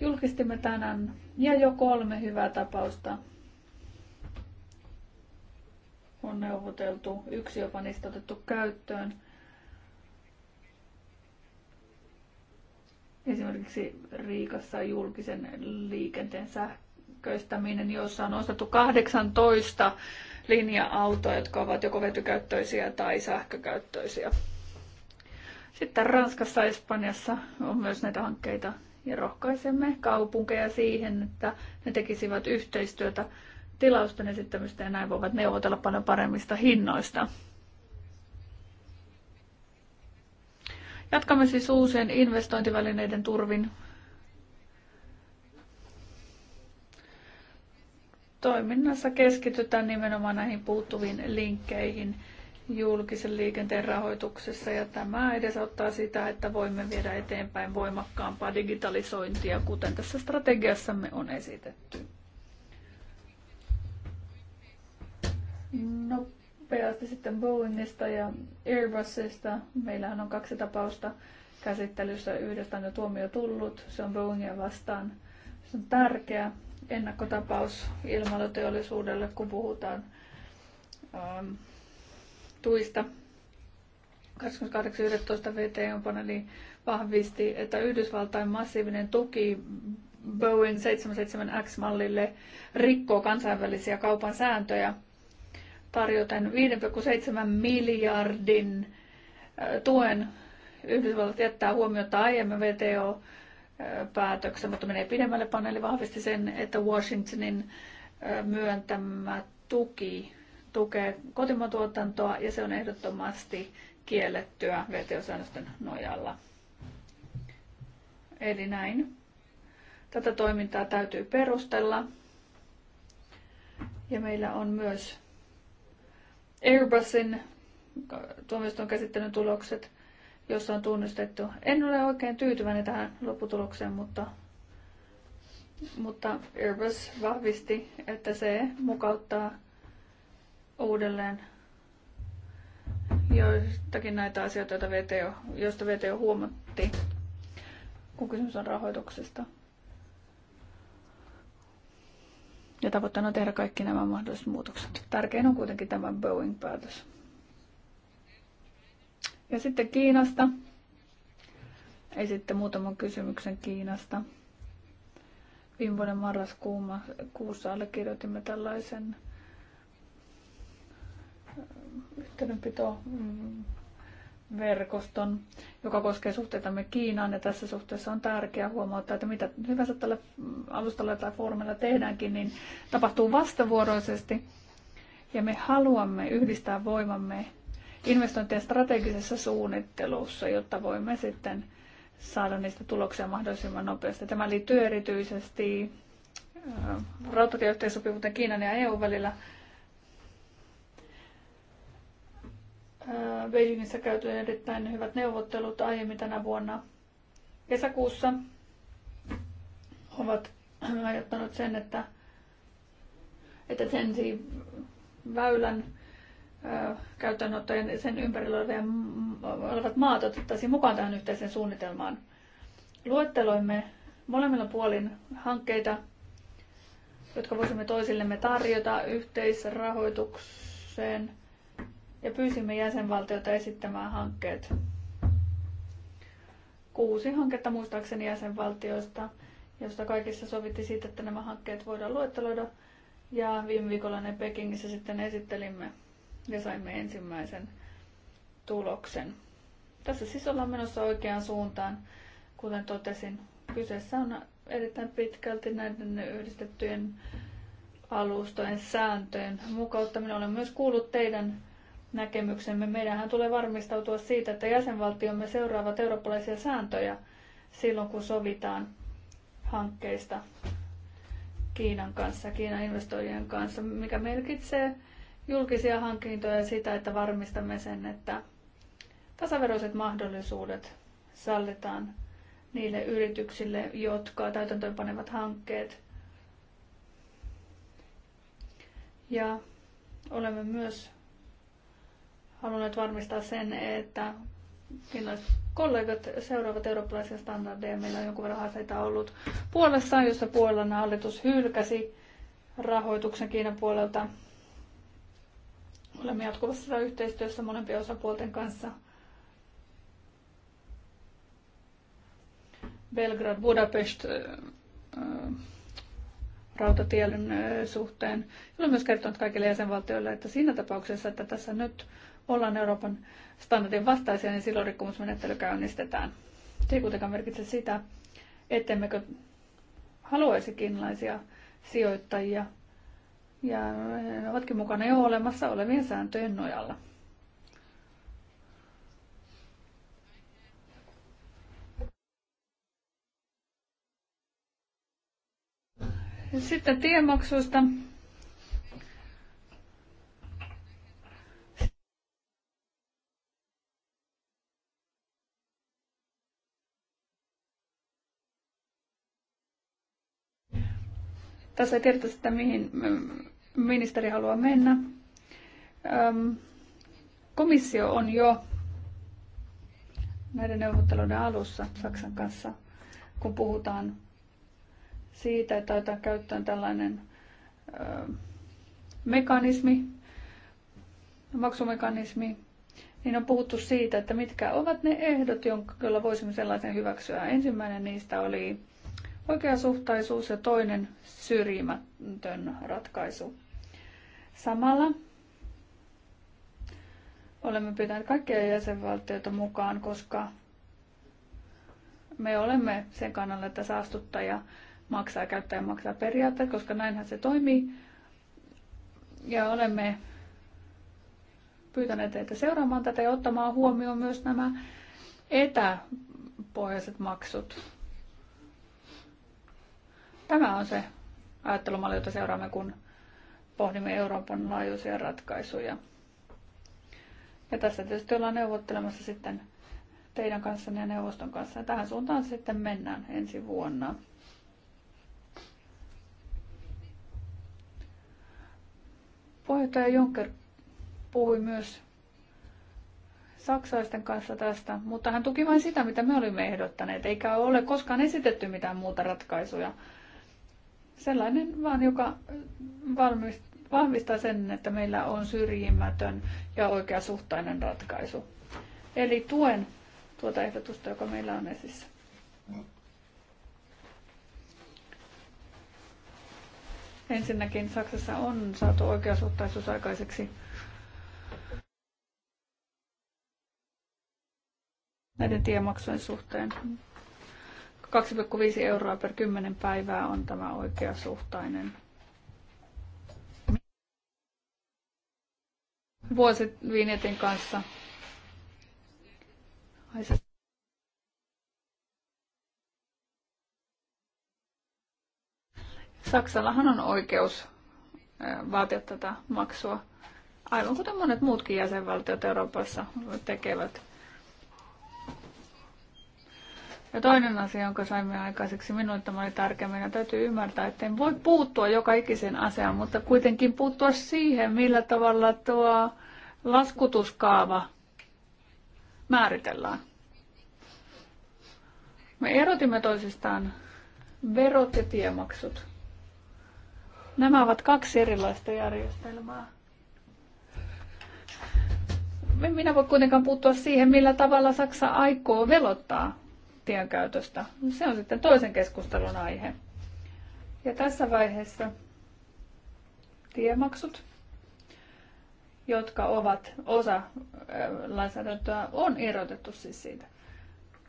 julkistimme tänään ja jo kolme hyvää tapausta on neuvoteltu. Yksi jopa niistä otettu käyttöön. Esimerkiksi Riikassa julkisen liikenteen sähköistäminen, jossa on ostettu 18 linja autoa jotka ovat joko vetykäyttöisiä tai sähkökäyttöisiä. Sitten Ranskassa ja Espanjassa on myös näitä hankkeita ja rohkaisemme kaupunkeja siihen, että ne tekisivät yhteistyötä tilausten esittämistä ja näin voivat neuvotella paljon paremmista hinnoista. Jatkamme siis uusien investointivälineiden turvin. Toiminnassa keskitytään nimenomaan näihin puuttuviin linkkeihin julkisen liikenteen rahoituksessa ja tämä edesauttaa sitä, että voimme viedä eteenpäin voimakkaampaa digitalisointia, kuten tässä strategiassamme on esitetty. No, nopeasti sitten Boeingista ja Airbusista. Meillähän on kaksi tapausta käsittelyssä. Yhdestä on jo tuomio tullut, se on Boeingia vastaan. Se on tärkeä ennakkotapaus ilmailuteollisuudelle, kun puhutaan ähm, tuista. 28.11. VTO-paneeli vahvisti, että Yhdysvaltain massiivinen tuki Boeing 77X-mallille rikkoo kansainvälisiä kaupan sääntöjä tarjoten 5,7 miljardin tuen Yhdysvallat jättää huomiota aiemmin VTO päätöksen, mutta menee pidemmälle. Paneeli vahvisti sen, että Washingtonin myöntämä tuki tukee kotimatuotantoa ja se on ehdottomasti kiellettyä VTO-säännösten nojalla. Eli näin. Tätä toimintaa täytyy perustella. Ja meillä on myös Airbusin tuomioston käsittelyn tulokset, jossa on tunnistettu. En ole oikein tyytyväinen tähän lopputulokseen, mutta, mutta Airbus vahvisti, että se mukauttaa uudelleen joistakin näitä asioita, joista VTO huomatti, kun kysymys on rahoituksesta. Ja tavoitteena on tehdä kaikki nämä mahdolliset muutokset. Tärkein on kuitenkin tämä Boeing-päätös. Ja sitten Kiinasta. Ei sitten muutaman kysymyksen Kiinasta. Viime vuoden marraskuussa allekirjoitimme tällaisen yhteydenpito mm, verkoston, joka koskee suhteitamme Kiinaan. Ja tässä suhteessa on tärkeää huomauttaa, että mitä hyvänsä tällä alustalla tai foorumilla tehdäänkin, niin tapahtuu vastavuoroisesti. Ja me haluamme yhdistää voimamme investointien strategisessa suunnittelussa, jotta voimme sitten saada niistä tuloksia mahdollisimman nopeasti. Tämä liittyy erityisesti rautatieyhteensopivuuteen Kiinan ja EU välillä, Beijingissä käyty erittäin hyvät neuvottelut aiemmin tänä vuonna kesäkuussa ovat ajattaneet sen, että, että sen väylän käyttöönottojen sen ympärillä olevat maat otettaisiin mukaan tähän yhteiseen suunnitelmaan. Luetteloimme molemmilla puolin hankkeita, jotka voisimme toisillemme tarjota yhteisrahoitukseen – ja pyysimme jäsenvaltioita esittämään hankkeet. Kuusi hanketta muistaakseni jäsenvaltioista, josta kaikissa sovitti siitä, että nämä hankkeet voidaan luetteloida. Ja viime viikolla ne Pekingissä sitten esittelimme ja saimme ensimmäisen tuloksen. Tässä siis ollaan menossa oikeaan suuntaan. Kuten totesin, kyseessä on erittäin pitkälti näiden yhdistettyjen alustojen sääntöjen mukauttaminen. Olen myös kuullut teidän näkemyksemme. Meidänhän tulee varmistautua siitä, että jäsenvaltiomme seuraavat eurooppalaisia sääntöjä silloin, kun sovitaan hankkeista Kiinan kanssa, Kiinan investoijien kanssa, mikä merkitsee julkisia hankintoja ja sitä, että varmistamme sen, että tasaveroiset mahdollisuudet sallitaan niille yrityksille, jotka täytäntöönpanevat hankkeet. Ja olemme myös halunneet varmistaa sen, että finlaiset kollegat seuraavat eurooppalaisia standardeja. Meillä on jonkun verran haasteita ollut Puolessaan, jossa Puolan hallitus hylkäsi rahoituksen Kiinan puolelta. Olemme jatkuvassa yhteistyössä molempien osapuolten kanssa. Belgrad Budapest rautatielen suhteen. Olen myös kertonut kaikille jäsenvaltioille, että siinä tapauksessa, että tässä nyt ollaan Euroopan standardin vastaisia, niin silloin rikkomusmenettely käynnistetään. Se ei kuitenkaan merkitse sitä, ettemmekö haluaisi kiinalaisia sijoittajia, ja ne eh, ovatkin mukana jo olemassa olevien sääntöjen nojalla. Sitten tiemaksuista. Tässä kertoo tiedetä sitä, mihin ministeri haluaa mennä. Komissio on jo näiden neuvotteluiden alussa Saksan kanssa, kun puhutaan siitä, että otetaan käyttöön tällainen mekanismi, maksumekanismi, niin on puhuttu siitä, että mitkä ovat ne ehdot, joilla voisimme sellaisen hyväksyä. Ensimmäinen niistä oli oikeasuhtaisuus ja toinen syrjimätön ratkaisu. Samalla olemme pitäneet kaikkia jäsenvaltioita mukaan, koska me olemme sen kannalla, että saastuttaja maksaa, käyttäjä maksaa periaatteet, koska näinhän se toimii. Ja olemme pyytäneet teitä seuraamaan tätä ja ottamaan huomioon myös nämä etäpohjaiset maksut Tämä on se ajattelumalli, jota seuraamme, kun pohdimme Euroopan laajuisia ratkaisuja. Ja tässä tietysti ollaan neuvottelemassa sitten teidän kanssanne ja neuvoston kanssa. Ja tähän suuntaan sitten mennään ensi vuonna. Puheenjohtaja Juncker puhui myös saksalaisten kanssa tästä, mutta hän tuki vain sitä, mitä me olimme ehdottaneet, eikä ole koskaan esitetty mitään muuta ratkaisuja Sellainen vaan, joka vahvistaa sen, että meillä on syrjimätön ja oikeasuhtainen ratkaisu. Eli tuen tuota ehdotusta, joka meillä on esissä. Ensinnäkin Saksassa on saatu oikeasuhtaisuus aikaiseksi näiden tiemaksujen suhteen. 2,5 euroa per 10 päivää on tämä oikeasuhtainen vuosit vinjetin kanssa. Saksallahan on oikeus vaatia tätä maksua, aivan kuten monet muutkin jäsenvaltiot Euroopassa tekevät. Ja toinen asia, jonka saimme aikaiseksi, minulle että oli tärkeä, meidän täytyy ymmärtää, että en voi puuttua joka ikisen asiaan, mutta kuitenkin puuttua siihen, millä tavalla tuo laskutuskaava määritellään. Me erotimme toisistaan verot ja tiemaksut. Nämä ovat kaksi erilaista järjestelmää. En minä voi kuitenkaan puuttua siihen, millä tavalla Saksa aikoo velottaa tienkäytöstä. Se on sitten toisen keskustelun aihe. Ja tässä vaiheessa tiemaksut, jotka ovat osa lainsäädäntöä, on irrotettu siis siitä.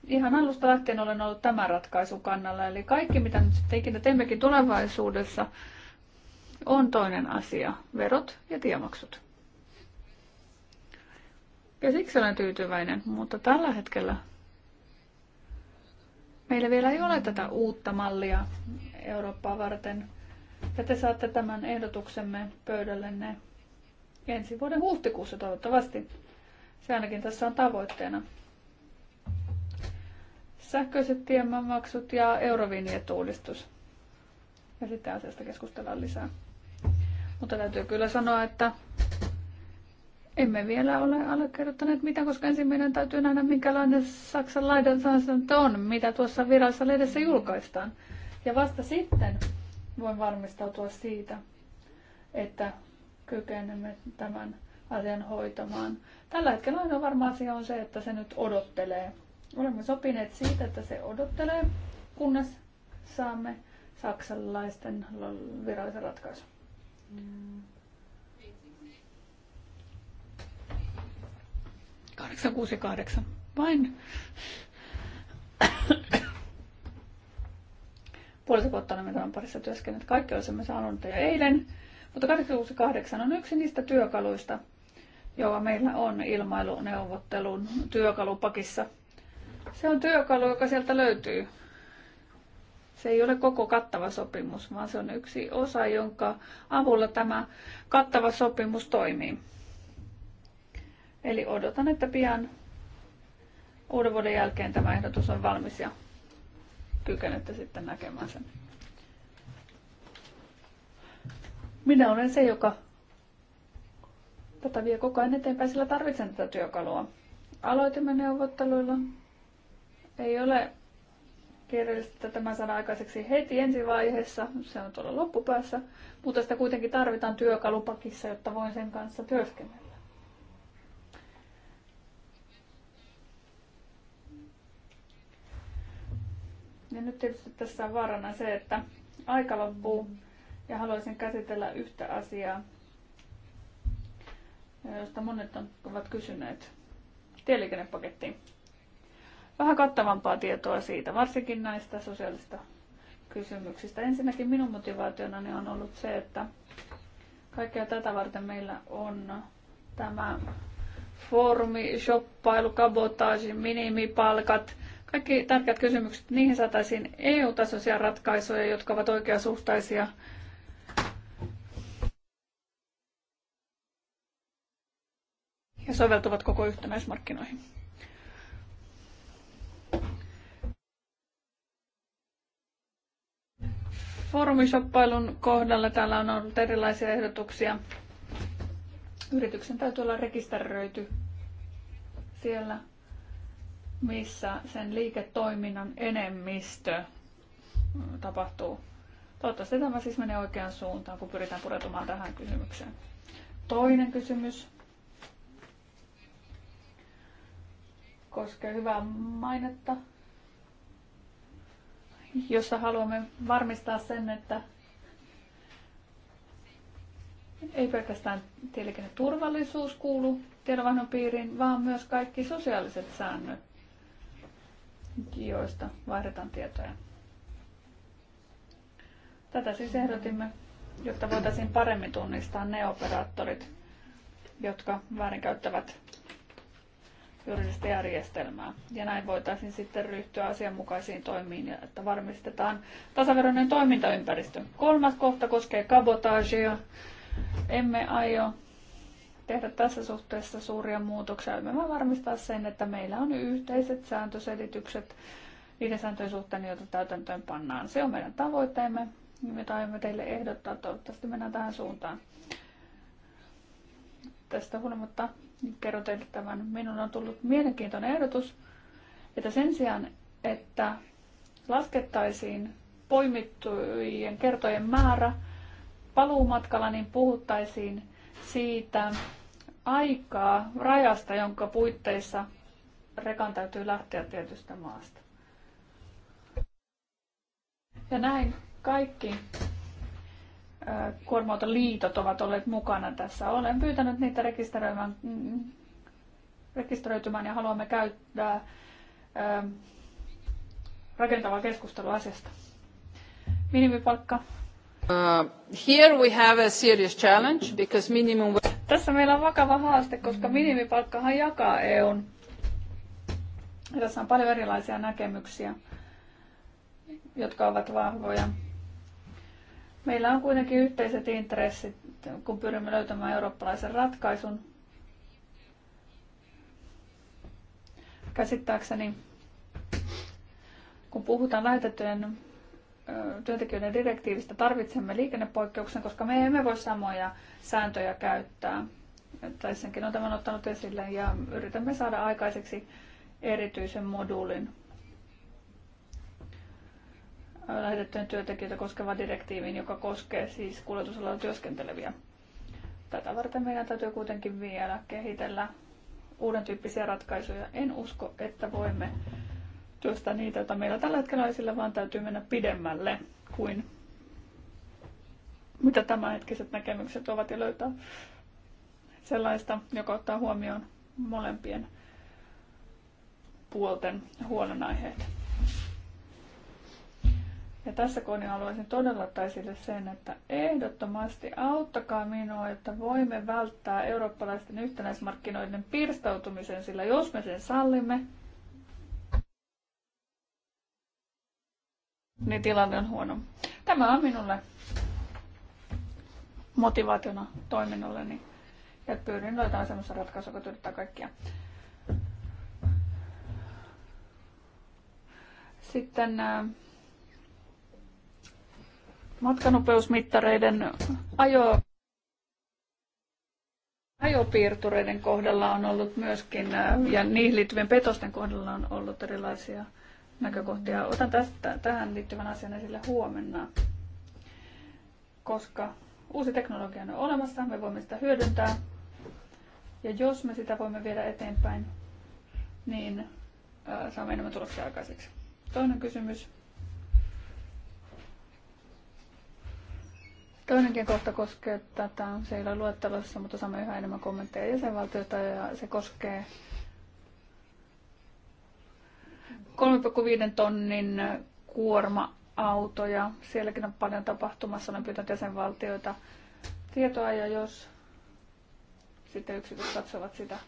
Ihan alusta lähtien olen ollut tämän ratkaisun kannalla, eli kaikki mitä nyt sitten ikinä teemmekin tulevaisuudessa on toinen asia, verot ja tiemaksut. Ja siksi olen tyytyväinen, mutta tällä hetkellä Meillä vielä ei ole tätä uutta mallia Eurooppaa varten. Ja te saatte tämän ehdotuksemme pöydällenne ensi vuoden huhtikuussa toivottavasti. Se ainakin tässä on tavoitteena. Sähköiset tiemamaksut ja eurovinjetuudistus. Ja sitten asiasta keskustellaan lisää. Mutta täytyy kyllä sanoa, että emme vielä ole allekirjoittaneet mitä, koska ensin meidän täytyy nähdä, minkälainen Saksan laidan on, mitä tuossa virassa lehdessä julkaistaan. Ja vasta sitten voin varmistautua siitä, että kykenemme tämän asian hoitamaan. Tällä hetkellä ainoa varma asia on se, että se nyt odottelee. Olemme sopineet siitä, että se odottelee, kunnes saamme saksalaisten virallisen ratkaisun. Mm. 868. Vain puolesta vuotta olemme tämän parissa työskennelleet. Kaikki olisimme saaneet jo eilen, mutta 868 on yksi niistä työkaluista, joka meillä on ilmailuneuvottelun työkalupakissa. Se on työkalu, joka sieltä löytyy. Se ei ole koko kattava sopimus, vaan se on yksi osa, jonka avulla tämä kattava sopimus toimii. Eli odotan, että pian uuden vuoden jälkeen tämä ehdotus on valmis ja kykenette sitten näkemään sen. Minä olen se, joka tätä vie koko ajan eteenpäin, sillä tarvitsen tätä työkalua. Aloitimme neuvotteluilla. Ei ole kiireellistä, että tämä saadaan aikaiseksi heti ensi vaiheessa. Se on tuolla loppupäässä, mutta sitä kuitenkin tarvitaan työkalupakissa, jotta voin sen kanssa työskennellä. Ja nyt tietysti tässä on vaarana se, että aika loppuu ja haluaisin käsitellä yhtä asiaa, josta monet ovat kysyneet. Tieliikennepaketti. Vähän kattavampaa tietoa siitä, varsinkin näistä sosiaalista kysymyksistä. Ensinnäkin minun motivaationani on ollut se, että kaikkea tätä varten meillä on tämä foorumi, shoppailu, kabotaasi, minimipalkat, kaikki tärkeät kysymykset, niihin saataisiin EU-tasoisia ratkaisuja, jotka ovat oikeasuhtaisia. ja soveltuvat koko yhtenäismarkkinoihin. Foorumishoppailun kohdalla täällä on ollut erilaisia ehdotuksia. Yrityksen täytyy olla rekisteröity siellä missä sen liiketoiminnan enemmistö mm, tapahtuu. Toivottavasti tämä siis menee oikeaan suuntaan, kun pyritään pureutumaan tähän kysymykseen. Toinen kysymys koskee hyvää mainetta, jossa haluamme varmistaa sen, että ei pelkästään tieliikenneturvallisuus kuulu tiedonvaihdon piiriin, vaan myös kaikki sosiaaliset säännöt joista vaihdetaan tietoja. Tätä siis ehdotimme, jotta voitaisiin paremmin tunnistaa ne operaattorit, jotka väärinkäyttävät juridista järjestelmää. Ja näin voitaisiin sitten ryhtyä asianmukaisiin toimiin, että varmistetaan tasaveroinen toimintaympäristö. Kolmas kohta koskee kabotaasia. Emme aio tehdä tässä suhteessa suuria muutoksia. me voimme varmistaa sen, että meillä on yhteiset sääntöselitykset niiden sääntöjen suhteen, joita täytäntöön pannaan. Se on meidän tavoitteemme, me aiomme teille ehdottaa. Toivottavasti mennään tähän suuntaan. Tästä huolimatta kerron teille tämän. Minun on tullut mielenkiintoinen ehdotus, että sen sijaan, että laskettaisiin poimittujen kertojen määrä paluumatkalla, niin puhuttaisiin siitä aikaa, rajasta, jonka puitteissa rekan täytyy lähteä tietystä maasta. Ja näin kaikki kuorma liitot ovat olleet mukana tässä. Olen pyytänyt niitä rekisteröimään, mm, rekisteröitymään ja haluamme käyttää rakentavaa keskustelua asiasta. Minimipalkka Uh, here we have a serious challenge because minimum... Tässä meillä on vakava haaste, koska minimipalkkahan jakaa EUn. Ja tässä on paljon erilaisia näkemyksiä, jotka ovat vahvoja. Meillä on kuitenkin yhteiset intressit, kun pyrimme löytämään eurooppalaisen ratkaisun. Käsittääkseni, kun puhutaan lähetettyjen työntekijöiden direktiivistä tarvitsemme liikennepoikkeuksen, koska me emme voi samoja sääntöjä käyttää. Tai senkin on tämän ottanut esille ja yritämme saada aikaiseksi erityisen moduulin lähetettyjen työntekijöitä koskeva direktiivin, joka koskee siis kuljetusalalla työskenteleviä. Tätä varten meidän täytyy kuitenkin vielä kehitellä uuden tyyppisiä ratkaisuja. En usko, että voimme tuosta niitä, että meillä tällä hetkellä esillä, vaan täytyy mennä pidemmälle kuin mitä tämänhetkiset näkemykset ovat ja löytää sellaista, joka ottaa huomioon molempien puolten huolenaiheet. Ja tässä kohdin haluaisin todella ottaa esille sen, että ehdottomasti auttakaa minua, että voimme välttää eurooppalaisten yhtenäismarkkinoiden pirstautumisen, sillä jos me sen sallimme, niin tilanne on huono. Tämä on minulle motivaationa niin ja pyydän löytämään semmoista ratkaisua, joka tyydyttää kaikkia. Sitten äh, matkanopeusmittareiden ajo, ajopiirtureiden kohdalla on ollut myöskin, äh, ja niihin liittyvien petosten kohdalla on ollut erilaisia näkökohtia. Otan tästä, tähän liittyvän asian esille huomenna, koska uusi teknologia on olemassa, me voimme sitä hyödyntää. Ja jos me sitä voimme viedä eteenpäin, niin saamme enemmän tuloksia aikaiseksi. Toinen kysymys. Toinenkin kohta koskee tätä, se ei ole luettelossa, mutta saamme yhä enemmän kommentteja jäsenvaltiota ja se koskee 3,5 tonnin kuorma-autoja. Sielläkin on paljon tapahtumassa. Olen pyytänyt jäsenvaltioita tietoa ja jos sitten yksiköt katsovat sitä,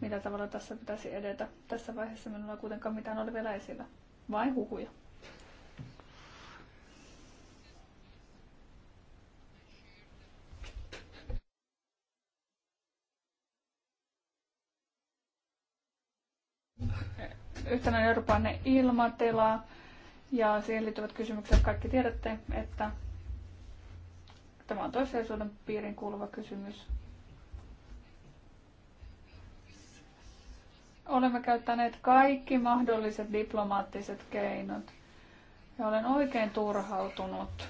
mitä tavalla tässä pitäisi edetä. Tässä vaiheessa minulla ei kuitenkaan mitään ole vielä esillä, vain huhuja. yhtenäinen eurooppalainen ilmatila ja siihen liittyvät kysymykset kaikki tiedätte, että tämä on toissijaisuuden piirin kuuluva kysymys. Olemme käyttäneet kaikki mahdolliset diplomaattiset keinot ja olen oikein turhautunut.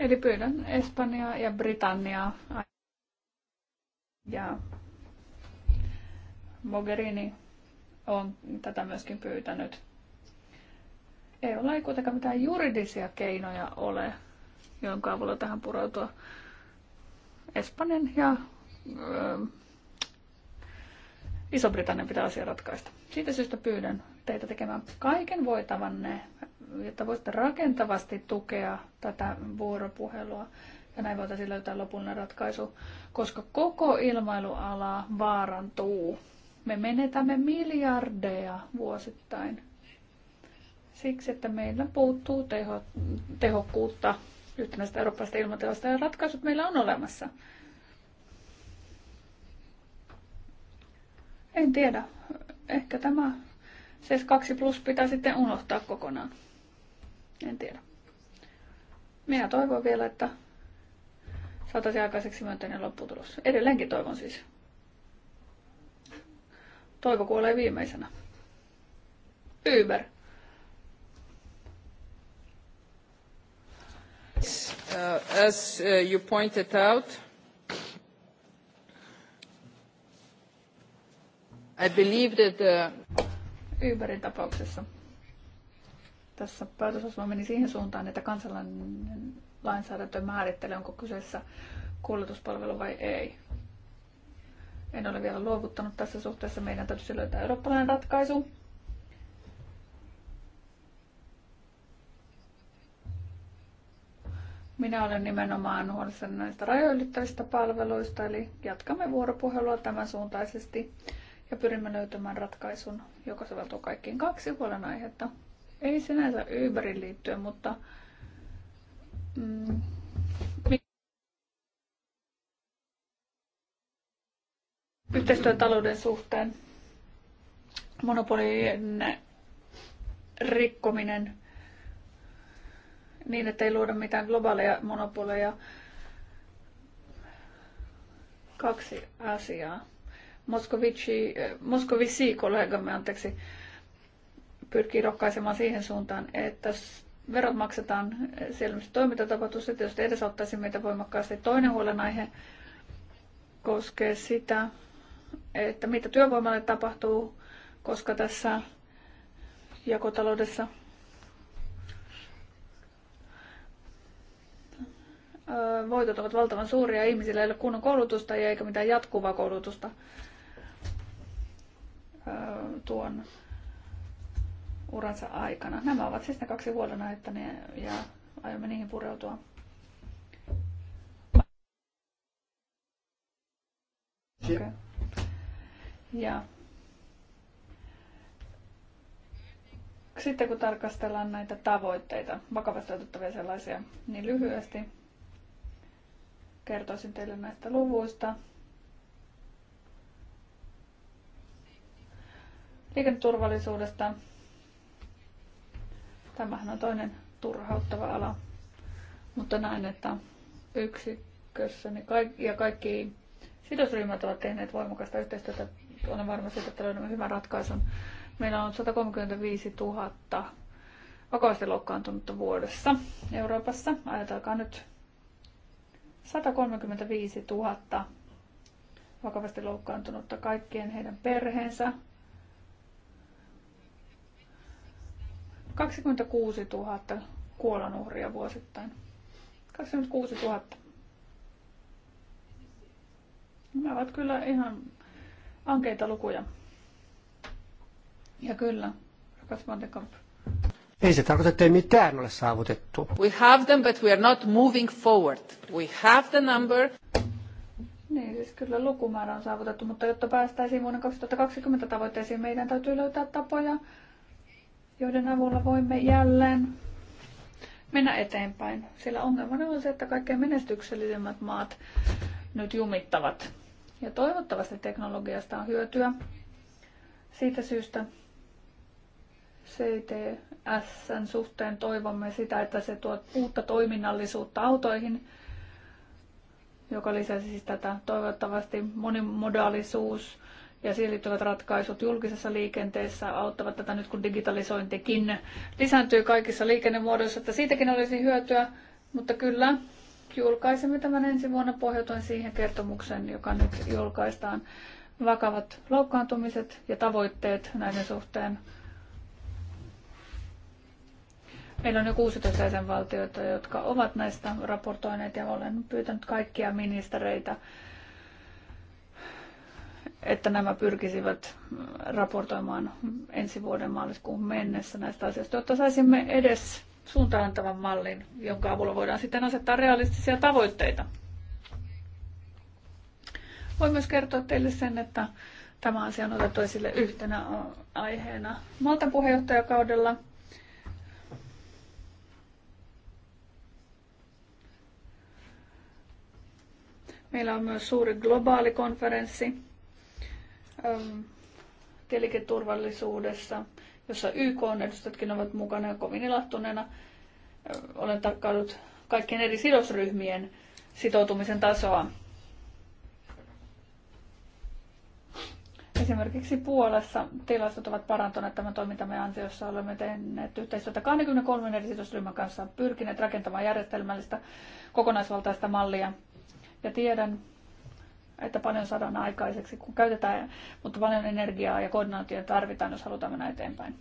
Eli pyydän Espanjaa ja Britanniaa ja Mogherini on tätä myöskin pyytänyt. Ei ole kuitenkaan mitään juridisia keinoja ole, jonka avulla tähän pureutua. Espanjan ja öö, Iso-Britannian pitää asia ratkaista. Siitä syystä pyydän teitä tekemään kaiken voitavanne, jotta voitte rakentavasti tukea tätä vuoropuhelua ja näin voitaisiin löytää lopullinen ratkaisu, koska koko ilmailuala vaarantuu. Me menetämme miljardeja vuosittain siksi, että meillä puuttuu teho, tehokkuutta yhtenäistä eurooppalaisesta ilmatilasta ja ratkaisut meillä on olemassa. En tiedä. Ehkä tämä CES 2 Plus pitää sitten unohtaa kokonaan. En tiedä. Minä toivon vielä, että saataisiin aikaiseksi myönteinen lopputulos. Edelleenkin toivon siis. Toivo kuolee viimeisenä. Uber. Uh, as uh, you pointed out, I believe that the... Uh, Uberin tapauksessa tässä päätösosuma meni siihen suuntaan, että kansalainen lainsäädäntö määrittelee, onko kyseessä kuljetuspalvelu vai ei. En ole vielä luovuttanut tässä suhteessa. Meidän täytyisi löytää eurooppalainen ratkaisu. Minä olen nimenomaan huolissani näistä rajoilyttävistä palveluista, eli jatkamme vuoropuhelua tämän suuntaisesti ja pyrimme löytämään ratkaisun, joka soveltuu kaikkiin kaksi huolenaihetta. Ei sinänsä Uberin liittyen, mutta Mm. Yhteistyön talouden suhteen monopolien rikkominen niin, että ei luoda mitään globaaleja monopoleja. Kaksi asiaa. Moskovici, Moskovici kollegamme, anteeksi, pyrkii rohkaisemaan siihen suuntaan, että verot maksetaan siellä, missä toiminta tapahtuu, se tietysti edesauttaisi meitä voimakkaasti. Toinen huolenaihe koskee sitä, että mitä työvoimalle tapahtuu, koska tässä jakotaloudessa voitot ovat valtavan suuria, ihmisillä ei ole kunnon koulutusta eikä mitään jatkuvaa koulutusta tuon uransa aikana. Nämä ovat siis ne kaksi huolenaihetta ja aiomme niihin pureutua. Okay. Ja. Sitten kun tarkastellaan näitä tavoitteita, vakavasti otettavia sellaisia, niin lyhyesti kertoisin teille näistä luvuista. Liikenneturvallisuudesta Tämähän on toinen turhauttava ala. Mutta näin, että yksikössä niin kaikki, ja kaikki sidosryhmät ovat tehneet voimakasta yhteistyötä. Olen varma siitä, että löydämme hyvän ratkaisun. Meillä on 135 000 vakavasti loukkaantunutta vuodessa Euroopassa. Ajatelkaa nyt 135 000 vakavasti loukkaantunutta kaikkien heidän perheensä, 26 000 kuolonuhria vuosittain. 26 000. Nämä ovat kyllä ihan ankeita lukuja. Ja kyllä, rakas Ei se tarkoita, että ei mitään ole saavutettu. We have them, but we are not moving forward. We have the number. Niin, siis kyllä lukumäärä on saavutettu, mutta jotta päästäisiin vuonna 2020 tavoitteisiin, meidän täytyy löytää tapoja joiden avulla voimme jälleen mennä eteenpäin. Sillä ongelmana on se, että kaikkein menestyksellisimmät maat nyt jumittavat. Ja toivottavasti teknologiasta on hyötyä. Siitä syystä CTSn suhteen toivomme sitä, että se tuo uutta toiminnallisuutta autoihin, joka lisäsi siis tätä toivottavasti monimodaalisuus, ja siihen liittyvät ratkaisut julkisessa liikenteessä auttavat tätä nyt, kun digitalisointikin lisääntyy kaikissa liikennemuodoissa, että siitäkin olisi hyötyä, mutta kyllä julkaisemme tämän ensi vuonna pohjautuen siihen kertomukseen, joka nyt julkaistaan. Vakavat loukkaantumiset ja tavoitteet näiden suhteen. Meillä on jo 16 jäsenvaltioita, jotka ovat näistä raportoineet ja olen pyytänyt kaikkia ministereitä että nämä pyrkisivät raportoimaan ensi vuoden maaliskuun mennessä näistä asioista, jotta saisimme edes suuntaantavan mallin, jonka avulla voidaan sitten asettaa realistisia tavoitteita. Voin myös kertoa teille sen, että tämä asia on otettu esille yhtenä aiheena Maltan puheenjohtajakaudella. Meillä on myös suuri globaali konferenssi Ähm, tieliikenneturvallisuudessa, jossa YK on edustatkin ovat mukana ja kovin ilahtuneena olen tarkkaillut kaikkien eri sidosryhmien sitoutumisen tasoa. Esimerkiksi Puolassa tilastot ovat parantuneet tämän toimintamme ansiossa. Olemme tehneet yhteistyötä 23 eri sidosryhmän kanssa, pyrkineet rakentamaan järjestelmällistä kokonaisvaltaista mallia. Ja tiedän, että paljon saadaan aikaiseksi, kun käytetään, mutta paljon energiaa ja koordinaatiota tarvitaan, jos halutaan mennä eteenpäin.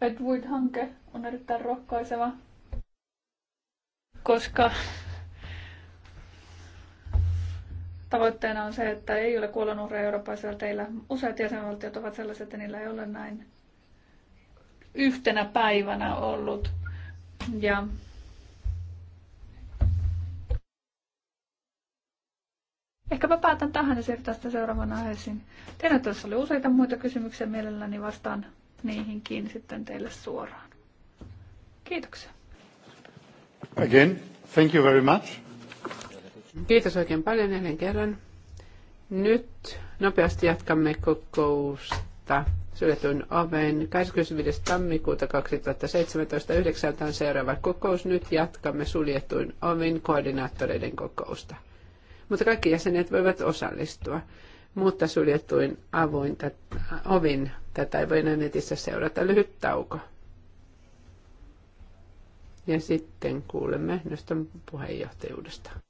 edward hanke on erittäin rohkaiseva, koska tavoitteena on se, että ei ole kuolonuhreja eurooppaisilla teillä. Useat jäsenvaltiot ovat sellaiset, että niillä ei ole näin yhtenä päivänä ollut. Ja mä päätän tähän ja siirrytään sitten seuraavaan aiheeseen. Tiedän, että tässä oli useita muita kysymyksiä mielelläni vastaan niihinkin sitten teille suoraan. Kiitoksia. Again, thank you very much. Kiitos oikein paljon jälleen kerran. Nyt nopeasti jatkamme kokousta suljetun oven 25. tammikuuta 2017 9. seuraava kokous. Nyt jatkamme suljetuin ovin koordinaattoreiden kokousta mutta kaikki jäsenet voivat osallistua. Mutta suljettuin avoin ovin tätä ei voi enää netissä seurata. Lyhyt tauko. Ja sitten kuulemme Neston puheenjohtajuudesta.